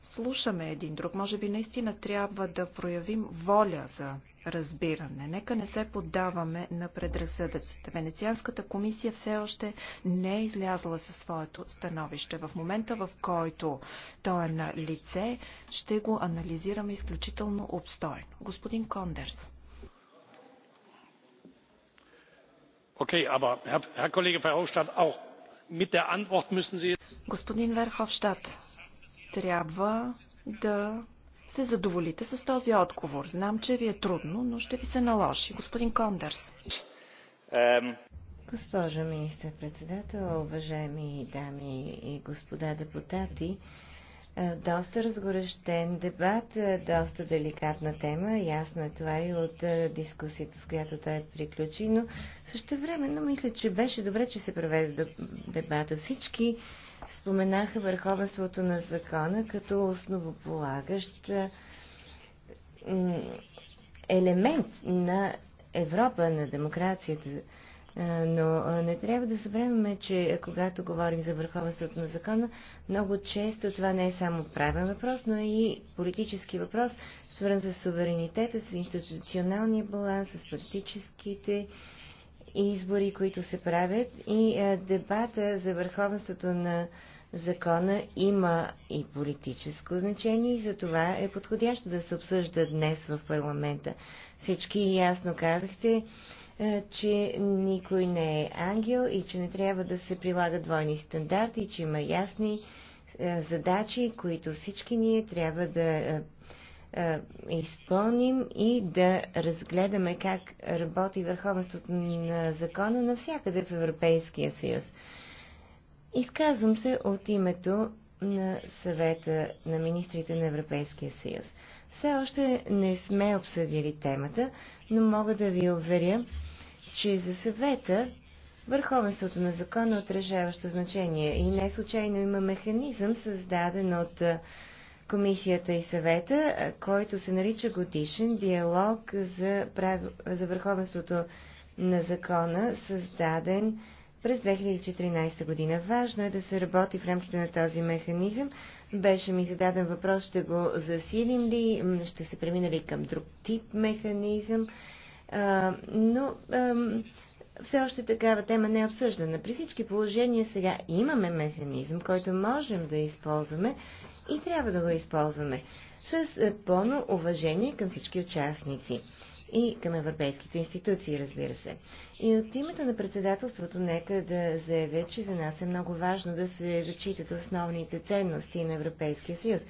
слушаме един друг, може би наистина трябва да проявим воля за разбиране. Нека не се поддаваме на предразсъдъците. Венецианската комисия все още не е излязла със своето становище. В момента, в който то е на лице, ще го анализираме изключително обстойно. Господин Кондерс. Окей, ама, Herr, колега Kollege Verhofstadt, auch mit антворт Antwort си... Господин Верховщад, трябва да се задоволите с този отговор. Знам, че ви е трудно, но ще ви се наложи. Господин Кондърс. Госпожо министър-председател, уважаеми дами и господа депутати, е, доста разгорещен дебат, е, доста деликатна тема. Ясно е това и от е, дискусията, с която той приключи, но също времено мисля, че беше добре, че се проведе дебата. Всички споменаха върховенството на закона като основополагащ елемент на Европа, на демокрацията. Но не трябва да забравяме, че когато говорим за върховенството на закона, много често това не е само правен въпрос, но е и политически въпрос, свързан с суверенитета, с институционалния баланс, с политическите избори, които се правят и е, дебата за върховенството на закона има и политическо значение и за това е подходящо да се обсъжда днес в парламента. Всички ясно казахте, е, че никой не е ангел и че не трябва да се прилагат двойни стандарти, че има ясни е, задачи, които всички ние трябва да е, изпълним и да разгледаме как работи върховенството на закона навсякъде в Европейския съюз. Изказвам се от името на съвета на министрите на Европейския съюз. Все още не сме обсъдили темата, но мога да ви уверя, че за съвета върховенството на закона е отражаващо значение и не случайно има механизъм, създаден от е, комисията и съвета, който се нарича годишен диалог за, прав... за върховенството на закона, създаден през 2014 година. Важно е да се работи в рамките на този механизъм. Беше ми зададен въпрос, ще го засилим ли, ще се преминали към друг тип механизъм. А, но а, все още такава тема не е обсъждана. При всички положения сега имаме механизъм, който можем да използваме и трябва да го използваме с е, пълно уважение към всички участници и към европейските институции, разбира се. И от името на председателството нека да заявя, че за нас е много важно да се зачитат основните ценности на Европейския съюз.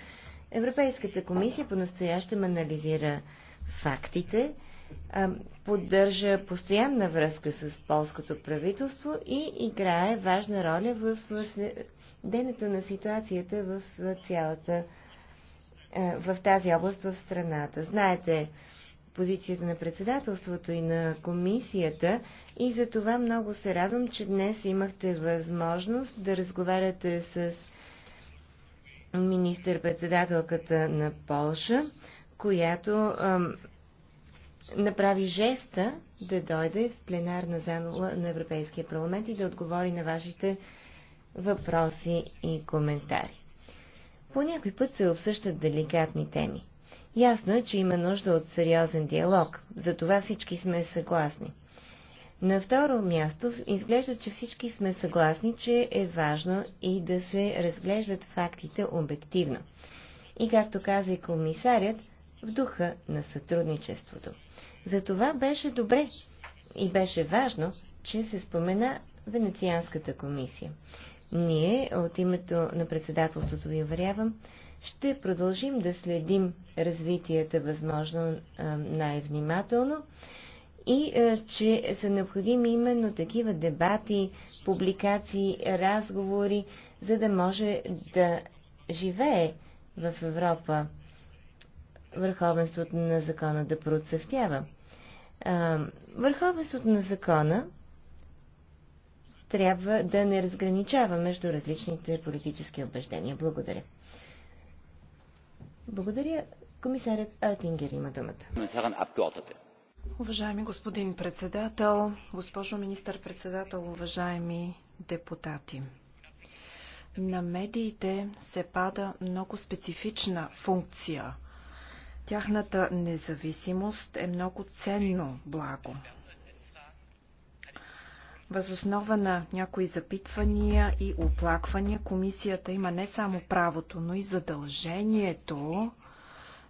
Европейската комисия по-настоящем анализира фактите, поддържа постоянна връзка с полското правителство и играе важна роля в денето на ситуацията в цялата в тази област в страната. Знаете позицията на председателството и на комисията и за това много се радвам, че днес имахте възможност да разговаряте с министър-председателката на Полша, която направи жеста да дойде в пленарна зала на Европейския парламент и да отговори на вашите въпроси и коментари. По някой път се обсъщат деликатни теми. Ясно е, че има нужда от сериозен диалог, за това всички сме съгласни. На второ място, изглежда, че всички сме съгласни, че е важно и да се разглеждат фактите обективно. И както каза и комисарят, в духа на сътрудничеството. За това беше добре и беше важно, че се спомена Венецианската комисия. Ние, от името на председателството ви уверявам, ще продължим да следим развитията възможно най-внимателно и че са необходими именно такива дебати, публикации, разговори, за да може да живее в Европа върховенството на закона да процъфтява. Върховенството на закона трябва да не разграничава между различните политически убеждения. Благодаря. Благодаря. Комисарят Оттингер има думата. Уважаеми господин председател, госпожо министър-председател, уважаеми депутати. На медиите се пада много специфична функция – Тяхната независимост е много ценно благо. Възоснова на някои запитвания и оплаквания, комисията има не само правото, но и задължението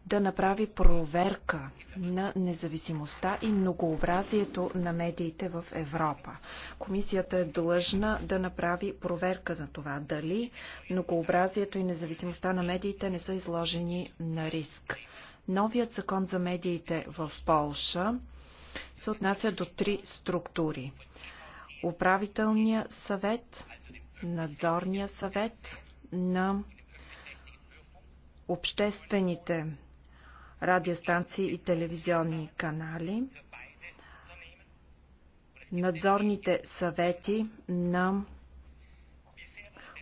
да направи проверка на независимостта и многообразието на медиите в Европа. Комисията е длъжна да направи проверка за това дали многообразието и независимостта на медиите не са изложени на риск. Новият закон за медиите в Полша се отнася до три структури. Управителния съвет, надзорния съвет на обществените радиостанции и телевизионни канали, надзорните съвети на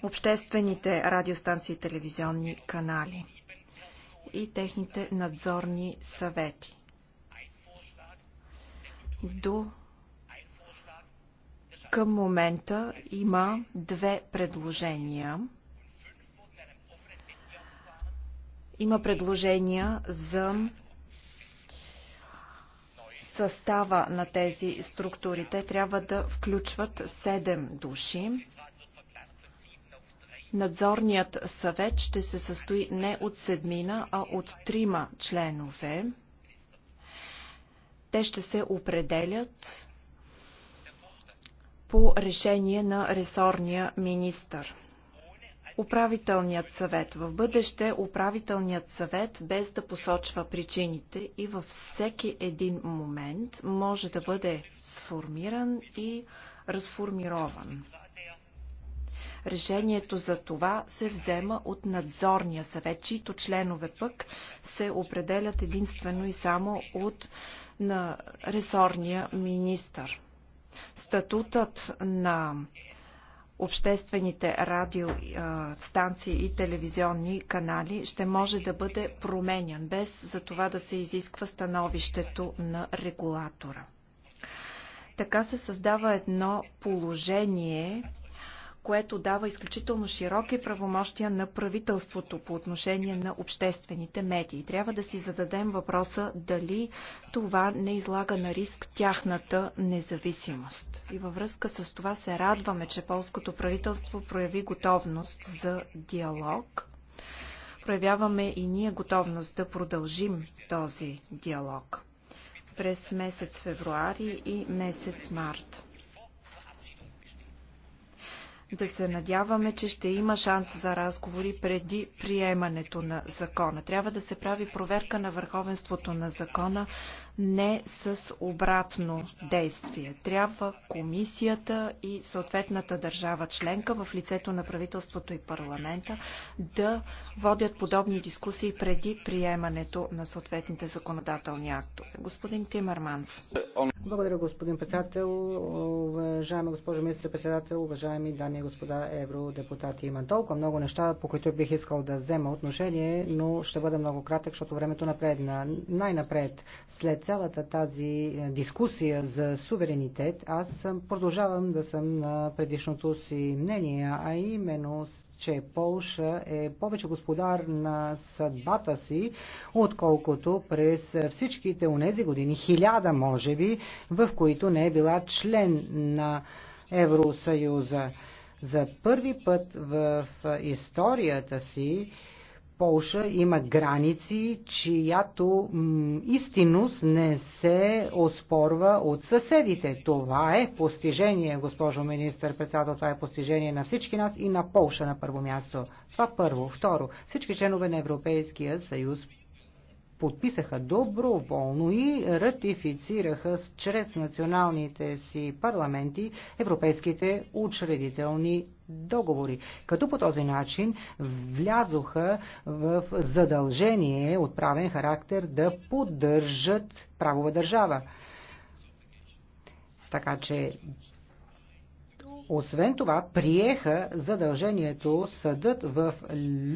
обществените радиостанции и телевизионни канали и техните надзорни съвети. До към момента има две предложения. Има предложения за състава на тези структури. Те трябва да включват 7 души. Надзорният съвет ще се състои не от седмина, а от трима членове. Те ще се определят по решение на ресорния министър. Управителният съвет. В бъдеще управителният съвет, без да посочва причините и във всеки един момент, може да бъде сформиран и разформирован. Решението за това се взема от надзорния съвет, чието членове пък се определят единствено и само от на ресорния министър. Статутът на обществените радиостанции и телевизионни канали ще може да бъде променян, без за това да се изисква становището на регулатора. Така се създава едно положение, което дава изключително широки правомощия на правителството по отношение на обществените медии. Трябва да си зададем въпроса дали това не излага на риск тяхната независимост. И във връзка с това се радваме, че полското правителство прояви готовност за диалог. Проявяваме и ние готовност да продължим този диалог през месец февруари и месец март. Да се надяваме, че ще има шанс за разговори преди приемането на закона. Трябва да се прави проверка на върховенството на закона не с обратно действие. Трябва комисията и съответната държава членка в лицето на правителството и парламента да водят подобни дискусии преди приемането на съответните законодателни актове. Господин Тимерманс. Благодаря, господин председател. Уважаема госпожо министър председател, уважаеми дами и господа евродепутати, има толкова много неща, по които бих искал да взема отношение, но ще бъда много кратък, защото времето напредна. Най-напред, след цялата тази е, дискусия за суверенитет, аз продължавам да съм на предишното си мнение, а именно че Полша е повече господар на съдбата си, отколкото през всичките унези години, хиляда може би, в които не е била член на Евросъюза. За първи път в историята си Полша има граници, чиято истинност не се оспорва от съседите. Това е постижение, госпожо министър-председател, това е постижение на всички нас и на Полша на първо място. Това първо. Второ, всички членове на Европейския съюз подписаха доброволно и ратифицираха чрез националните си парламенти европейските учредителни договори, като по този начин влязоха в задължение от правен характер да поддържат правова държава. Така че освен това, приеха задължението съдът в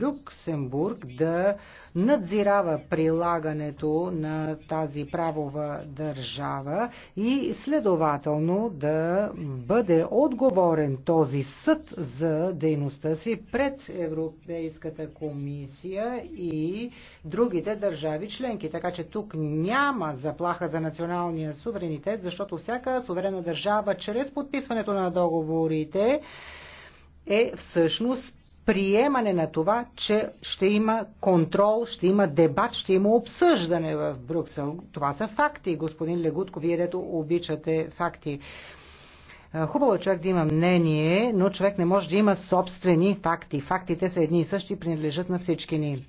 Люксембург да надзирава прилагането на тази правова държава и следователно да бъде отговорен този съд за дейността си пред Европейската комисия и другите държави членки. Така че тук няма заплаха за националния суверенитет, защото всяка суверена държава чрез подписването на договорите е всъщност приемане на това, че ще има контрол, ще има дебат, ще има обсъждане в Брюксел. Това са факти, господин Легутко, вие дето обичате факти. Хубаво е човек да има мнение, но човек не може да има собствени факти. Фактите са едни и същи, и принадлежат на всички ни.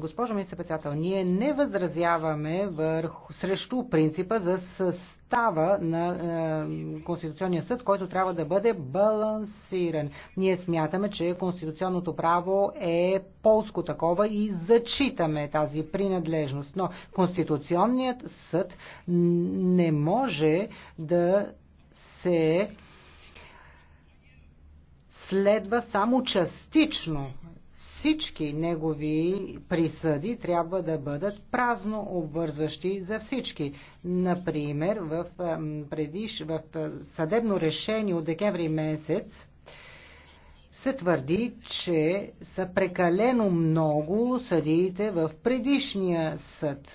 Госпожо министър председател, ние не възразяваме върху, срещу принципа за състава на е, Конституционния съд, който трябва да бъде балансиран. Ние смятаме, че конституционното право е полско такова и зачитаме тази принадлежност. Но Конституционният съд не може да се следва само частично всички негови присъди трябва да бъдат празно обвързващи за всички. Например, в, предиш, в съдебно решение от декември месец се твърди, че са прекалено много съдиите в предишния съд.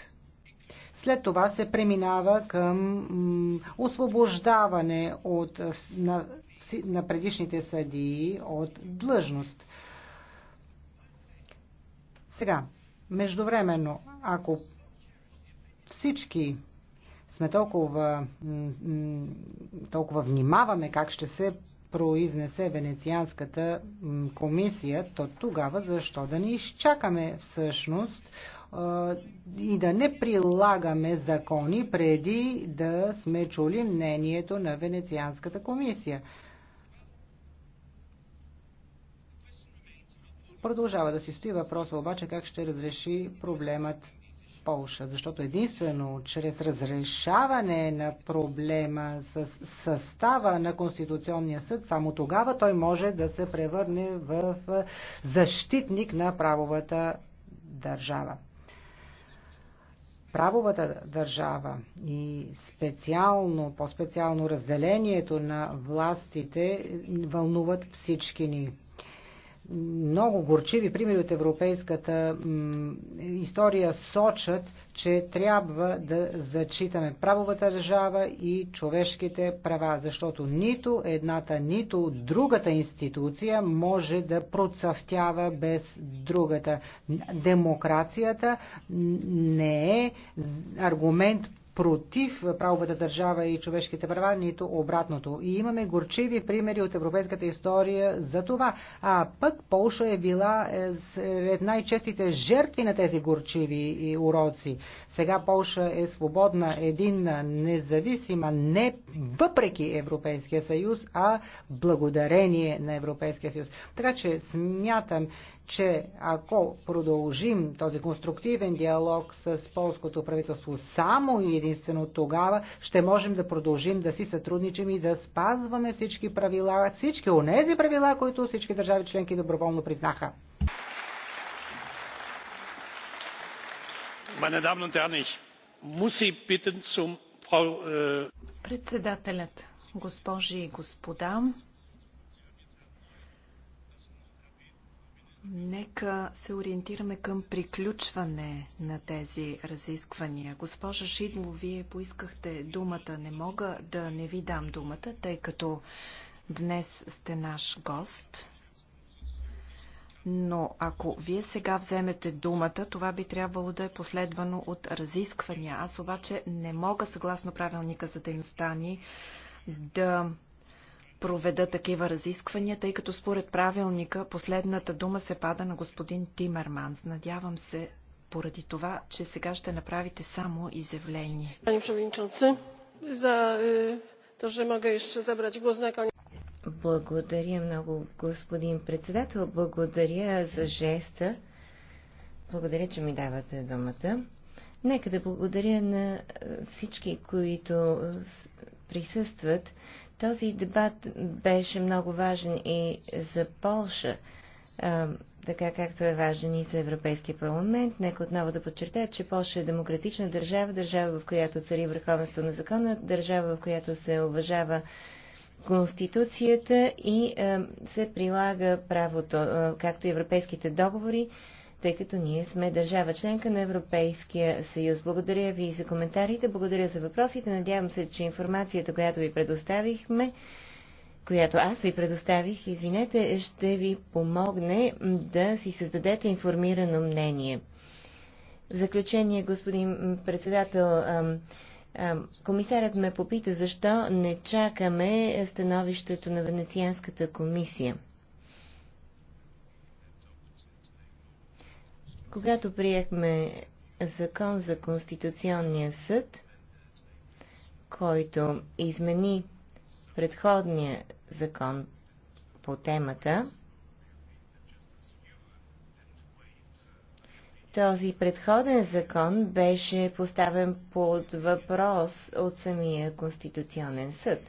След това се преминава към освобождаване от, на, на предишните съдии от длъжност. Сега, междувременно, ако всички сме толкова, толкова внимаваме как ще се произнесе Венецианската комисия, то тогава защо да не изчакаме всъщност и да не прилагаме закони преди да сме чули мнението на Венецианската комисия. Продължава да си стои въпроса обаче как ще разреши проблемът Полша, защото единствено чрез разрешаване на проблема с състава на Конституционния съд, само тогава той може да се превърне в защитник на правовата държава. Правовата държава и специално, по-специално разделението на властите вълнуват всички ни много горчиви примери от европейската история сочат, че трябва да зачитаме правовата държава и човешките права, защото нито едната, нито другата институция може да процъфтява без другата. Демокрацията не е аргумент против правовата държава и човешките права, нито обратното. И имаме горчиви примери от европейската история за това. А пък Полша е била е, сред най-честите жертви на тези горчиви уроци. Сега Полша е свободна, единна, независима, не въпреки Европейския съюз, а благодарение на Европейския съюз. Така че смятам, че ако продължим този конструктивен диалог с полското правителство само и единствено тогава, ще можем да продължим да си сътрудничим и да спазваме всички правила, всички онези правила, които всички държави членки доброволно признаха. meine damen und herren ich muss sie bitten zum äh, Председателят, госпожи и господа, нека се ориентираме към приключване на тези разисквания. Госпожа Шидло, вие поискахте думата. Не мога да не ви дам думата, тъй като днес сте наш гост. Но ако вие сега вземете думата, това би трябвало да е последвано от разисквания. Аз обаче не мога, съгласно правилника за дейността ни, да проведа такива разисквания, тъй като според правилника последната дума се пада на господин Тимерманс. Надявам се поради това, че сега ще направите само изявление. Panie за za че мога mogę jeszcze zabrać благодаря много, господин председател. Благодаря за жеста. Благодаря, че ми давате думата. Нека да благодаря на всички, които присъстват. Този дебат беше много важен и за Полша, така както е важен и за Европейския парламент. Нека отново да подчертая, че Полша е демократична държава, държава, в която цари върховенство на закона, държава, в която се уважава Конституцията и е, се прилага правото, е, както и европейските договори, тъй като ние сме държава членка на Европейския съюз. Благодаря ви за коментарите, благодаря за въпросите. Надявам се, че информацията, която ви предоставихме, която аз ви предоставих, извинете, ще ви помогне да си създадете информирано мнение. В заключение, господин председател, Комисарят ме попита защо не чакаме становището на Венецианската комисия. Когато приехме закон за Конституционния съд, който измени предходния закон по темата, Този предходен закон беше поставен под въпрос от самия Конституционен съд.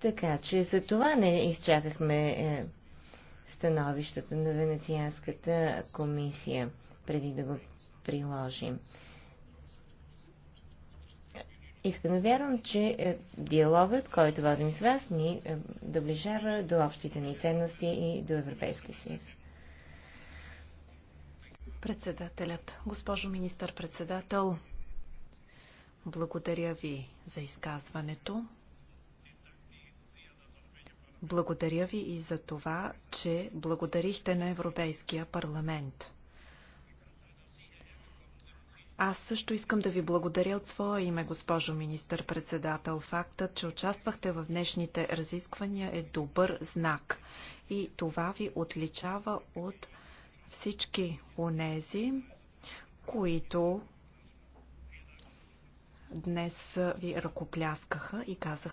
Така че за това не изчакахме е, становището на Венецианската комисия преди да го приложим. да вярвам, че е, диалогът, който водим с вас, ни е, доближава до общите ни ценности и до Европейския съюз. Председателят, госпожо министър-председател, благодаря ви за изказването. Благодаря ви и за това, че благодарихте на Европейския парламент. Аз също искам да ви благодаря от своя име, госпожо министър-председател. Фактът, че участвахте в днешните разисквания е добър знак и това ви отличава от всички онези, които днес ви ръкопляскаха и казаха,